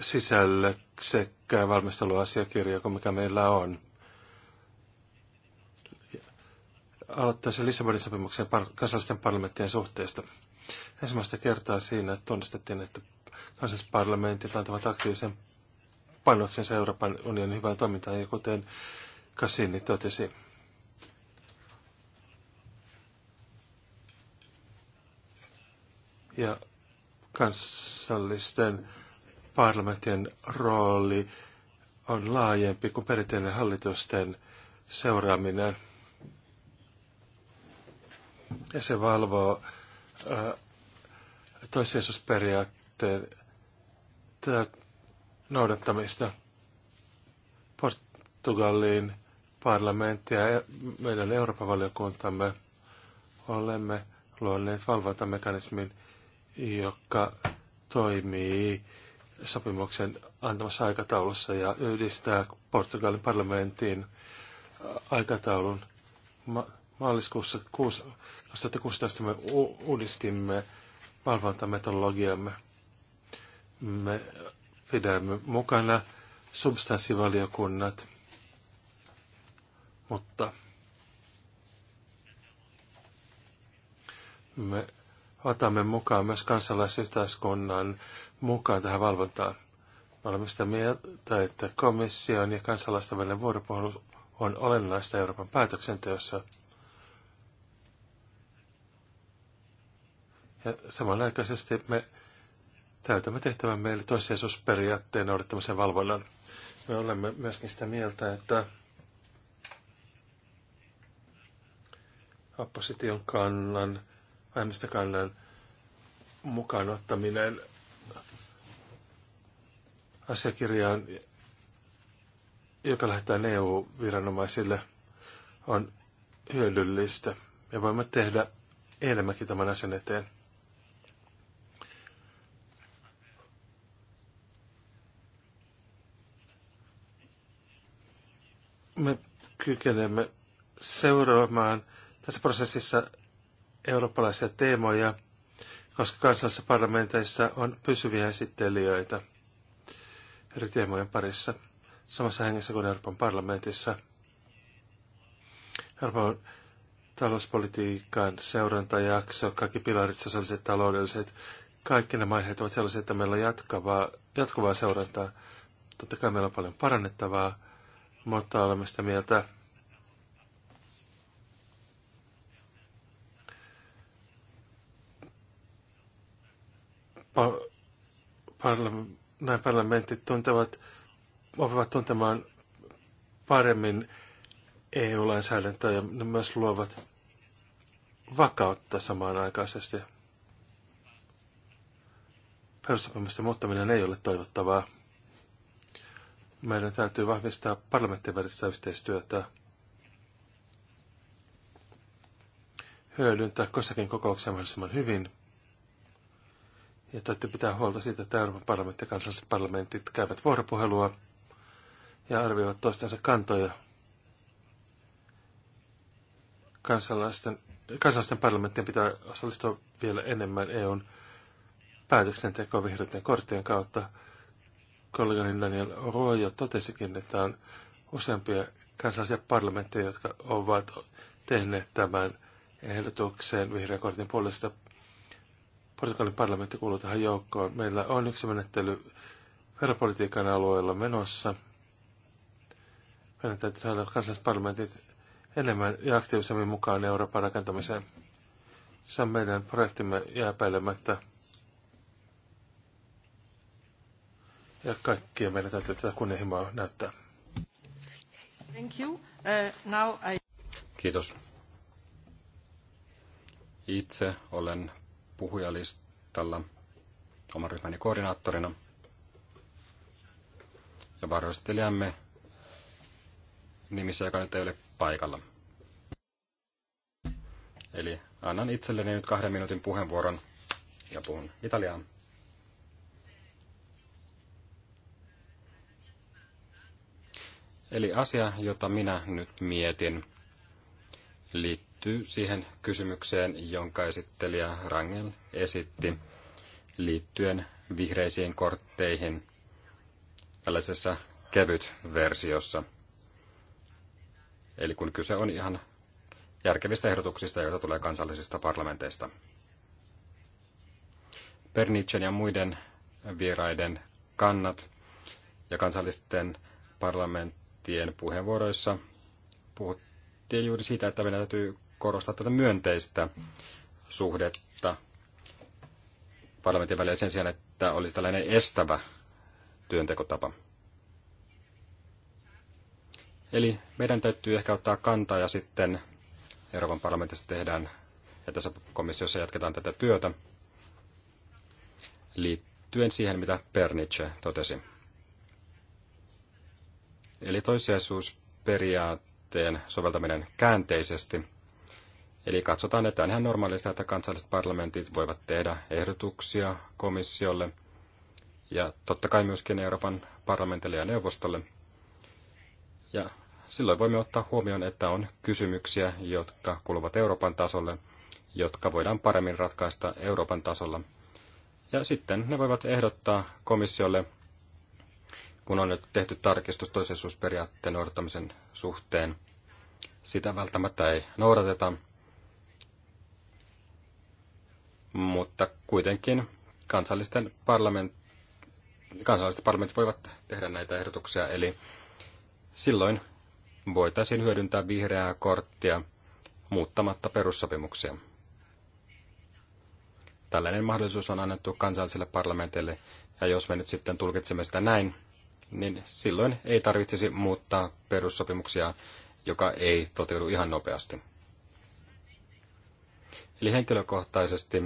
sisällöksekkään valmisteluasiakirja kuin mikä meillä on. aloittaisi Lissabonin sopimuksen par- kansallisten parlamenttien suhteesta. Ensimmäistä kertaa siinä tunnistettiin, että kansallisparlamentit antavat aktiivisen panoksen Euroopan unionin hyvään toimintaan, ja kuten Cassini totesi, ja kansallisten parlamenttien rooli on laajempi kuin perinteinen hallitusten seuraaminen – ja se valvoo äh, toisiasusperiaatteen noudattamista. Portugalin parlamenttia ja meidän Euroopan valiokuntamme olemme luoneet valvontamekanismin, joka toimii sopimuksen antamassa aikataulussa ja yhdistää Portugalin parlamentin aikataulun maaliskuussa 2016 me uudistimme valvontametodologiamme. Me pidämme mukana substanssivaliokunnat, mutta me otamme mukaan myös kansalaisyhteiskunnan mukaan tähän valvontaan. Me olemme sitä mieltä, että komission ja kansalaisten välinen vuoropuhelu on olennaista Euroopan päätöksenteossa – Ja samanaikaisesti me täytämme tehtävämme eli toissijaisuusperiaatteen noudattamisen valvonnan. Me olemme myöskin sitä mieltä, että opposition kannan, vähemmistökannan mukaan ottaminen asiakirjaan, joka lähetetään EU-viranomaisille, on hyödyllistä. Me voimme tehdä enemmänkin tämän asian eteen. me kykenemme seuraamaan tässä prosessissa eurooppalaisia teemoja, koska kansallisissa parlamenteissa on pysyviä esittelijöitä eri teemojen parissa samassa hengessä kuin Euroopan parlamentissa. Euroopan talouspolitiikan seurantajakso, kaikki pilarit, sosiaaliset, taloudelliset, kaikki nämä aiheet ovat sellaisia, että meillä on jatkavaa, jatkuvaa seurantaa. Totta kai meillä on paljon parannettavaa, mutta olemme sitä mieltä, pa- parla- näin parlamentit tuntevat, ovat tuntemaan paremmin EU-lainsäädäntöä ja ne myös luovat vakautta samanaikaisesti. Perussopimusten muuttaminen ei ole toivottavaa meidän täytyy vahvistaa parlamenttien välistä yhteistyötä, hyödyntää kossakin kokouksia mahdollisimman hyvin. Ja täytyy pitää huolta siitä, että Euroopan parlamentti ja kansalliset parlamentit käyvät vuoropuhelua ja arvioivat toistensa kantoja. Kansalaisten, kansallisten parlamenttien pitää osallistua vielä enemmän EUn päätöksentekoon vihreiden korttien kautta kollegani Daniel Rojo totesikin, että on useampia kansallisia parlamentteja, jotka ovat tehneet tämän ehdotuksen vihreän kortin puolesta. Portugalin parlamentti kuuluu tähän joukkoon. Meillä on yksi menettely veropolitiikan alueella menossa. Meidän täytyy saada kansallisparlamentit enemmän ja aktiivisemmin mukaan Euroopan rakentamiseen. Se on meidän projektimme jääpäilemättä. Ja kaikkia meillä täytyy tätä kunnianhimoa näyttää. Thank you. Uh, now I... Kiitos. Itse olen puhujalistalla oman ryhmäni koordinaattorina. Ja varoistelijamme nimissä, joka nyt ei ole paikalla. Eli annan itselleni nyt kahden minuutin puheenvuoron ja puhun italiaan. Eli asia, jota minä nyt mietin, liittyy siihen kysymykseen, jonka esittelijä Rangel esitti liittyen vihreisiin kortteihin tällaisessa kevyt versiossa. Eli kun kyse on ihan järkevistä ehdotuksista, joita tulee kansallisista parlamenteista. Pernitsen ja muiden vieraiden kannat ja kansallisten parlament, presidenttien puheenvuoroissa puhuttiin juuri siitä, että meidän täytyy korostaa tätä myönteistä suhdetta parlamentin välillä sen sijaan, että olisi tällainen estävä työntekotapa. Eli meidän täytyy ehkä ottaa kantaa ja sitten Euroopan parlamentissa tehdään ja tässä komissiossa jatketaan tätä työtä liittyen siihen, mitä Pernice totesi. Eli toissijaisuusperiaatteen soveltaminen käänteisesti. Eli katsotaan, että on ihan normaalista, että kansalliset parlamentit voivat tehdä ehdotuksia komissiolle ja totta kai myöskin Euroopan parlamentille ja neuvostolle. Ja silloin voimme ottaa huomioon, että on kysymyksiä, jotka kuuluvat Euroopan tasolle, jotka voidaan paremmin ratkaista Euroopan tasolla. Ja sitten ne voivat ehdottaa komissiolle kun on tehty tarkistus toisensuusperiaatteen noudattamisen suhteen. Sitä välttämättä ei noudateta, mutta kuitenkin kansallisten parlament, kansalliset parlamentit voivat tehdä näitä ehdotuksia, eli silloin voitaisiin hyödyntää vihreää korttia muuttamatta perussopimuksia. Tällainen mahdollisuus on annettu kansallisille parlamentille, ja jos me nyt sitten tulkitsemme sitä näin, niin silloin ei tarvitsisi muuttaa perussopimuksia, joka ei toteudu ihan nopeasti. Eli henkilökohtaisesti,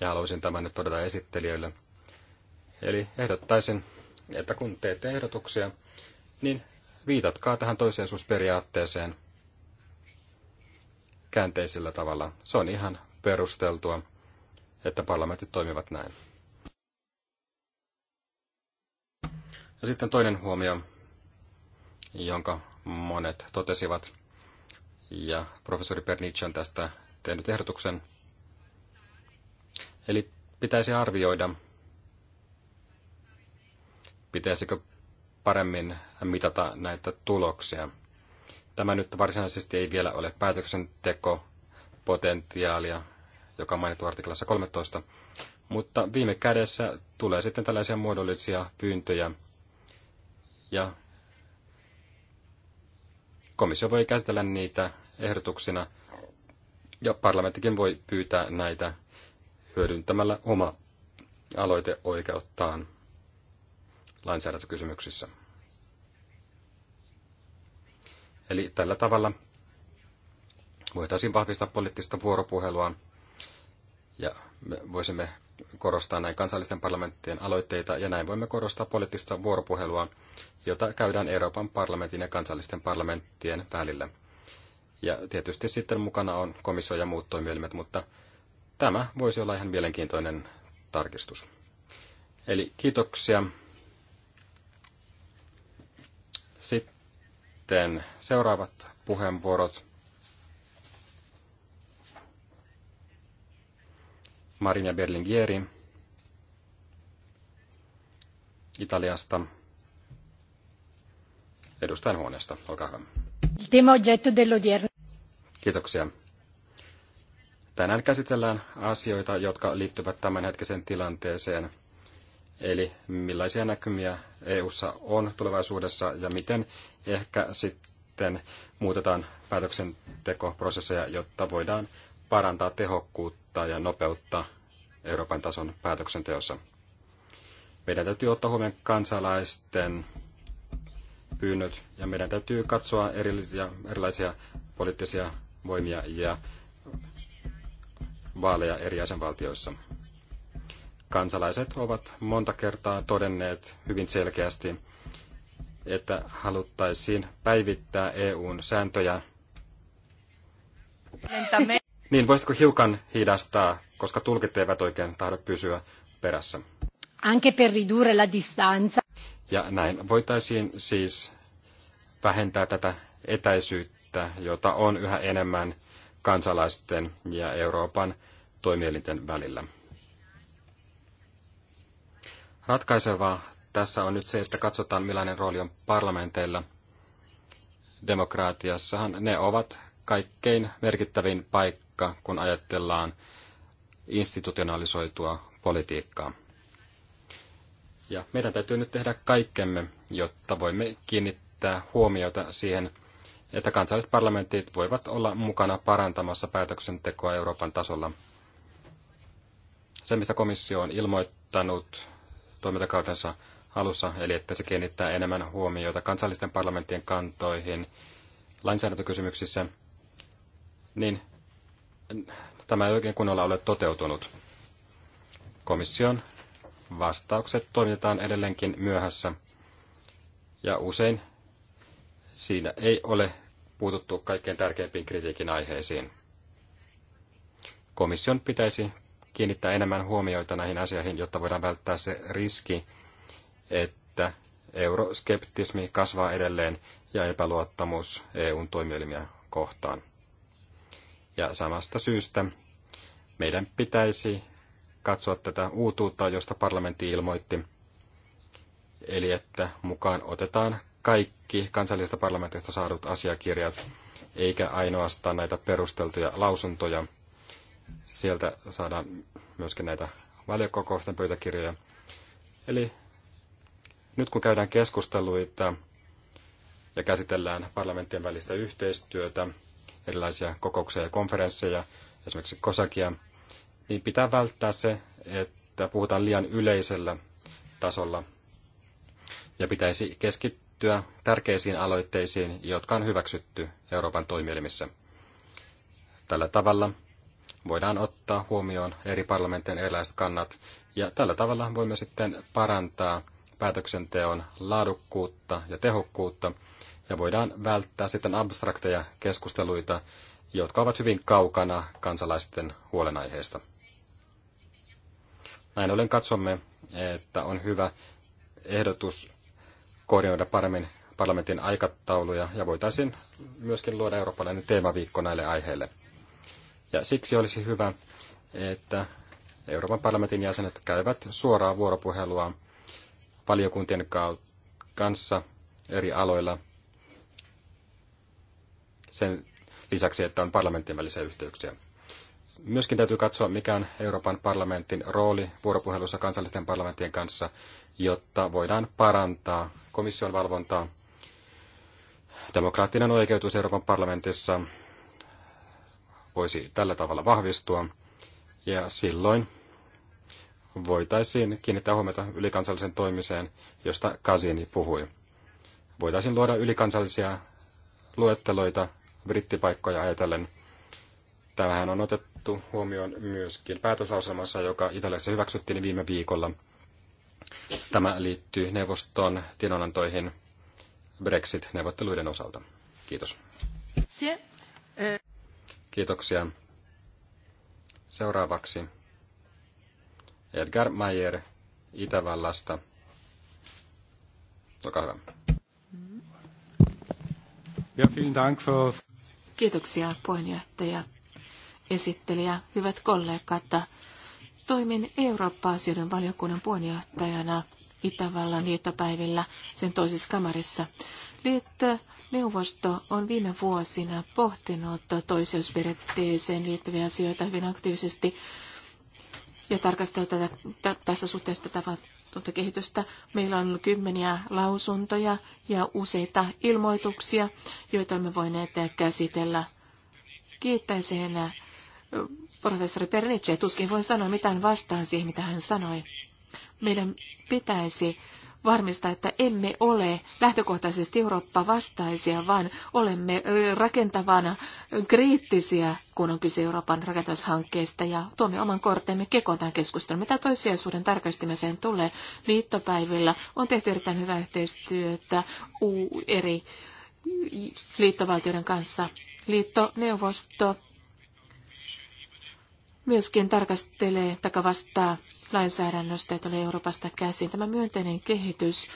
ja haluaisin tämän nyt todeta esittelijöille, eli ehdottaisin, että kun teette ehdotuksia, niin viitatkaa tähän toisensuusperiaatteeseen käänteisellä tavalla. Se on ihan perusteltua, että parlamentit toimivat näin. No sitten toinen huomio, jonka monet totesivat, ja professori Pernici on tästä tehnyt ehdotuksen. Eli pitäisi arvioida, pitäisikö paremmin mitata näitä tuloksia. Tämä nyt varsinaisesti ei vielä ole päätöksentekopotentiaalia, joka on mainittu artiklassa 13, mutta viime kädessä tulee sitten tällaisia muodollisia pyyntöjä – ja komissio voi käsitellä niitä ehdotuksina ja parlamenttikin voi pyytää näitä hyödyntämällä oma aloiteoikeuttaan lainsäädäntökysymyksissä. Eli tällä tavalla voitaisiin vahvistaa poliittista vuoropuhelua ja me voisimme korostaa näin kansallisten parlamenttien aloitteita ja näin voimme korostaa poliittista vuoropuhelua, jota käydään Euroopan parlamentin ja kansallisten parlamenttien välillä. Ja tietysti sitten mukana on komissio ja muut toimielimet, mutta tämä voisi olla ihan mielenkiintoinen tarkistus. Eli kiitoksia. Sitten seuraavat puheenvuorot. Marina Berlingieri Italiasta edustajan huoneesta. Olkaa hyvä. Kiitoksia. Tänään käsitellään asioita, jotka liittyvät tämänhetkiseen tilanteeseen, eli millaisia näkymiä EU:ssa on tulevaisuudessa ja miten ehkä sitten muutetaan päätöksentekoprosesseja, jotta voidaan parantaa tehokkuutta helpottaa ja nopeuttaa Euroopan tason päätöksenteossa. Meidän täytyy ottaa huomioon kansalaisten pyynnöt ja meidän täytyy katsoa erillisiä, erilaisia poliittisia voimia ja vaaleja eri jäsenvaltioissa. Kansalaiset ovat monta kertaa todenneet hyvin selkeästi, että haluttaisiin päivittää EUn sääntöjä niin, voisitko hiukan hidastaa, koska tulkit eivät oikein tahdo pysyä perässä. Anche per ridurre la distanza. Ja näin voitaisiin siis vähentää tätä etäisyyttä, jota on yhä enemmän kansalaisten ja Euroopan toimielinten välillä. Ratkaisevaa tässä on nyt se, että katsotaan millainen rooli on parlamenteilla. Demokraatiassahan ne ovat kaikkein merkittävin paikka paikka, kun ajatellaan institutionalisoitua politiikkaa. Ja meidän täytyy nyt tehdä kaikkemme, jotta voimme kiinnittää huomiota siihen, että kansalliset parlamentit voivat olla mukana parantamassa päätöksentekoa Euroopan tasolla. Se, mistä komissio on ilmoittanut toimintakautensa alussa, eli että se kiinnittää enemmän huomiota kansallisten parlamenttien kantoihin lainsäädäntökysymyksissä, niin tämä ei oikein kunnolla ole toteutunut. Komission vastaukset toimitetaan edelleenkin myöhässä ja usein siinä ei ole puututtu kaikkein tärkeimpiin kritiikin aiheisiin. Komission pitäisi kiinnittää enemmän huomioita näihin asioihin, jotta voidaan välttää se riski, että euroskeptismi kasvaa edelleen ja epäluottamus EUn toimielimiä kohtaan. Ja samasta syystä meidän pitäisi katsoa tätä uutuutta, josta parlamentti ilmoitti, eli että mukaan otetaan kaikki kansallisesta parlamentista saadut asiakirjat, eikä ainoastaan näitä perusteltuja lausuntoja. Sieltä saadaan myöskin näitä valiokokousten pöytäkirjoja. Eli nyt kun käydään keskusteluita ja käsitellään parlamenttien välistä yhteistyötä erilaisia kokouksia ja konferensseja, esimerkiksi kosakia, niin pitää välttää se, että puhutaan liian yleisellä tasolla ja pitäisi keskittyä tärkeisiin aloitteisiin, jotka on hyväksytty Euroopan toimielimissä. Tällä tavalla voidaan ottaa huomioon eri parlamenttien erilaiset kannat ja tällä tavalla voimme sitten parantaa päätöksenteon laadukkuutta ja tehokkuutta ja voidaan välttää sitten abstrakteja keskusteluita, jotka ovat hyvin kaukana kansalaisten huolenaiheista. Näin ollen katsomme, että on hyvä ehdotus koordinoida paremmin parlamentin aikatauluja ja voitaisiin myöskin luoda eurooppalainen teemaviikko näille aiheille. Ja siksi olisi hyvä, että Euroopan parlamentin jäsenet käyvät suoraa vuoropuhelua valiokuntien kanssa eri aloilla – sen lisäksi, että on parlamenttien välisiä yhteyksiä. Myöskin täytyy katsoa, mikä on Euroopan parlamentin rooli vuoropuhelussa kansallisten parlamenttien kanssa, jotta voidaan parantaa komission valvontaa. Demokraattinen oikeutus Euroopan parlamentissa voisi tällä tavalla vahvistua, ja silloin voitaisiin kiinnittää huomiota ylikansallisen toimiseen, josta Kasini puhui. Voitaisiin luoda ylikansallisia luetteloita brittipaikkoja ajatellen. Tämähän on otettu huomioon myöskin päätöslauselmassa, joka Italiassa hyväksyttiin viime viikolla. Tämä liittyy neuvoston tiedonantoihin Brexit-neuvotteluiden osalta. Kiitos. Kiitoksia. Seuraavaksi Edgar Mayer Itävallasta. Olkaa hyvä. Ja, vielen Dank für... Kiitoksia puheenjohtaja, esittelijä, hyvät kollegat. Toimin Eurooppa-asioiden valiokunnan puheenjohtajana Itävallan liittopäivillä sen toisessa kamarissa. Neuvosto on viime vuosina pohtinut toiseusperiaatteeseen liittyviä asioita hyvin aktiivisesti ja tarkastella tätä, tässä suhteessa tätä kehitystä. Meillä on kymmeniä lausuntoja ja useita ilmoituksia, joita me voineet käsitellä. Kiittäisin äh, professori Pernice. Tuskin voin sanoa mitään vastaan siihen, mitä hän sanoi. Meidän pitäisi varmistaa, että emme ole lähtökohtaisesti Eurooppa-vastaisia, vaan olemme rakentavana kriittisiä, kun on kyse Euroopan rakentamishankkeesta ja tuomme oman kortemme kekoon tähän keskusteluun. Mitä toissijaisuuden tarkastamiseen tulee liittopäivillä, on tehty erittäin hyvää yhteistyötä eri liittovaltioiden kanssa. Liittoneuvosto myöskin tarkastelee tai vastaa lainsäädännöstä, että oli Euroopasta käsin. Tämä myönteinen kehitys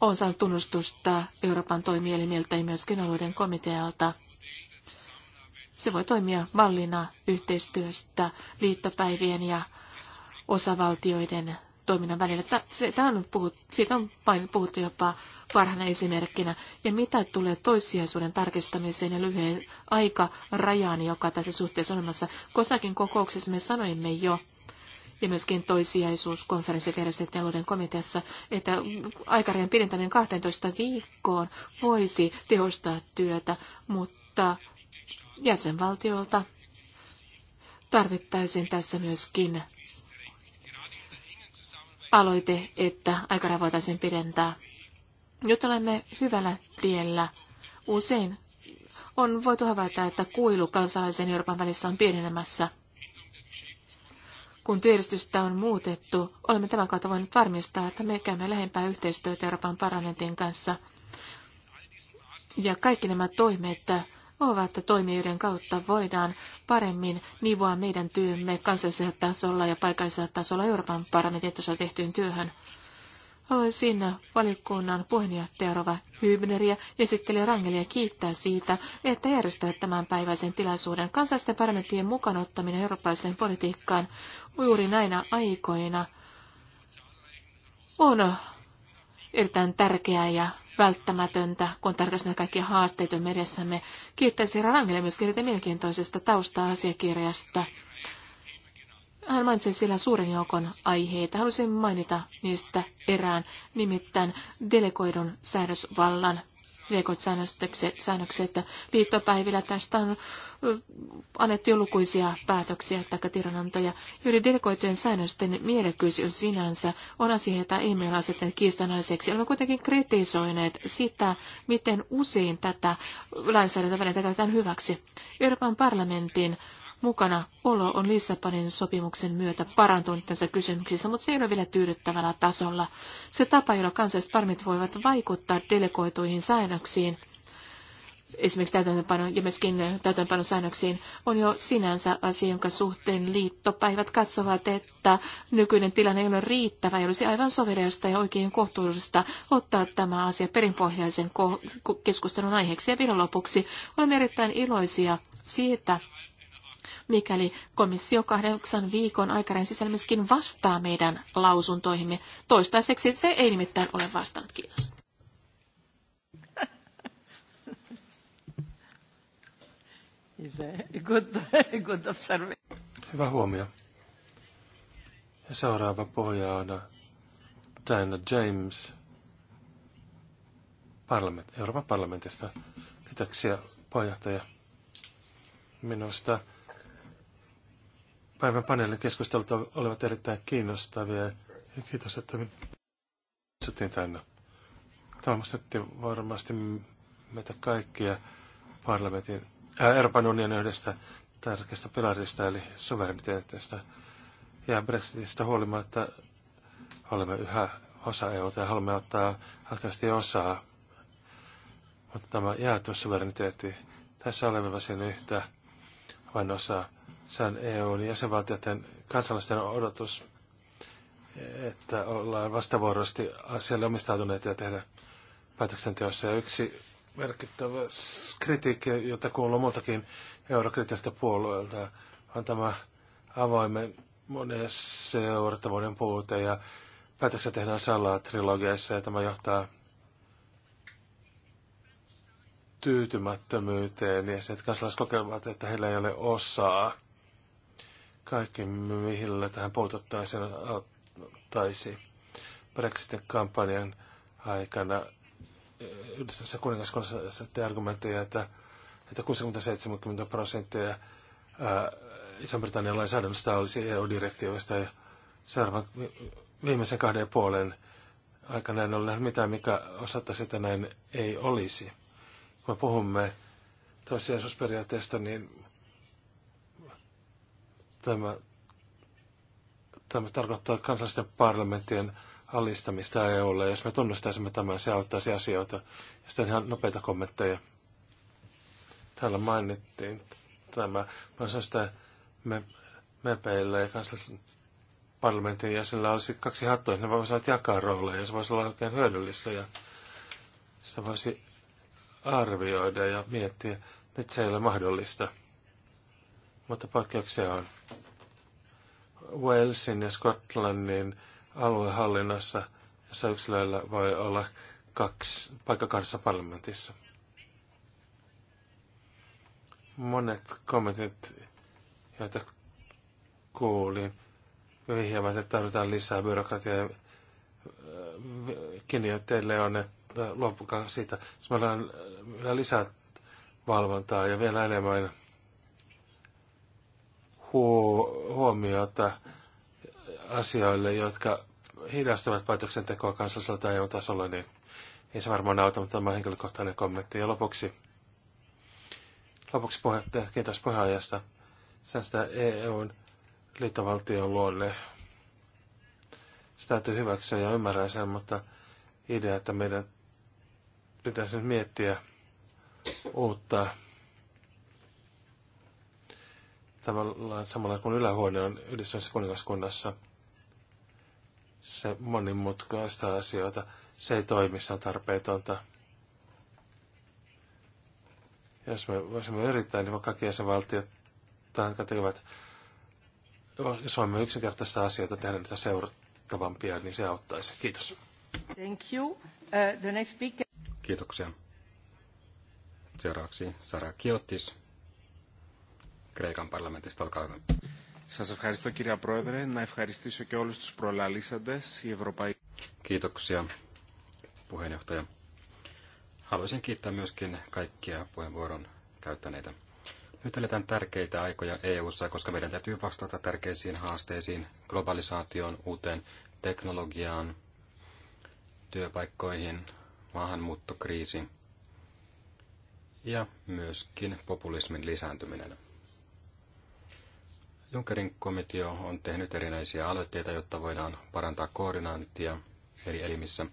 on saanut tunnustusta Euroopan toimielimiltä ja myöskin alueiden komitealta. Se voi toimia mallina yhteistyöstä liittopäivien ja osavaltioiden toiminnan välillä. Tämä on, puhut, siitä on puhuttu jopa parhaana esimerkkinä. Ja mitä tulee toissijaisuuden tarkistamiseen ja lyhyen aikarajaan, joka tässä suhteessa on olemassa. Kosakin kokouksessa me sanoimme jo, ja myöskin toissijaisuuskonferenssi järjestettiin alueiden komiteassa, että aikarajan pidentäminen 12 viikkoon voisi tehostaa työtä, mutta jäsenvaltiolta tarvittaisiin tässä myöskin aloite, että aikana voitaisiin pidentää. Nyt olemme hyvällä tiellä. Usein on voitu havaita, että kuilu kansalaisen Euroopan välissä on pienenemässä. Kun työjärjestystä on muutettu, olemme tämän kautta voineet varmistaa, että me käymme lähempää yhteistyötä Euroopan parlamentin kanssa. Ja kaikki nämä toimet ovat toimijoiden kautta voidaan paremmin nivoa meidän työmme kansallisella tasolla ja paikallisella tasolla Euroopan parlamentissa tehtyyn työhön. Haluaisin valiokunnan puheenjohtaja Rova Hybneriä ja sitten Rangelia kiittää siitä, että järjestävät tämän päiväisen tilaisuuden kansallisten parlamenttien mukanottaminen eurooppalaiseen politiikkaan juuri näinä aikoina on erittäin tärkeää ja välttämätöntä, kun tarkastellaan kaikkia haasteita meressämme. Kiittäisin herra Rangelle myös kirjoita mielenkiintoisesta tausta-asiakirjasta. Hän mainitsi siellä suuren joukon aiheita. Haluaisin mainita niistä erään, nimittäin delegoidun säädösvallan veikot säännökset, että liittopäivillä tästä on annettu jo lukuisia päätöksiä tai tiedonantoja, joiden delegoitujen säännösten mielekkyys sinänsä on asia, jota emme ole asettaneet kiistanaiseksi. Olemme kuitenkin kritisoineet sitä, miten usein tätä lainsäädäntövälinettä käytetään hyväksi. Euroopan parlamentin mukana olo on Lissabonin sopimuksen myötä parantunut tässä kysymyksessä, mutta se ei ole vielä tyydyttävällä tasolla. Se tapa, jolla kansallisparmit voivat vaikuttaa delegoituihin säännöksiin, esimerkiksi täytäntöönpanon ja myöskin täytäntöönpanon säännöksiin, on jo sinänsä asia, jonka suhteen liittopäivät katsovat, että nykyinen tilanne ei ole riittävä ja olisi aivan soveliasta ja oikein kohtuullista ottaa tämä asia perinpohjaisen keskustelun aiheeksi. Ja vielä lopuksi olemme erittäin iloisia siitä, mikäli komissio kahdeksan viikon aikarajan sisällä myöskin vastaa meidän lausuntoihimme. Toistaiseksi se ei nimittäin ole vastannut. Kiitos. <laughs> Good, <laughs> good Hyvä huomio. Ja seuraava pohjaana Diana James parlament, Euroopan parlamentista. Kiitoksia puheenjohtaja. Minusta päivän paneelin keskustelut olivat erittäin kiinnostavia. Ja kiitos, että kutsuttiin tänne. Tämä muistutti varmasti meitä kaikkia parlamentin, ää, Euroopan unionin yhdestä tärkeästä pilarista, eli suvereniteetistä Ja Brexitistä huolimatta olemme yhä osa EUta ja haluamme ottaa aktiivisesti osaa. Mutta tämä jaettu suvereniteetti, tässä olemme vain yhtä vain osaa se on EUn jäsenvaltioiden kansalaisten odotus, että ollaan vastavuoroisesti asialle omistautuneita ja tehdä päätöksenteossa. Ja yksi merkittävä kritiikki, jota kuuluu muutakin eurokriittisestä puolueelta, on tämä avoimen monen seurattavuuden puute ja päätöksiä tehdään salaa trilogiassa ja tämä johtaa tyytymättömyyteen ja se, että kansalaiset kokevat, että heillä ei ole osaa kaikki, millä tähän puututtaisiin, auttaisi. Brexitin kampanjan aikana yhdistyvässä kuningaskunnassa sitten argumentteja, että, että 60-70 prosenttia Iso-Britannian lainsäädännöstä olisi EU-direktiivistä ja seuraavan viimeisen kahden ja puolen aikana en ole nähnyt mitään, mikä osattaisi, että näin ei olisi. Kun me puhumme toissijaisuusperiaatteesta, niin Tämä, tämä tarkoittaa kansallisten parlamenttien alistamista EUlle. Jos me tunnustaisimme tämän, se auttaisi asioita. Ja sitten ihan nopeita kommentteja. Täällä mainittiin tämä. Mä sanoin, että me, mepeillä ja kansallisen parlamentin jäsenillä olisi kaksi hattua, ne voisivat jakaa rooleja ja se voisi olla oikein hyödyllistä ja sitä voisi arvioida ja miettiä. Nyt se ei ole mahdollista mutta poikkeuksia on. Walesin ja Skotlannin aluehallinnossa, jossa yksilöillä voi olla kaksi paikka parlamentissa. Monet kommentit, joita kuulin, vihjaavat, että tarvitaan lisää byrokratiaa. Kiinniotteille on, että luopukaa siitä. meillä on lisää valvontaa ja vielä enemmän hu- huomiota asioille, jotka hidastavat päätöksentekoa kansallisella tai EU-tasolla, niin ei se varmaan auta, mutta tämä henkilökohtainen kommentti. Ja lopuksi, lopuksi puheenjohtaja, kiitos puheenjohtajasta. Säästää EUn liittovaltion luonne. Se täytyy hyväksyä ja ymmärrän sen, mutta idea, että meidän pitäisi nyt miettiä uutta tavallaan samalla kuin ylähuone on yhdistyneessä kuningaskunnassa. Se monimutkaista asioita. Se ei toimi, se on tarpeetonta. Jos me voisimme yrittää, niin kaikki jäsenvaltiot tekevät, jos voimme yksinkertaista asioita tehdä niitä seurattavampia, niin se auttaisi. Kiitos. Thank you. Uh, the next speaker. Kiitoksia. Seuraavaksi Sara Kiotis Kreikan parlamentista. Olkaa hyvä. Σας ευχαριστώ κυρία Πρόεδρε. Να ευχαριστήσω και όλους τους προλαλήσαντες. Kiitoksia puheenjohtaja. Haluaisin kiittää myöskin kaikkia puheenvuoron käyttäneitä. Nyt eletään tärkeitä aikoja EU:ssa, koska meidän täytyy vastata tärkeisiin haasteisiin, globalisaatioon, uuteen teknologiaan, työpaikkoihin, maahanmuuttokriisiin ja myöskin populismin lisääntyminen. Junckerin komitio on tehnyt erinäisiä aloitteita, jotta voidaan parantaa koordinaattia eri elimissä.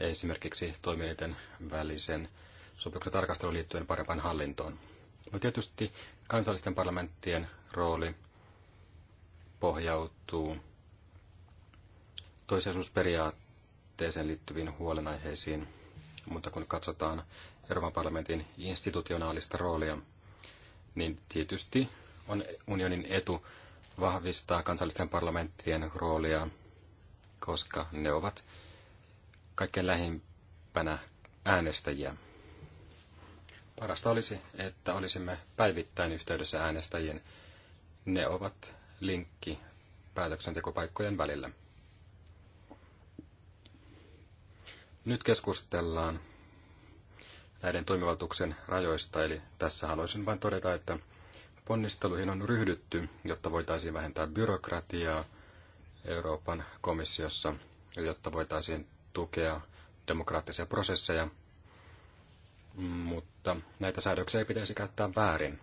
Esimerkiksi toimielinten välisen sopimuksen tarkastelun liittyen parempaan hallintoon. No tietysti kansallisten parlamenttien rooli pohjautuu toisiasuusperiaatteeseen liittyviin huolenaiheisiin, mutta kun katsotaan Euroopan parlamentin institutionaalista roolia, niin tietysti on unionin etu vahvistaa kansallisten parlamenttien roolia, koska ne ovat kaikkein lähimpänä äänestäjiä. Parasta olisi, että olisimme päivittäin yhteydessä äänestäjien. Ne ovat linkki päätöksentekopaikkojen välillä. Nyt keskustellaan näiden toimivaltuuksien rajoista, eli tässä haluaisin vain todeta, että ponnisteluihin on ryhdytty, jotta voitaisiin vähentää byrokratiaa Euroopan komissiossa, jotta voitaisiin tukea demokraattisia prosesseja, mutta näitä säädöksiä ei pitäisi käyttää väärin.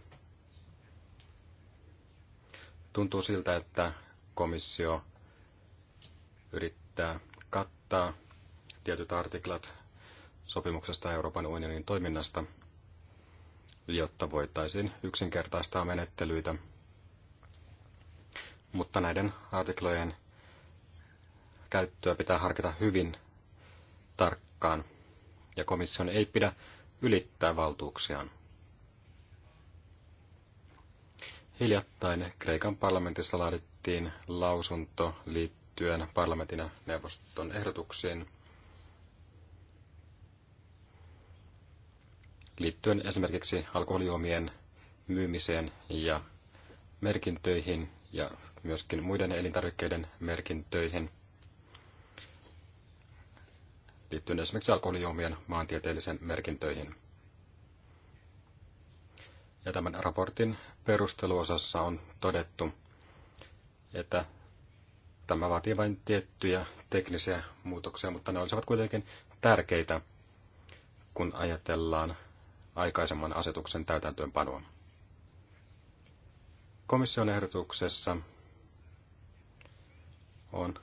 Tuntuu siltä, että komissio yrittää kattaa tietyt artiklat sopimuksesta Euroopan unionin toiminnasta – jotta voitaisiin yksinkertaistaa menettelyitä. Mutta näiden artiklojen käyttöä pitää harkita hyvin tarkkaan, ja komission ei pidä ylittää valtuuksiaan. Hiljattain Kreikan parlamentissa laadittiin lausunto liittyen parlamentin ja neuvoston ehdotuksiin liittyen esimerkiksi alkoholijuomien myymiseen ja merkintöihin ja myöskin muiden elintarvikkeiden merkintöihin liittyen esimerkiksi alkoholijuomien maantieteellisen merkintöihin. Ja tämän raportin perusteluosassa on todettu, että tämä vaatii vain tiettyjä teknisiä muutoksia, mutta ne olisivat kuitenkin tärkeitä, kun ajatellaan aikaisemman asetuksen täytäntöönpanoa. Komission ehdotuksessa on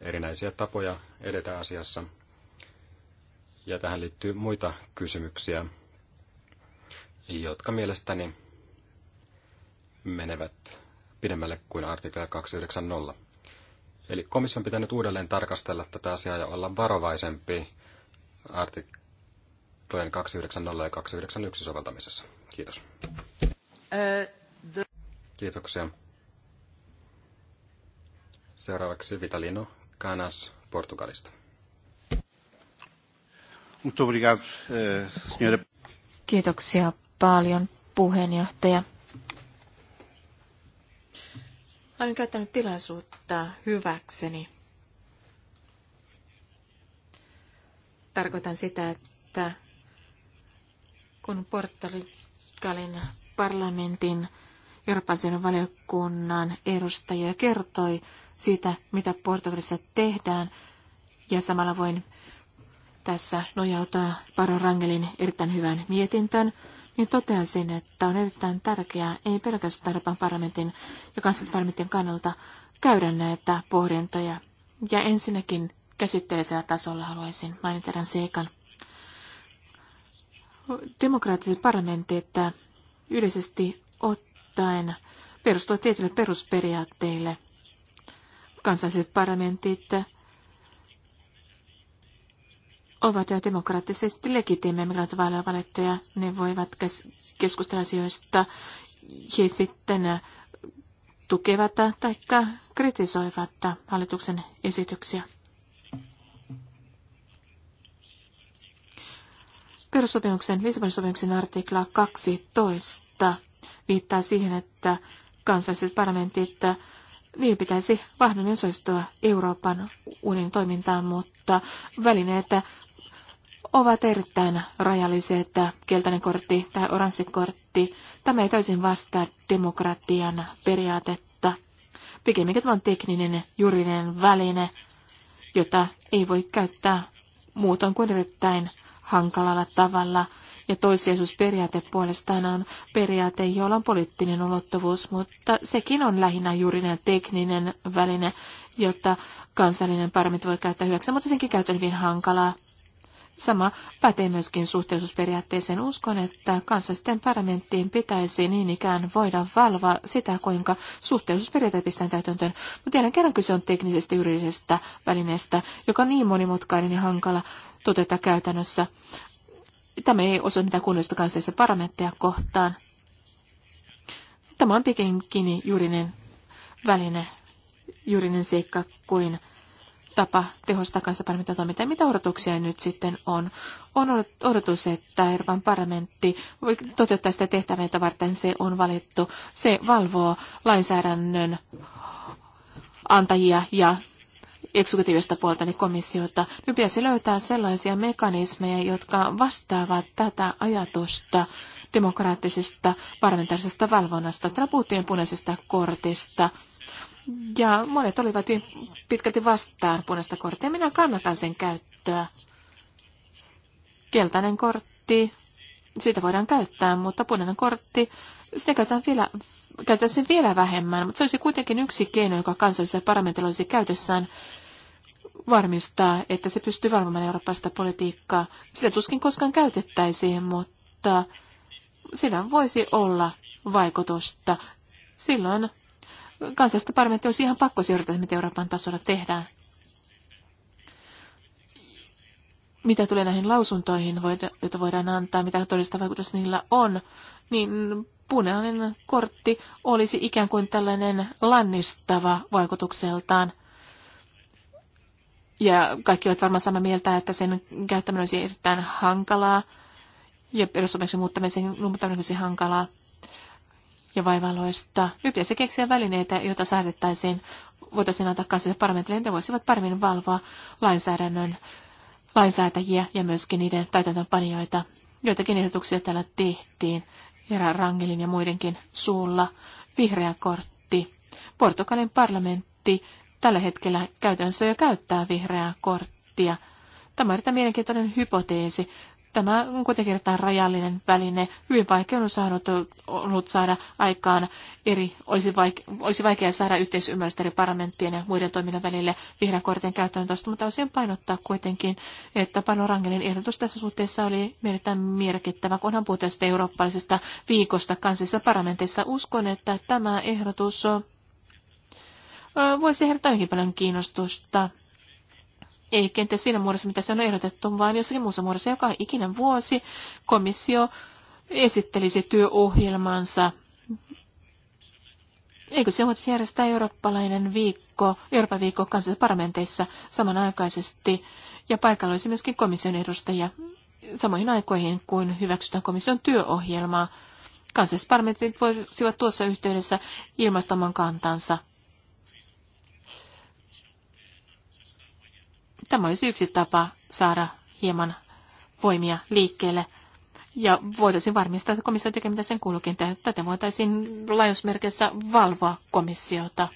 erinäisiä tapoja edetä asiassa, ja tähän liittyy muita kysymyksiä, jotka mielestäni menevät pidemmälle kuin artikla 290. Eli komission pitää nyt uudelleen tarkastella tätä asiaa ja olla varovaisempi artik- artiklojen 290 ja 291 soveltamisessa. Kiitos. Kiitoksia. Seuraavaksi Vitalino Canas Portugalista. Eh, Kiitoksia paljon puheenjohtaja. Olen käyttänyt tilaisuutta hyväkseni. Tarkoitan sitä, että kun Portugalin parlamentin Euroopan valiokunnan edustaja kertoi siitä, mitä Portugalissa tehdään. Ja samalla voin tässä nojautua paro Rangelin erittäin hyvän mietintön, niin toteaisin, että on erittäin tärkeää, ei pelkästään Euroopan parlamentin ja parlamentin kannalta käydä näitä pohdintoja. Ja ensinnäkin käsitteellisellä tasolla haluaisin mainita seikan demokraattiset parlamentit yleisesti ottaen perustuvat tietyille perusperiaatteille. Kansalliset parlamentit ovat jo demokraattisesti legitiimejä, mikä on tavallaan valittuja. Ne voivat keskustella asioista ja sitten tukevat tai kritisoivat hallituksen esityksiä. Perussopimuksen, Lisbonin sopimuksen artikla 12 viittaa siihen, että kansalliset parlamentit, niin pitäisi vahvemmin osallistua Euroopan unionin toimintaan, mutta välineet ovat erittäin rajallisia, että keltainen kortti tai oranssi kortti. Tämä ei täysin vastaa demokratian periaatetta. Pikemminkin tämä on tekninen juridinen väline, jota ei voi käyttää muutoin kuin erittäin hankalalla tavalla. Ja periaate puolestaan on periaate, jolla on poliittinen ulottuvuus, mutta sekin on lähinnä juurinen tekninen väline, jotta kansallinen parlamentti voi käyttää hyväksi, mutta senkin käyttö on hyvin hankalaa. Sama pätee myöskin suhteellisuusperiaatteeseen. Uskon, että kansallisten parlamenttiin pitäisi niin ikään voida valvoa sitä, kuinka suhteellisuusperiaate pistetään täytäntöön. Mutta jälleen kerran kyse on teknisestä juridisesta välineestä, joka on niin monimutkainen ja hankala, toteuta käytännössä. Tämä ei osoita mitään kunnioista kansallisia parlamentteja kohtaan. Tämä on pikemminkin juurinen väline, juurinen seikka kuin tapa tehostaa kansanparlamentin toimintaa. Mitä odotuksia nyt sitten on? On odotus, että Euroopan parlamentti toteuttaa sitä tehtävää, jota varten se on valittu. Se valvoo lainsäädännön antajia ja eksekutiivista puolta, eli komissiota. Nyt pitäisi löytää sellaisia mekanismeja, jotka vastaavat tätä ajatusta demokraattisesta parlamentaarisesta valvonnasta. Täällä punaisesta kortista. Ja monet olivat hyvin pitkälti vastaan punaista korttia. Minä kannatan sen käyttöä. Keltainen kortti, sitä voidaan käyttää, mutta punainen kortti, sitä käytetään vielä käytetään vielä vähemmän, mutta se olisi kuitenkin yksi keino, joka kansallisella parlamentilla olisi käytössään varmistaa, että se pystyy valvomaan eurooppalaista politiikkaa. Sitä tuskin koskaan käytettäisiin, mutta sillä voisi olla vaikutusta. Silloin kansallista parlamentilla olisi ihan pakko seurata, mitä Euroopan tasolla tehdään. Mitä tulee näihin lausuntoihin, joita voidaan antaa, mitä todellista vaikutusta niillä on, niin punainen kortti olisi ikään kuin tällainen lannistava vaikutukseltaan. Ja kaikki ovat varmaan samaa mieltä, että sen käyttäminen olisi erittäin hankalaa ja perussopimuksen muuttamisen muuttaminen olisi hankalaa ja vaivaloista. Nyt pitäisi keksiä välineitä, joita saatettaisiin, voitaisiin antaa kanssa parlamentille, niin että voisivat paremmin valvoa lainsäädännön lainsäätäjiä ja myöskin niiden täytäntöönpanijoita. Joitakin ehdotuksia täällä tehtiin herra Rangelin ja muidenkin suulla vihreä kortti. Portugalin parlamentti tällä hetkellä käytännössä jo käyttää vihreää korttia. Tämä on erittäin mielenkiintoinen hypoteesi. Tämä on kuitenkin erittäin rajallinen väline. Hyvin vaikea on saanut, ollut saada aikaan eri, olisi, vaike, olisi vaikea saada yhteisymmärrystä eri parlamenttien ja muiden toiminnan välille vihreän kortin käyttöönotosta, mutta osin painottaa kuitenkin, että Pano Rangelin ehdotus tässä suhteessa oli erittäin merkittävä, kunhan puhutaan sitä eurooppalaisesta viikosta kansallisissa parlamenteissa. Uskon, että tämä ehdotus voisi herättää hyvin paljon kiinnostusta ei kenties siinä muodossa, mitä se on ehdotettu, vaan jossakin muussa muodossa joka ikinen vuosi komissio esittelisi työohjelmansa. Eikö se voitaisiin järjestää eurooppalainen viikko, Euroopan viikko kansallisissa parlamenteissa samanaikaisesti ja paikalla olisi myöskin komission edustajia samoihin aikoihin, kuin hyväksytään komission työohjelmaa. Kansallisparlamentit voisivat tuossa yhteydessä ilmaistamaan kantansa Tämä olisi yksi tapa saada hieman voimia liikkeelle. Ja voitaisiin varmistaa, että komissio tekee mitä sen kuuluukin tehdä. Tätä voitaisiin lainausmerkeissä valvoa komissiota.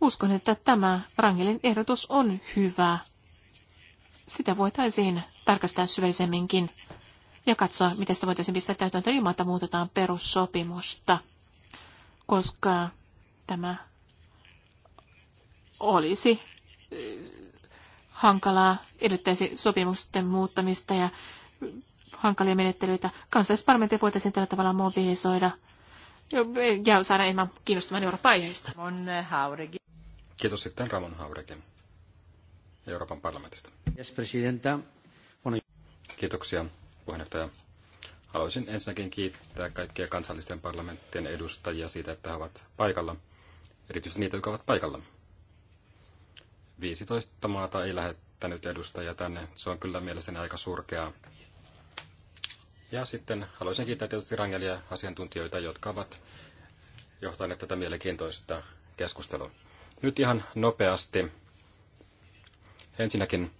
Uskon, että tämä Rangelin ehdotus on hyvä. Sitä voitaisiin tarkastaa syvällisemminkin ja katsoa, miten sitä voitaisiin pistää täytäntöön ilman, että muutetaan perussopimusta, koska tämä olisi hankalaa, edellyttäisi sopimusten muuttamista ja hankalia menettelyitä. Kansallisparlamentti voitaisiin tällä tavalla mobilisoida ja saada enemmän kiinnostumaan Euroopan aiheista. Eh, Kiitos sitten Ramon Haurekin Euroopan parlamentista. Kiitoksia puheenjohtaja. Haluaisin ensinnäkin kiittää kaikkia kansallisten parlamenttien edustajia siitä, että he ovat paikalla, erityisesti niitä, jotka ovat paikalla. 15 maata ei lähettänyt edustajia tänne. Se on kyllä mielestäni aika surkeaa. Ja sitten haluaisin kiittää tietysti Rangelia asiantuntijoita, jotka ovat johtaneet tätä mielenkiintoista keskustelua. Nyt ihan nopeasti. Ensinnäkin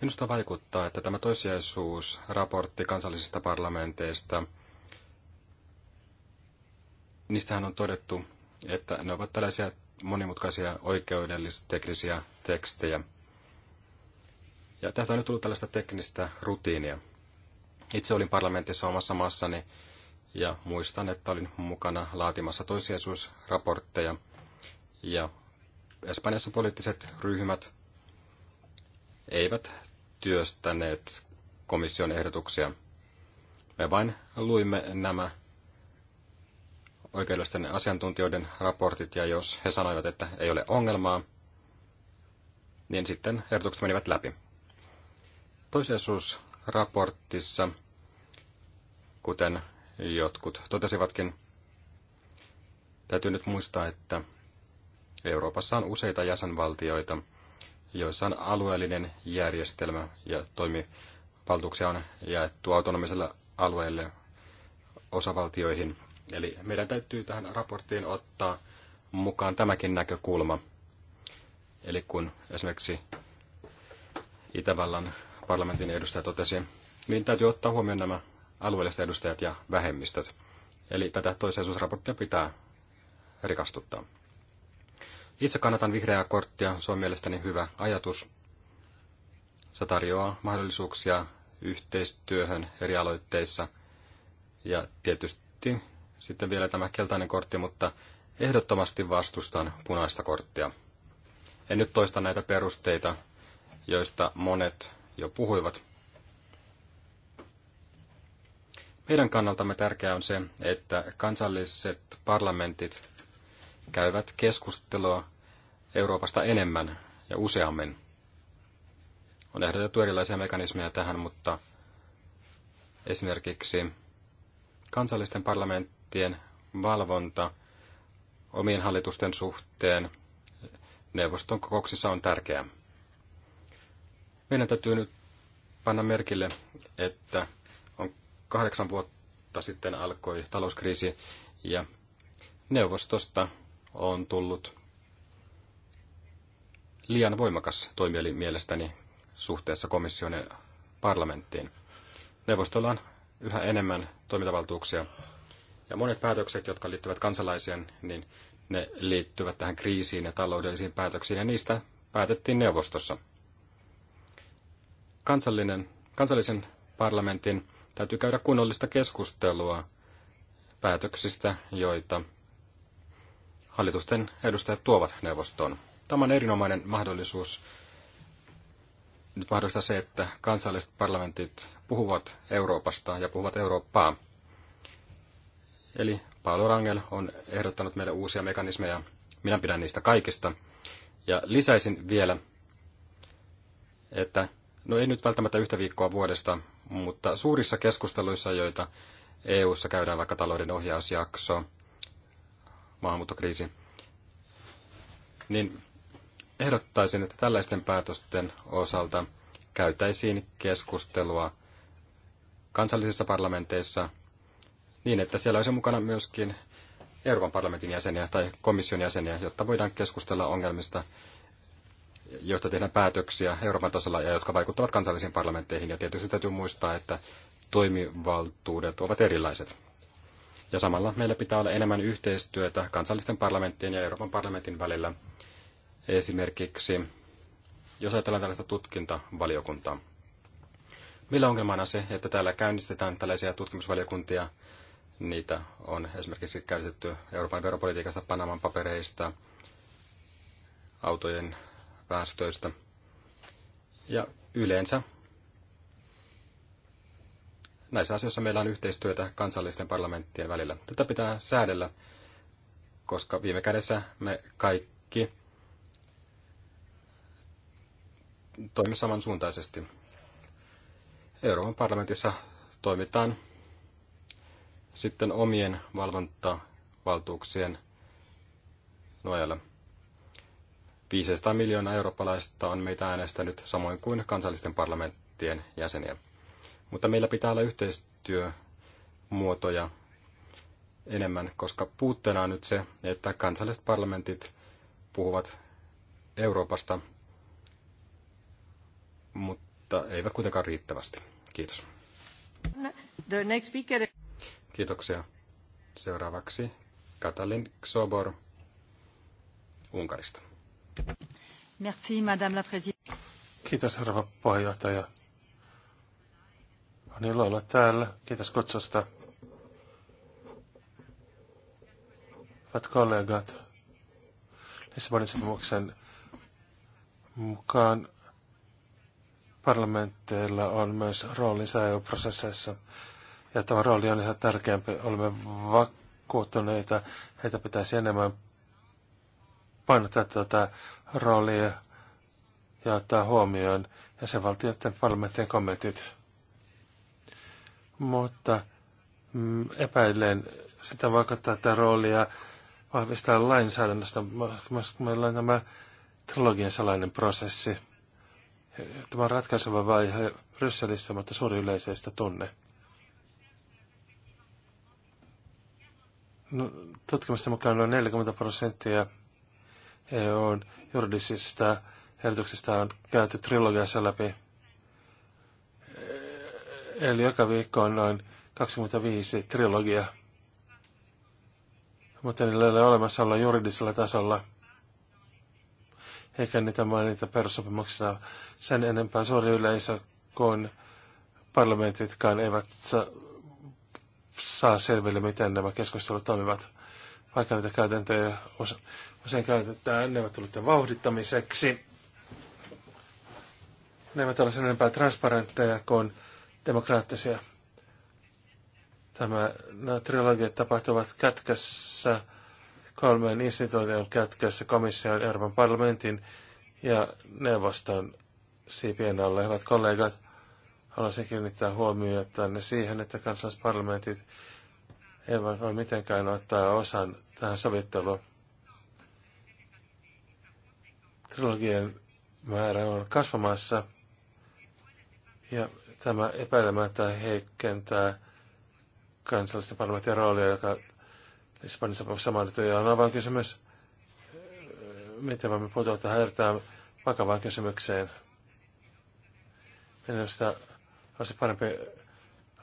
minusta vaikuttaa, että tämä toissijaisuusraportti kansallisista parlamenteista, niistähän on todettu, että ne ovat tällaisia monimutkaisia oikeudellisia teknisiä tekstejä. Ja tästä on nyt tullut tällaista teknistä rutiinia. Itse olin parlamentissa omassa maassani ja muistan, että olin mukana laatimassa toisiaisuusraportteja. Ja Espanjassa poliittiset ryhmät eivät työstäneet komission ehdotuksia. Me vain luimme nämä oikeudellisten asiantuntijoiden raportit, ja jos he sanoivat, että ei ole ongelmaa, niin sitten ehdotukset menivät läpi. Toiseisuusraportissa, kuten jotkut totesivatkin, täytyy nyt muistaa, että Euroopassa on useita jäsenvaltioita, joissa on alueellinen järjestelmä ja toimivaltuuksia on jaettu autonomiselle alueelle osavaltioihin – Eli meidän täytyy tähän raporttiin ottaa mukaan tämäkin näkökulma. Eli kun esimerkiksi Itävallan parlamentin edustaja totesi, niin täytyy ottaa huomioon nämä alueelliset edustajat ja vähemmistöt. Eli tätä toisensuusraporttia pitää rikastuttaa. Itse kannatan vihreää korttia, se on mielestäni hyvä ajatus. Se tarjoaa mahdollisuuksia yhteistyöhön eri aloitteissa ja tietysti sitten vielä tämä keltainen kortti, mutta ehdottomasti vastustan punaista korttia. En nyt toista näitä perusteita, joista monet jo puhuivat. Meidän kannaltamme tärkeää on se, että kansalliset parlamentit käyvät keskustelua Euroopasta enemmän ja useammin. On ehdotettu erilaisia mekanismeja tähän, mutta esimerkiksi kansallisten parlamenttien valvonta omien hallitusten suhteen neuvoston kokouksissa on tärkeää. Meidän täytyy nyt panna merkille, että on kahdeksan vuotta sitten alkoi talouskriisi ja neuvostosta on tullut liian voimakas toimielin mielestäni suhteessa komission ja parlamenttiin. Neuvostolla on yhä enemmän toimintavaltuuksia. Ja monet päätökset, jotka liittyvät kansalaisiin, niin ne liittyvät tähän kriisiin ja taloudellisiin päätöksiin, ja niistä päätettiin neuvostossa. Kansallinen, kansallisen parlamentin täytyy käydä kunnollista keskustelua päätöksistä, joita hallitusten edustajat tuovat neuvostoon. Tämä on erinomainen mahdollisuus nyt mahdollista se, että kansalliset parlamentit puhuvat Euroopasta ja puhuvat Eurooppaa. Eli Paolo Rangel on ehdottanut meille uusia mekanismeja. Minä pidän niistä kaikista. Ja lisäisin vielä, että no ei nyt välttämättä yhtä viikkoa vuodesta, mutta suurissa keskusteluissa, joita eu käydään vaikka talouden ohjausjakso, maahanmuuttokriisi, niin ehdottaisin, että tällaisten päätösten osalta käytäisiin keskustelua kansallisissa parlamenteissa niin, että siellä olisi mukana myöskin Euroopan parlamentin jäseniä tai komission jäseniä, jotta voidaan keskustella ongelmista, joista tehdään päätöksiä Euroopan tasolla ja jotka vaikuttavat kansallisiin parlamentteihin. Ja tietysti täytyy muistaa, että toimivaltuudet ovat erilaiset. Ja samalla meillä pitää olla enemmän yhteistyötä kansallisten parlamenttien ja Euroopan parlamentin välillä, Esimerkiksi, jos ajatellaan tällaista tutkintavaliokuntaa, millä ongelmana on se, että täällä käynnistetään tällaisia tutkimusvaliokuntia, niitä on esimerkiksi käynnistetty Euroopan veropolitiikasta, Panaman papereista, autojen päästöistä. Ja yleensä näissä asioissa meillä on yhteistyötä kansallisten parlamenttien välillä. Tätä pitää säädellä, koska viime kädessä me kaikki toimi samansuuntaisesti. Euroopan parlamentissa toimitaan sitten omien valvontavaltuuksien nojalla. 500 miljoonaa eurooppalaista on meitä äänestänyt samoin kuin kansallisten parlamenttien jäseniä. Mutta meillä pitää olla yhteistyömuotoja enemmän, koska puutteena on nyt se, että kansalliset parlamentit puhuvat Euroopasta mutta eivät kuitenkaan riittävästi. Kiitos. The next speaker. Kiitoksia. Seuraavaksi Katalin Xobor Unkarista. Merci, Madame la Présidente. Kiitos, herra puheenjohtaja. On ilo olla täällä. Kiitos kutsusta. Hyvät kollegat, Lissabonin sopimuksen mukaan Parlamenteilla on myös roolinsa EU-prosesseissa, ja tämä rooli on yhä tärkeämpi. Olemme vakuuttuneita, heitä pitäisi enemmän painottaa tätä roolia ja ottaa huomioon jäsenvaltioiden parlamenttien kommentit. Mutta mm, epäilen sitä vaikuttaa tätä roolia vahvistaa lainsäädännöstä. Meillä on tämä trilogian salainen prosessi. Tämä on ratkaiseva vaihe Brysselissä, mutta suuri yleisö tunne. No, tutkimusten mukaan noin 40 prosenttia EUn juridisista ehdotuksista on käyty trilogiassa läpi. Eli joka viikko on noin 25 trilogia. Mutta niillä ei ole olemassa olla juridisella tasolla eikä niitä mainita perussopimuksessa sen enempää suuri yleisö kuin parlamentitkaan eivät saa, saa selville, miten nämä keskustelut toimivat, vaikka niitä käytäntöjä usein käytetään tulleet vauhdittamiseksi. Ne eivät ole sen enempää transparentteja kuin demokraattisia. Tämä, nämä trilogiat tapahtuvat kätkässä kolmen instituution kätkössä komission, Euroopan parlamentin ja neuvoston siipien alle. Hyvät kollegat, haluaisin kiinnittää huomiota ne siihen, että kansallisparlamentit eivät voi mitenkään ottaa osan tähän sovitteluun. Trilogien määrä on kasvamassa ja tämä epäilemättä heikentää kansallisten parlamentin roolia, joka Espanjassa sopimuksessa mainittu. Ja on avainkysymys, miten voimme puuttua tähän erittäin vakavaan kysymykseen. Minusta olisi parempi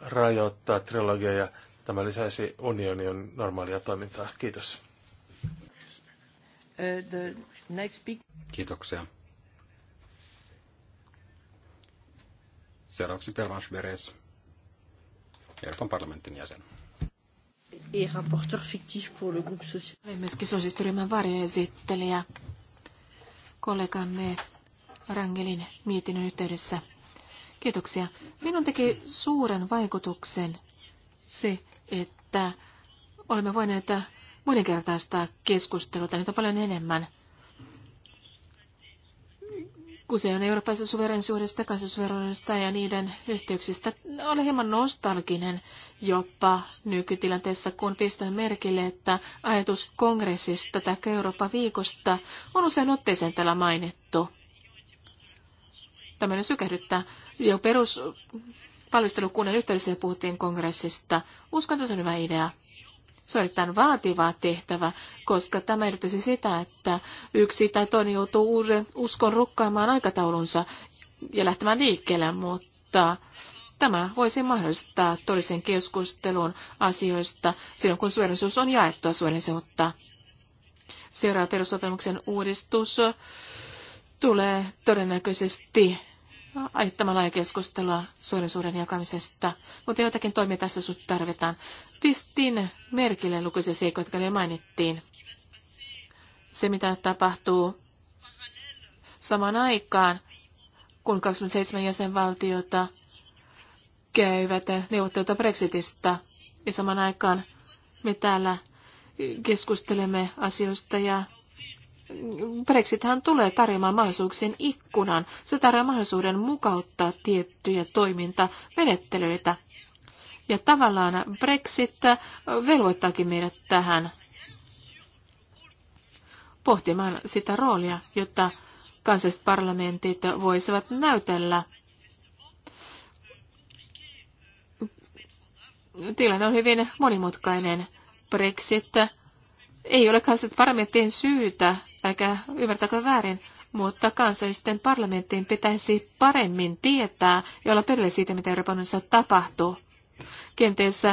rajoittaa trilogia ja tämä lisäisi unionin normaalia toimintaa. Kiitos. Uh, Kiitoksia. Seuraavaksi Pervans Beres, Euroopan parlamentin jäsen et rapporteur fictif pour le groupe social. Olen myöskin varjoesittelijä kollegamme Rangelin mietinnön yhteydessä. Kiitoksia. Minun teki suuren vaikutuksen se, että olemme voineet moninkertaistaa keskustelua, tai nyt on paljon enemmän. Kuse on eurooppalaisesta suverenisuudesta, kansallisuudesta ja niiden yhteyksistä. Olen hieman nostalginen jopa nykytilanteessa, kun pistän merkille, että ajatus kongressista tai Euroopan viikosta on usein otteeseen täällä mainittu. Tämmöinen sykähdyttää. Jo perus valmistelukunnan yhteydessä puhuttiin kongressista. Uskon, että se on hyvä idea. Se on erittäin vaativa tehtävä, koska tämä edellyttäisi sitä, että yksi tai toinen joutuu uuden uskon rukkaamaan aikataulunsa ja lähtemään liikkeelle, mutta tämä voisi mahdollistaa todellisen keskustelun asioista silloin, kun suojelisuus on jaettua suojelisuutta. Seuraava perussopimuksen uudistus tulee todennäköisesti aiheuttamalla ja keskustelua suojelisuuden jakamisesta, mutta jotakin toimia tässä sinut tarvitaan. Pistin merkille lukuisia seikoja, jotka ne mainittiin. Se, mitä tapahtuu samaan aikaan, kun 27 jäsenvaltiota käyvät neuvotteluita Brexitistä, ja samaan aikaan me täällä keskustelemme asioista ja Brexithän tulee tarjoamaan mahdollisuuksien ikkunan. Se tarjoaa mahdollisuuden mukauttaa tiettyjä toimintamenettelyitä. Ja tavallaan Brexit velvoittaakin meidät tähän pohtimaan sitä roolia, jotta kansalliset parlamentit voisivat näytellä. Tilanne on hyvin monimutkainen. Brexit ei ole kansalliset parlamenttien syytä älkää ymmärtäkö väärin, mutta kansallisten parlamenttiin pitäisi paremmin tietää ja olla perille siitä, mitä Euroopan tapahtuu. Kenties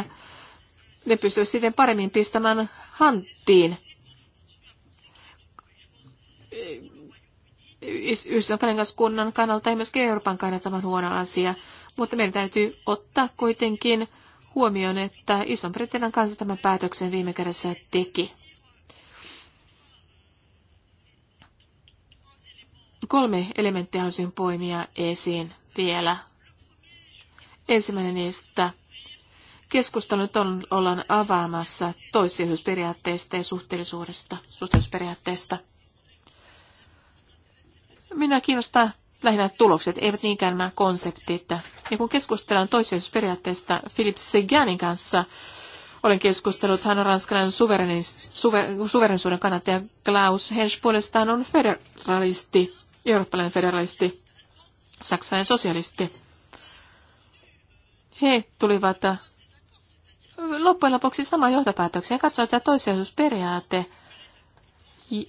ne pystyvät sitten paremmin pistämään hanttiin yhdistyneen kannalta ja myöskin Euroopan kannalta tämä on huono asia. Mutta meidän täytyy ottaa kuitenkin huomioon, että Ison-Britannian kanssa tämän päätöksen viime kädessä teki. Kolme elementtiä haluaisin poimia esiin vielä. Ensimmäinen niistä keskustelu nyt on, ollaan avaamassa toissijaisuusperiaatteesta ja suhteellisuudesta, suhteellisuusperiaatteesta. Minä kiinnostaa lähinnä tulokset, eivät niinkään nämä konseptit. Ja kun keskustellaan toissijaisuusperiaatteesta Philip Seganin kanssa, olen keskustellut, hän on ranskalainen suver, suverenisuuden kannattaja Klaus Hensch puolestaan on federalisti eurooppalainen federalisti, saksalainen sosialisti. He tulivat äh, loppujen lopuksi samaan johtopäätökseen. Katsoa, että toissijaisuusperiaate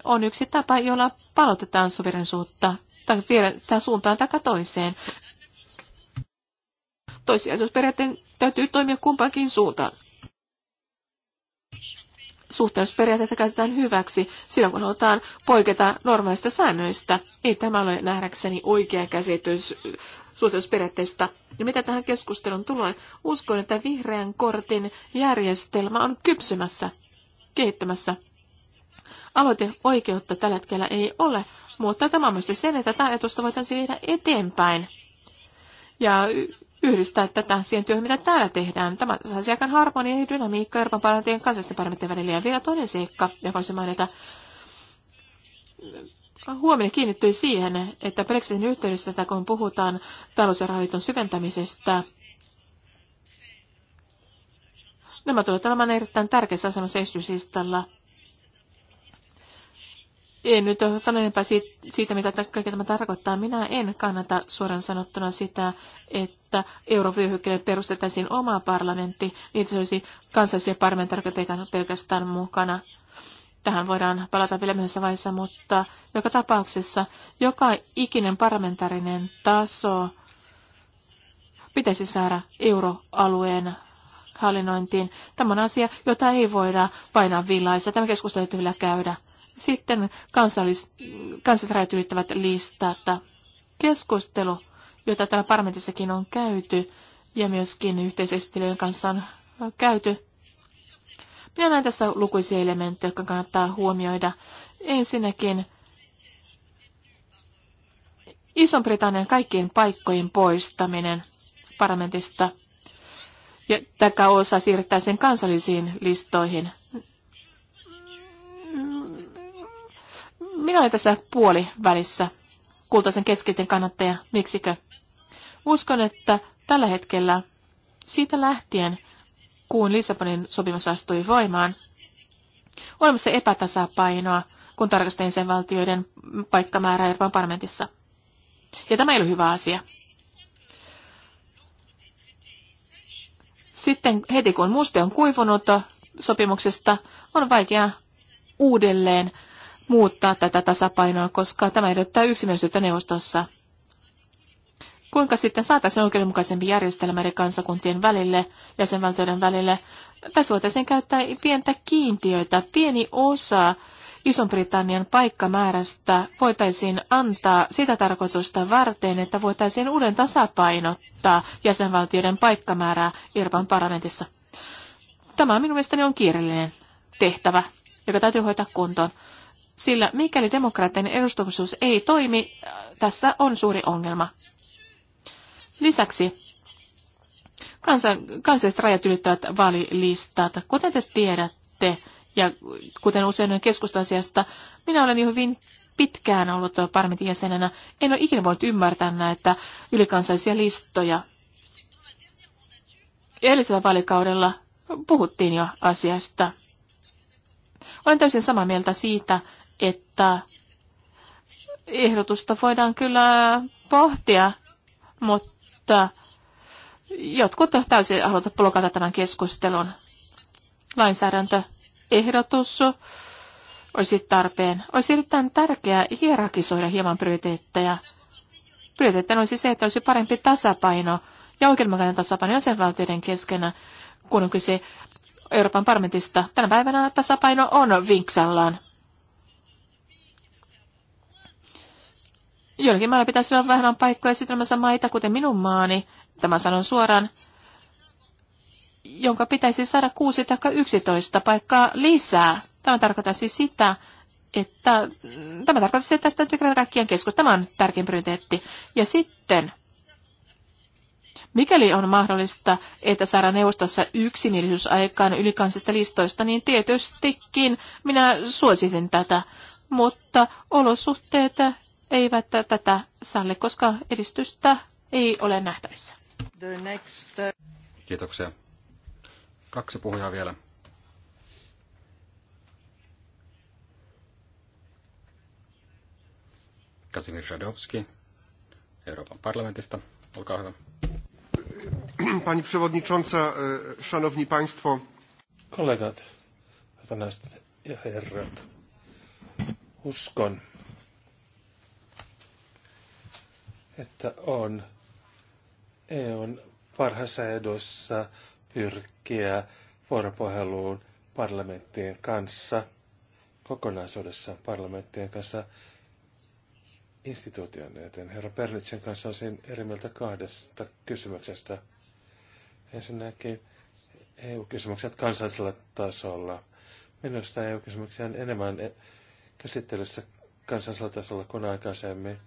on yksi tapa, jolla palotetaan suverensuutta tai viedä sitä suuntaan takaa toiseen. Toissijaisuusperiaatteen täytyy toimia kumpaankin suuntaan suhteellisuusperiaatetta käytetään hyväksi silloin, kun halutaan poiketa normaalista säännöistä. Ei tämä ole nähdäkseni oikea käsitys suhteellisuusperiaatteista. Ja mitä tähän keskusteluun tulee? Uskon, että vihreän kortin järjestelmä on kypsymässä, kehittymässä. oikeutta tällä hetkellä ei ole, mutta tämä on myös sen, että tämä ajatusta voitaisiin viedä eteenpäin. Ja yhdistää tätä siihen työhön, mitä täällä tehdään. Tämä saisi aikaan harmonia ja dynamiikka Euroopan parlamentin ja kansallisten parlamentin välillä. Ja vielä toinen seikka, joka olisi mainita. Huominen kiinnittyi siihen, että Brexitin yhteydessä tätä kun puhutaan talous- ja syventämisestä, nämä tulevat olemaan erittäin tärkeässä asemassa esityslistalla en nyt ole sanonut siitä, mitä kaikkea tämä tarkoittaa. Minä en kannata suoraan sanottuna sitä, että eurovyöhykkeelle perustettaisiin oma parlamentti, niin se olisi kansallisia parlamentaarikkoja pelkästään mukana. Tähän voidaan palata vielä myöhemmässä vaiheessa, mutta joka tapauksessa joka ikinen parlamentaarinen taso pitäisi saada euroalueen hallinnointiin. Tämä on asia, jota ei voida painaa villaissa. Tämä keskustelu ei kyllä käydä. Sitten kansallis, kansallisrajat ylittävät listat, keskustelu, jota täällä parlamentissakin on käyty ja myöskin yhteisesittelyjen kanssa on käyty. Minä näen tässä lukuisia elementtejä, jotka kannattaa huomioida. Ensinnäkin iso britannian kaikkien paikkojen poistaminen parlamentista ja tätä osa siirtää sen kansallisiin listoihin. Minä olen tässä puoli välissä kultaisen keskeiden kannattaja, miksikö? Uskon, että tällä hetkellä siitä lähtien, kun Lissabonin sopimus astui voimaan, olemassa epätasapainoa, kun tarkastelin sen valtioiden paikkamäärää Euroopan parlamentissa. Ja tämä ei ole hyvä asia. Sitten heti kun muste on kuivunut sopimuksesta, on vaikea uudelleen muuttaa tätä tasapainoa, koska tämä edellyttää yksimielisyyttä neuvostossa. Kuinka sitten saataisiin oikeudenmukaisempi järjestelmä eri kansakuntien välille, jäsenvaltioiden välille? Tässä voitaisiin käyttää pientä kiintiöitä. Pieni osa Ison-Britannian paikkamäärästä voitaisiin antaa sitä tarkoitusta varten, että voitaisiin uuden tasapainottaa jäsenvaltioiden paikkamäärää Irpan parlamentissa. Tämä minun mielestäni on kiireellinen tehtävä, joka täytyy hoitaa kuntoon. Sillä mikäli demokraattinen edustuksuus ei toimi, äh, tässä on suuri ongelma. Lisäksi kansan, kansalliset rajat ylittävät vaalilistat. Kuten te tiedätte, ja kuten usein on keskustasiasta, minä olen jo hyvin pitkään ollut parlamentin jäsenenä. En ole ikinä voinut ymmärtää näitä ylikansallisia listoja. Eilisellä vaalikaudella puhuttiin jo asiasta. Olen täysin samaa mieltä siitä, että ehdotusta voidaan kyllä pohtia, mutta jotkut täysin haluavat blokata tämän keskustelun. Lainsäädäntöehdotus olisi tarpeen. Olisi erittäin tärkeää hierarkisoida hieman prioriteetteja. Prioriteetteja olisi se, että olisi parempi tasapaino ja oikeudenmukainen tasapaino jäsenvaltioiden keskenä, kun on kyse Euroopan parlamentista. Tänä päivänä tasapaino on vinksallaan. jollakin maalla pitäisi olla vähemmän paikkoja sitomassa maita, kuten minun maani, tämä sanon suoraan, jonka pitäisi saada 6 tai 11 paikkaa lisää. Tämä tarkoittaa siis sitä, että tämä tarkoittaa sitä, että tästä täytyy kerätä kaikkien keskus. Tämä on tärkein prioriteetti. Ja sitten, mikäli on mahdollista, että saada neuvostossa yksimielisyys aikaan ylikansista listoista, niin tietystikin minä suosisin tätä. Mutta olosuhteet eivät tätä salli, koska edistystä ei ole nähtävissä. Next... Uh, Kiitoksia. Kaksi puhujaa vielä. Kasimir Żadowski Euroopan parlamentista. Olkaa hyvä. Pani przewodnicząca, e, szanowni państwo. Kollegat, hyvät ja herrat. Uskon, että on EUn parhaassa edussa pyrkiä vuoropuheluun parlamenttien kanssa, kokonaisuudessaan parlamenttien kanssa instituutioiden eteen. Herra Perlitsen kanssa olisin eri mieltä kahdesta kysymyksestä. Ensinnäkin EU-kysymykset kansallisella tasolla. Minusta EU-kysymyksiä on enemmän käsittelyssä kansallisella tasolla kuin aikaisemmin.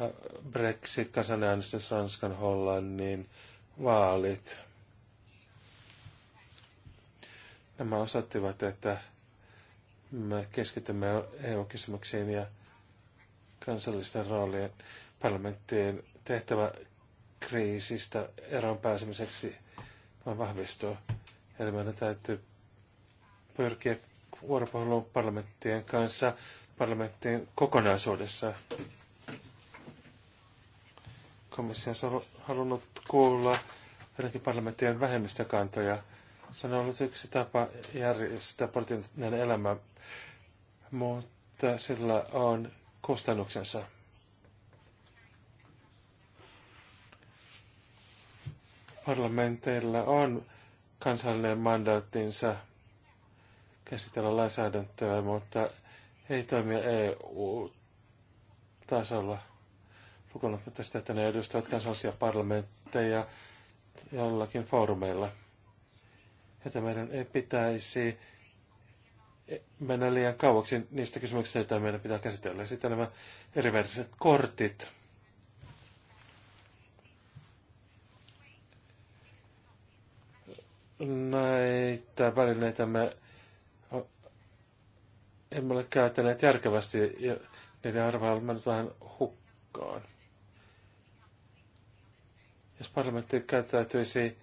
Äh, Brexit, kansanäänestys, Ranskan, Hollannin vaalit. Nämä osoittivat, että me keskitymme EU-kysymyksiin ja kansallisten roolien parlamenttien tehtävä kriisistä eron pääsemiseksi vaan vahvistuu. Eli meidän täytyy pyrkiä vuoropuheluun parlamenttien kanssa, parlamenttien kokonaisuudessa komissio on halunnut kuulla joidenkin parlamenttien vähemmistökantoja. Se on ollut yksi tapa järjestää poliittinen elämä, mutta sillä on kustannuksensa. Parlamenteilla on kansallinen mandaattinsa käsitellä lainsäädäntöä, mutta ei toimia EU-tasolla lukuun tästä, että ne edustavat kansallisia parlamentteja jollakin foorumeilla. Että meidän ei pitäisi mennä liian kauaksi niistä kysymyksistä, joita meidän pitää käsitellä. Sitten nämä eriväriset kortit. Näitä välineitä me emme ole käyttäneet järkevästi ja niiden arvoa on mennyt vähän hukkaan. Jos parlamentti käyttäytyisi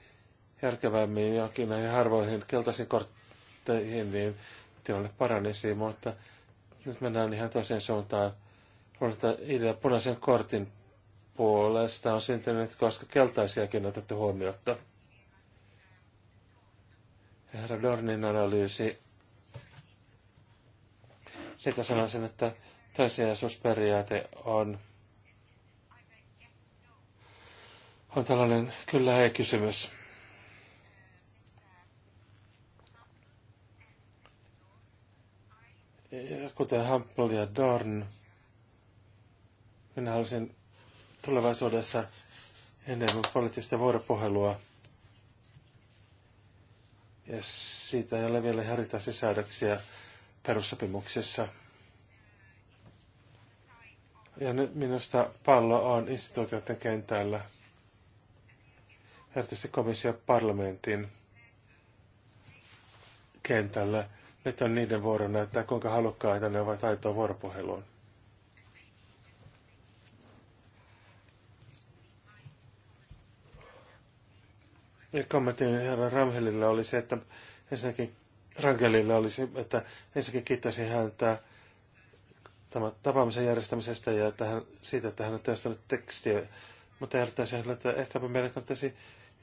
järkevämmin jokin näihin harvoihin keltaisiin kortteihin, niin tilanne paranisi, mutta nyt mennään ihan toiseen suuntaan. Luulen, että idea punaisen kortin puolesta on syntynyt, koska keltaisiakin on otettu huomiota. Herra Dornin analyysi. Sitä sanoisin, että toisiaisuusperiaate on on tällainen kyllä ei kysymys. Ja kuten Hampel ja Dorn, minä haluaisin tulevaisuudessa enemmän poliittista vuoropuhelua. Ja siitä ei ole vielä harjoitaisi säädöksiä perussopimuksessa. Ja nyt minusta pallo on instituutioiden kentällä erityisesti komission parlamentin kentällä. Nyt on niiden vuoro näyttää, kuinka halukkaita ne ovat aitoa vuoropuheluun. Ja kommentin herra Ramhelillä oli se, että ensinnäkin Rangelilla oli se, että ensinnäkin kiittäisin häntä tämän tapaamisen järjestämisestä ja tähän, siitä, että hän on työstänyt tekstiä. Mutta ehdottaisin että ehkäpä meidän kannattaisi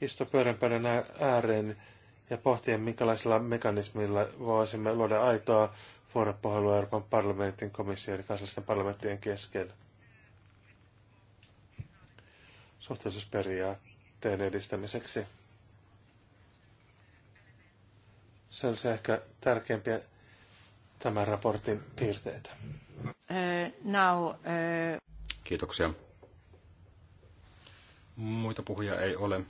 istua pyöränpöydän ääreen ja pohtia, minkälaisella mekanismilla voisimme luoda aitoa vuoropuhelua Euroopan parlamentin, komission ja kansallisten parlamenttien kesken. Suhteellisuusperiaatteen edistämiseksi. Se on ehkä tärkeimpiä tämän raportin piirteitä. Uh, now, uh... Kiitoksia. Muita puhuja ei ole.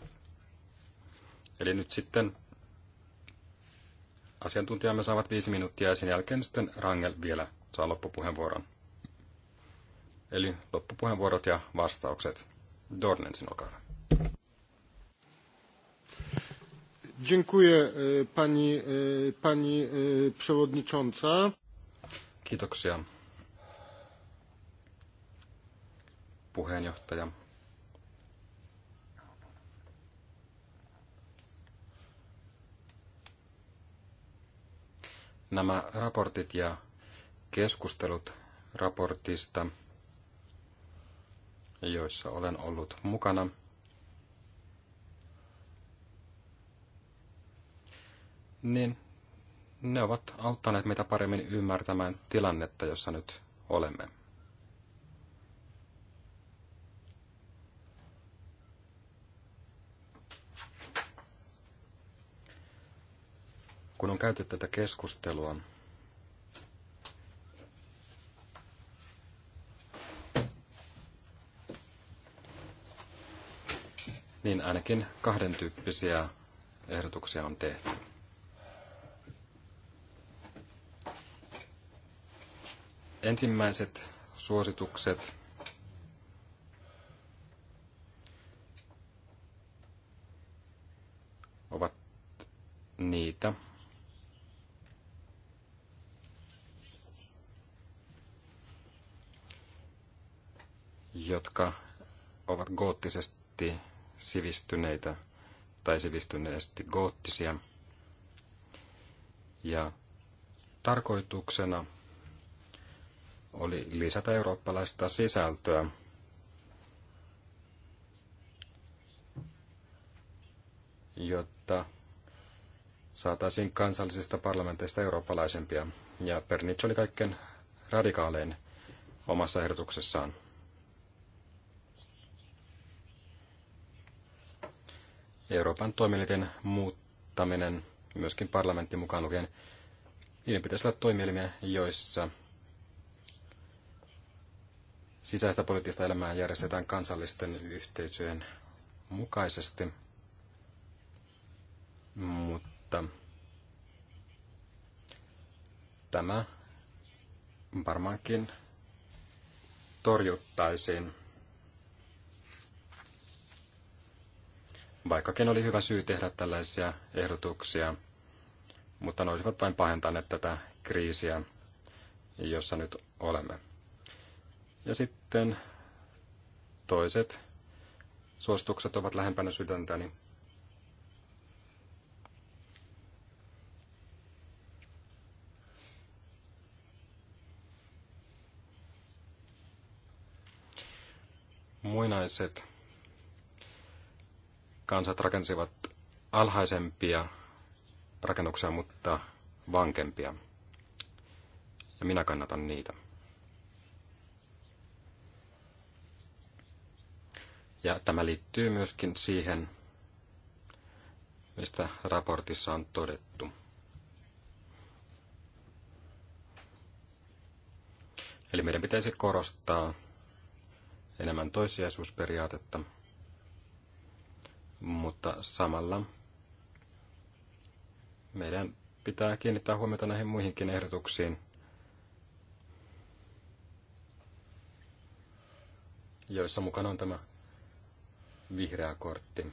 Eli nyt sitten asiantuntijamme saavat viisi minuuttia ja sen jälkeen sitten Rangel vielä saa loppupuheenvuoron. Eli loppupuheenvuorot ja vastaukset. Dornensin, olkaa Dziękuję e, pani, e, pani e, przewodnicząca. Kiitoksia puheenjohtaja. Nämä raportit ja keskustelut raportista, joissa olen ollut mukana, niin ne ovat auttaneet meitä paremmin ymmärtämään tilannetta, jossa nyt olemme. Kun on käyty tätä keskustelua, niin ainakin kahden tyyppisiä ehdotuksia on tehty. Ensimmäiset suositukset ovat niitä, jotka ovat goottisesti sivistyneitä tai sivistyneesti goottisia. Ja tarkoituksena oli lisätä eurooppalaista sisältöä jotta saataisiin kansallisista parlamenteista eurooppalaisempia. Ja Pernitsch oli kaikkein radikaalein omassa ehdotuksessaan. Euroopan toimielinten muuttaminen, myöskin parlamentti mukaan lukien, niiden pitäisi olla toimielimiä, joissa sisäistä poliittista elämää järjestetään kansallisten yhteisöjen mukaisesti, mutta tämä varmaankin torjuttaisiin vaikkakin oli hyvä syy tehdä tällaisia ehdotuksia, mutta ne olisivat vain pahentaneet tätä kriisiä, jossa nyt olemme. Ja sitten toiset suositukset ovat lähempänä sydäntäni. Muinaiset kansat rakensivat alhaisempia rakennuksia, mutta vankempia. Ja minä kannatan niitä. Ja tämä liittyy myöskin siihen, mistä raportissa on todettu. Eli meidän pitäisi korostaa enemmän toissijaisuusperiaatetta mutta samalla meidän pitää kiinnittää huomiota näihin muihinkin ehdotuksiin. joissa mukana on tämä vihreä kortti.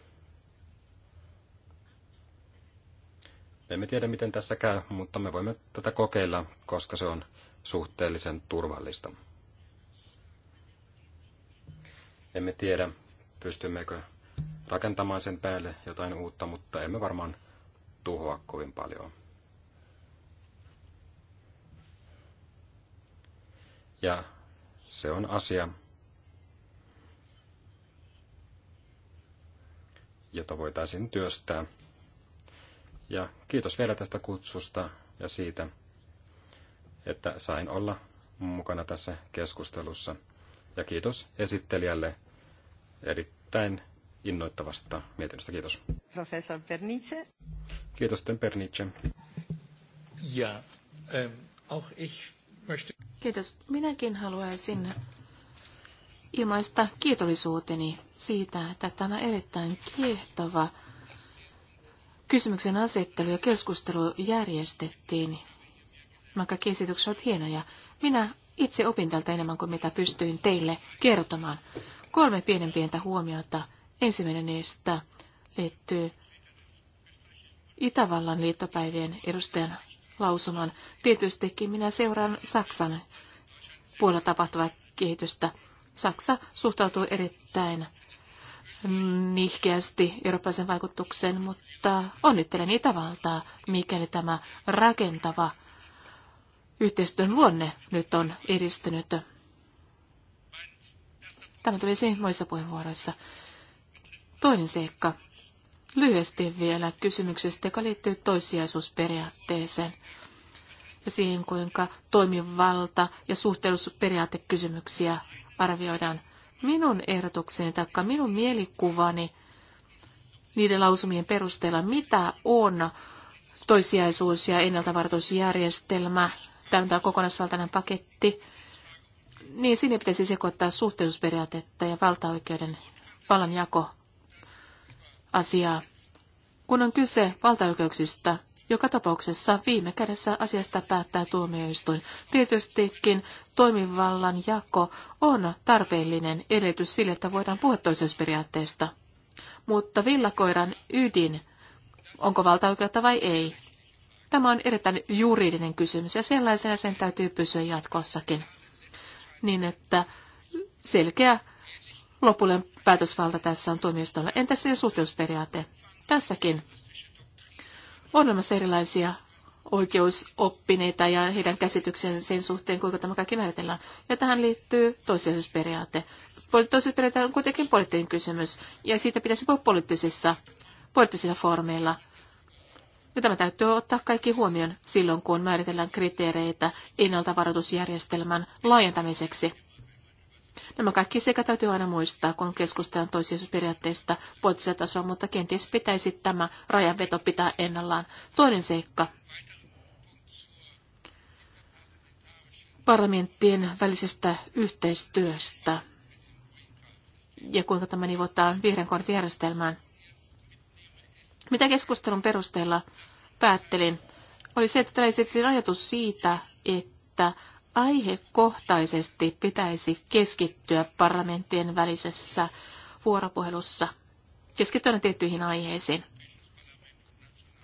Me emme tiedä, miten tässä käy, mutta me voimme tätä kokeilla, koska se on suhteellisen turvallista. Emme tiedä, pystymmekö rakentamaan sen päälle jotain uutta, mutta emme varmaan tuhoa kovin paljon. Ja se on asia, jota voitaisiin työstää. Ja kiitos vielä tästä kutsusta ja siitä, että sain olla mukana tässä keskustelussa. Ja kiitos esittelijälle erittäin innoittavasta mietinnöstä. Kiitos. Professor Pernice. Kiitos, sitten Pernice. Ja, ähm, auch ich möchte... Kiitos. Minäkin haluaisin ilmaista kiitollisuuteni siitä, että tämä erittäin kiehtova kysymyksen asettelu ja keskustelu järjestettiin. Mä kaikki esitykset ovat hienoja. Minä itse opin tältä enemmän kuin mitä pystyin teille kertomaan. Kolme pienen pientä huomiota – Ensimmäinen niistä liittyy Itävallan liittopäivien edustajan lausumaan. Tietystikin minä seuraan Saksan puolella tapahtuvaa kehitystä. Saksa suhtautuu erittäin nihkeästi eurooppalaisen vaikutukseen, mutta onnittelen Itävaltaa, mikäli tämä rakentava yhteistyön luonne nyt on edistynyt. Tämä tuli siinä muissa puheenvuoroissa. Toinen seikka. Lyhyesti vielä kysymyksestä, joka liittyy toissijaisuusperiaatteeseen ja siihen, kuinka toimivalta- ja suhteellisuusperiaatekysymyksiä arvioidaan. Minun ehdotukseni tai minun mielikuvani niiden lausumien perusteella, mitä on toissijaisuus- ja ennaltavartoisjärjestelmä, tämä kokonaisvaltainen paketti, niin sinne pitäisi sekoittaa suhteellisuusperiaatetta ja valtaoikeuden vallanjako asiaa. Kun on kyse valtaoikeuksista, joka tapauksessa viime kädessä asiasta päättää tuomioistuin. Tietystikin toimivallan jako on tarpeellinen edellytys sille, että voidaan puhua toiseusperiaatteesta. Mutta villakoiran ydin, onko valtaoikeutta vai ei? Tämä on erittäin juridinen kysymys ja sellaisena sen täytyy pysyä jatkossakin. Niin että selkeä Lopullinen päätösvalta tässä on tuomioistuimella. Entä se suhteusperiaate? Tässäkin on olemassa erilaisia oikeusoppineita ja heidän käsityksen sen suhteen, kuinka tämä kaikki määritellään. Ja tähän liittyy toissijaisuusperiaate. Toissijaisuusperiaate on kuitenkin poliittinen kysymys, ja siitä pitäisi puhua poliittisissa, poliittisilla foorumeilla. Ja tämä täytyy ottaa kaikki huomioon silloin, kun määritellään kriteereitä ennaltavaroitusjärjestelmän laajentamiseksi. Nämä kaikki sekä täytyy aina muistaa, kun keskustellaan toisiasusperiaatteista poliittisella tasolla, mutta kenties pitäisi tämä rajanveto pitää ennallaan. Toinen seikka. Parlamenttien välisestä yhteistyöstä ja kuinka tämä nivotaan vihreän kortijärjestelmään. Mitä keskustelun perusteella päättelin, oli se, että täällä ajatus siitä, että aihekohtaisesti pitäisi keskittyä parlamenttien välisessä vuoropuhelussa. Keskittyä tiettyihin aiheisiin.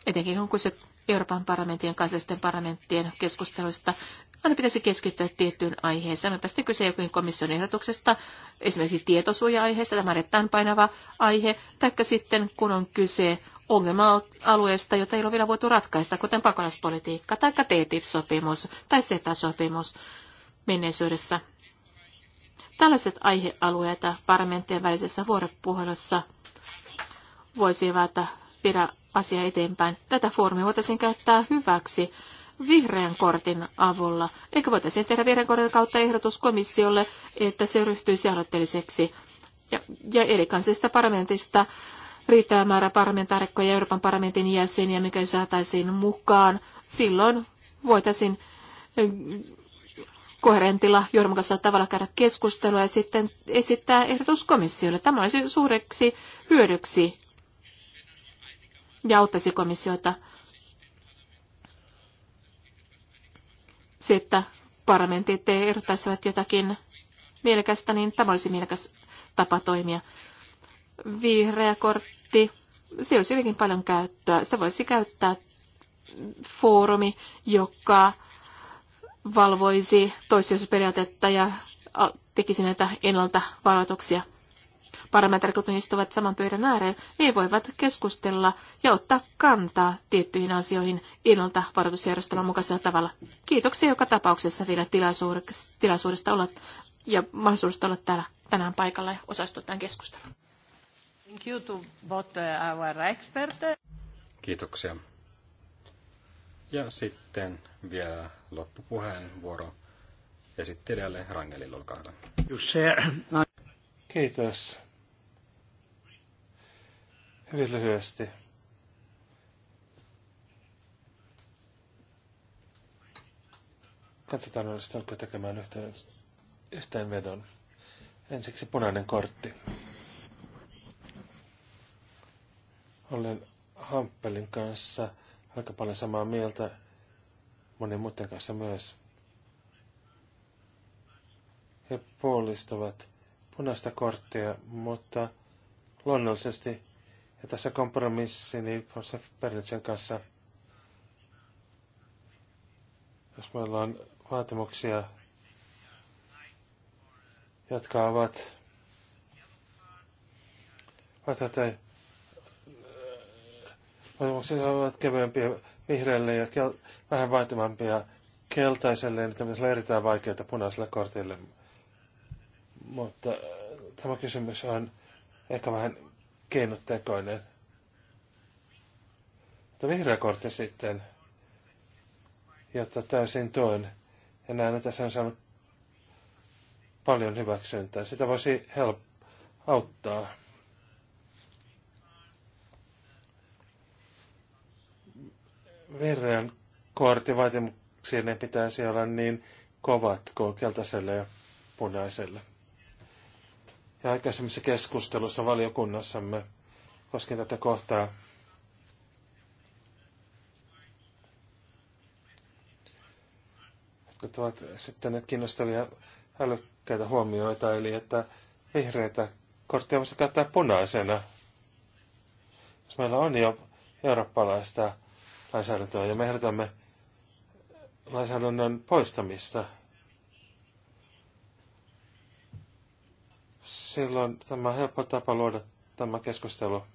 Etenkin kun kyse Euroopan parlamentin ja kansallisten parlamenttien keskusteluista aina pitäisi keskittyä tiettyyn aiheeseen. Onpa sitten kyse jokin komission ehdotuksesta, esimerkiksi tietosuoja-aiheesta, tämä erittäin painava aihe, taikka sitten kun on kyse ongelma-alueesta, jota ei ole vielä voitu ratkaista, kuten pakolaispolitiikka, taikka TTIP-sopimus tai SETA-sopimus menneisyydessä. Tällaiset aihealueet parlamenttien välisessä vuoropuhelussa voisivat viedä asiaa eteenpäin. Tätä foorumia voitaisiin käyttää hyväksi vihreän kortin avulla. Eikö voitaisiin tehdä vihreän kortin kautta ehdotus komissiolle, että se ryhtyisi aloitteelliseksi ja, ja eri kansallisista parlamentista riittävä määrä parlamentaarikkoja ja Euroopan parlamentin jäseniä, mikä saataisiin mukaan. Silloin voitaisiin koherentilla johdonmukaisella tavalla käydä keskustelua ja sitten esittää ehdotus komissiolle. Tämä olisi suureksi hyödyksi ja auttaisi komissiota se, että parlamentit erottaisivat jotakin mielekästä, niin tämä olisi mielekäs tapa toimia. Vihreä kortti, Se olisi hyvinkin paljon käyttöä. Sitä voisi käyttää foorumi, joka valvoisi toissijaisuusperiaatetta ja tekisi näitä ennalta varoituksia kun istuvat saman pöydän ääreen, he voivat keskustella ja ottaa kantaa tiettyihin asioihin ennalta varoitusjärjestelmän mukaisella tavalla. Kiitoksia joka tapauksessa vielä tilaisuudesta olla ja mahdollisuudesta olla täällä tänään paikalla ja osallistua tämän keskusteluun. Thank you to both uh, our Kiitoksia. Ja sitten vielä loppupuheenvuoro esittelijälle Rangelille, olkaa hyvä. Kiitos. Hyvin lyhyesti. Katsotaan, onko tekemään yhteen, vedon. Ensiksi punainen kortti. Olen Hamppelin kanssa aika paljon samaa mieltä, monen muiden kanssa myös. He puolistavat punaista korttia, mutta luonnollisesti ja tässä kompromissini Josef Bernitsen kanssa, jos meillä on vaatimuksia, jotka ovat vaatimuksia, vaatimuksia ovat kevyempiä vihreälle ja kel, vähän vaatimampia keltaiselle, niin tämmöisellä erittäin vaikeita punaisella kortille. Mutta äh, tämä kysymys on ehkä vähän keinotekoinen. Mutta vihreä kortti sitten, jotta täysin tuon. Ja näen, että se on saanut paljon hyväksyntää. Sitä voisi help auttaa. Vihreän kortin vaatimuksia ne pitäisi olla niin kovat kuin keltaiselle ja punaiselle ja aikaisemmissa keskustelussa valiokunnassamme koskien tätä kohtaa. Jotkut ovat esittäneet kiinnostavia älykkäitä huomioita, eli että vihreitä korttia voisi käyttää punaisena. Jos meillä on jo eurooppalaista lainsäädäntöä ja me ehdotamme lainsäädännön poistamista – Silloin tämä on helppo tapa luoda tämä keskustelu.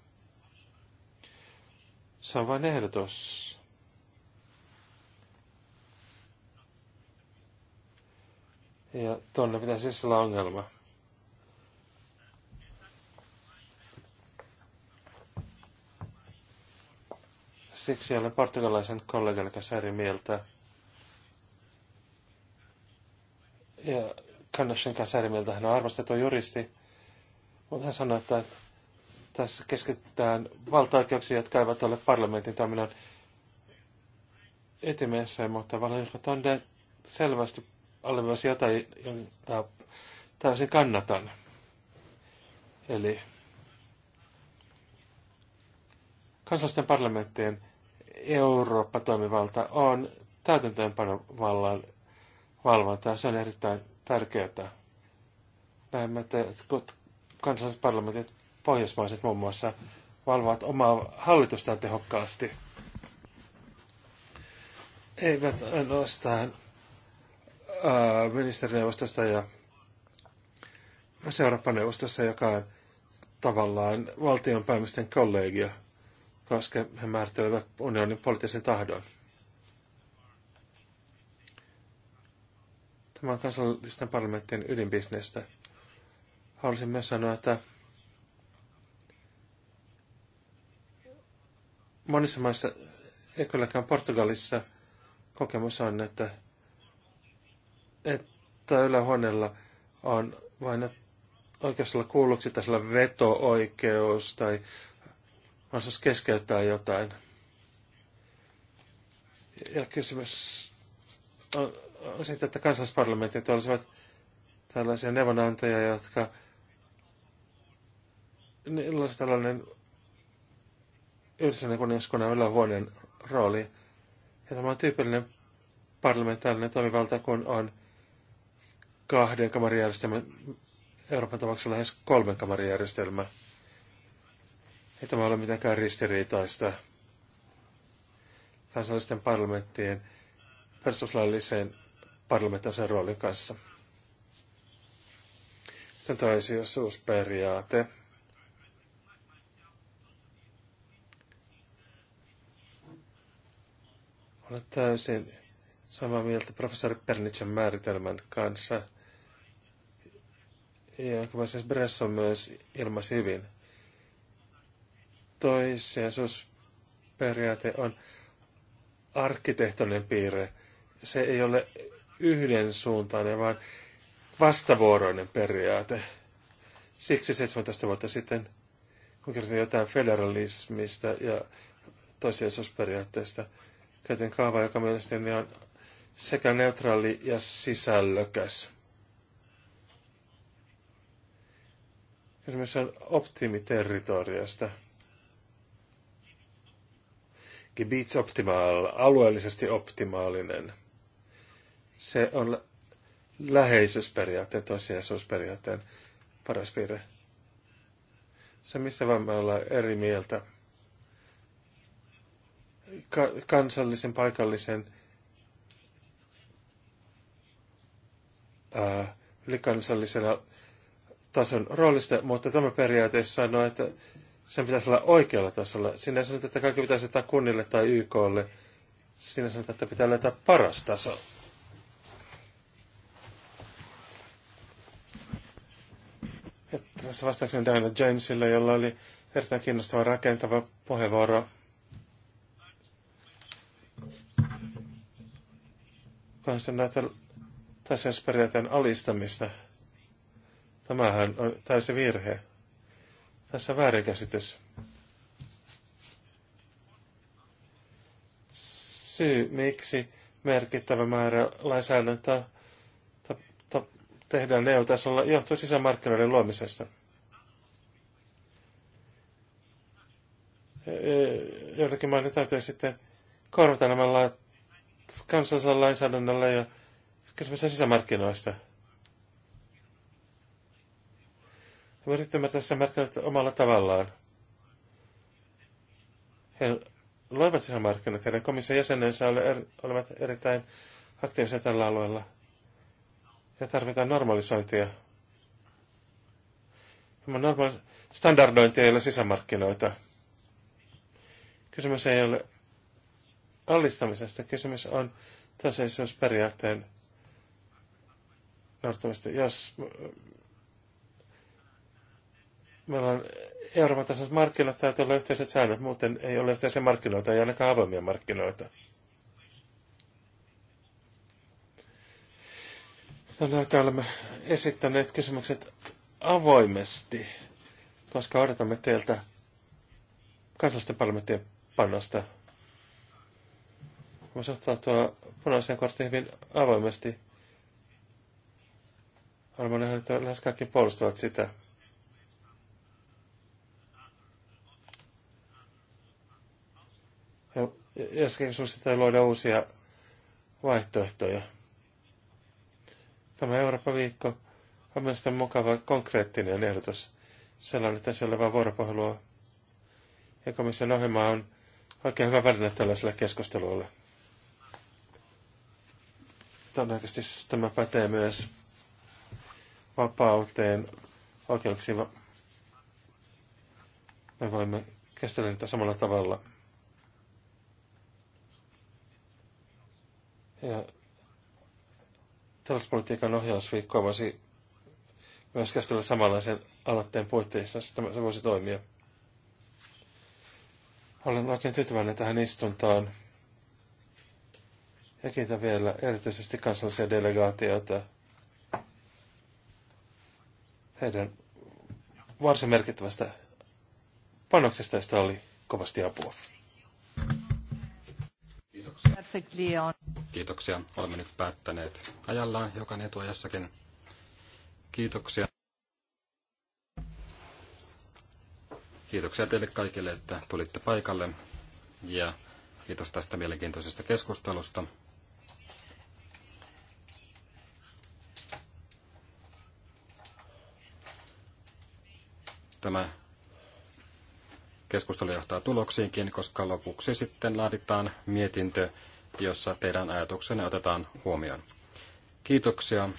Se on vain ehdotus. Ja tuonne pitäisi siis olla ongelma. Siksi olen portugalaisen kollegan kanssa eri mieltä. Ja Kannashin kanssa eri mieltä. Hän on arvostettu juristi, mutta hän sanoi, että tässä keskitytään valtaoikeuksiin, jotka eivät ole parlamentin toiminnan etimessä, mutta valiokunta on selvästi alleviivasi jotain, jota täysin kannatan. Eli kansallisten parlamenttien Eurooppa-toimivalta on täytäntöönpanovallan valvontaa. Se on erittäin tärkeää. Näemme, että kansalliset parlamentit, pohjoismaiset muun muassa, valvovat omaa hallitustaan tehokkaasti. Eivät ainoastaan ministerineuvostosta ja seurappaneuvostossa, joka on tavallaan valtionpäämisten kollegia, koska he määrittelevät unionin poliittisen tahdon. Tämä on kansallisten parlamenttien ydinbisnestä. Haluaisin myös sanoa, että monissa maissa, ei kylläkään Portugalissa, kokemus on, että, että ylähuoneella on vain oikeus olla kuulluksi, tai sillä veto-oikeus tai mahdollisuus keskeyttää jotain. Ja kysymys on, siitä, että kansallisparlamentit olisivat tällaisia neuvonantajia, jotka niillä olisi tällainen yhdessä kuningaskunnan ylähuoneen rooli. Ja tämä on tyypillinen parlamentaarinen toimivalta, kun on kahden kamarijärjestelmän Euroopan tavaksi lähes kolmen kamarijärjestelmä. Ei tämä ole mitenkään ristiriitaista kansallisten parlamenttien perustuslailliseen parlamentaarisen roolin kanssa. Sen toisiosuusperiaate. Olen täysin samaa mieltä professori Pernitsen määritelmän kanssa. Ja kun siis Bresson myös ilmaisi hyvin. Toissijaisuusperiaate on arkkitehtoninen piirre. Se ei ole yhdensuuntainen, vaan vastavuoroinen periaate. Siksi 17 vuotta sitten, kun kerrotin jotain federalismista ja toisiasuusperiaatteesta, käytin kaavaa, joka mielestäni on sekä neutraali ja sisällökäs. Kysymys on optimiterritoriasta. Gebiets optimaal, alueellisesti optimaalinen – se on läheisyysperiaatteen, tosiasuusperiaatteen paras piirre. Se, mistä vaan me ollaan eri mieltä, ka- kansallisen, paikallisen, ää, ylikansallisena tason roolista, mutta tämä periaate sanoo, että sen pitäisi olla oikealla tasolla. Sinä sanotaan, että kaikki pitäisi ottaa kunnille tai YKlle. Sinä sanotaan, että pitää löytää paras taso. Että tässä vastauksena Diana Jamesille, jolla oli erittäin kiinnostava rakentava puheenvuoro. Kansan näitä tasaisperiaatteen alistamista. Tämähän on täysi virhe. Tässä väärinkäsitys. Syy, miksi merkittävä määrä lainsäädäntöä tehdään EU-tasolla johtuu sisämarkkinoiden luomisesta. E, e, Joillakin maiden täytyy sitten korvata nämä kansallisella lainsäädännöllä ja kysymys sisämarkkinoista. He yrittävät tässä markkinat omalla tavallaan. He loivat sisämarkkinat. Heidän komission jäsenensä er, olivat erittäin aktiivisia tällä alueella. Ja tarvitaan normalisointia. Normaali- standardointia ei ole sisämarkkinoita. Kysymys ei ole allistamisesta. Kysymys on tosiaan periaatteen noudattamista. Jos meillä on Euroopan tasolla markkinat, täytyy olla yhteiset säännöt, muuten ei ole yhteisiä markkinoita, ei ainakaan avoimia markkinoita. No, no, Tällä aikaa olemme esittäneet kysymykset avoimesti, koska odotamme teiltä kansallisten parlamenttien panosta. ottaa tuo punaisen korttiin hyvin avoimesti. Olemme nähneet, että lähes kaikki puolustavat sitä. Ja joskin sinusta luoda uusia vaihtoehtoja. Tämä Eurooppa-viikko on mielestäni mukava konkreettinen ehdotus. Sellainen, että siellä on vuoropuhelua. Ja komission ohjelma on oikein hyvä väline tällaiselle keskustelulle. Todennäköisesti tämä pätee myös vapauteen, oikeuksiin. Me voimme kestellä niitä samalla tavalla. Ja talouspolitiikan ohjausviikkoa voisi myös käsitellä samanlaisen aloitteen puitteissa, että se voisi toimia. Olen oikein tyytyväinen tähän istuntaan. Ja kiitän vielä erityisesti kansallisia delegaatioita. Heidän varsin merkittävästä panoksesta, josta oli kovasti apua. Perfectly on. Kiitoksia. Olemme nyt päättäneet ajallaan, joka etuajassakin. Kiitoksia. Kiitoksia teille kaikille, että tulitte paikalle ja kiitos tästä mielenkiintoisesta keskustelusta. Tämä keskustelu johtaa tuloksiinkin, koska lopuksi sitten laaditaan mietintö, jossa teidän ajatuksenne otetaan huomioon. Kiitoksia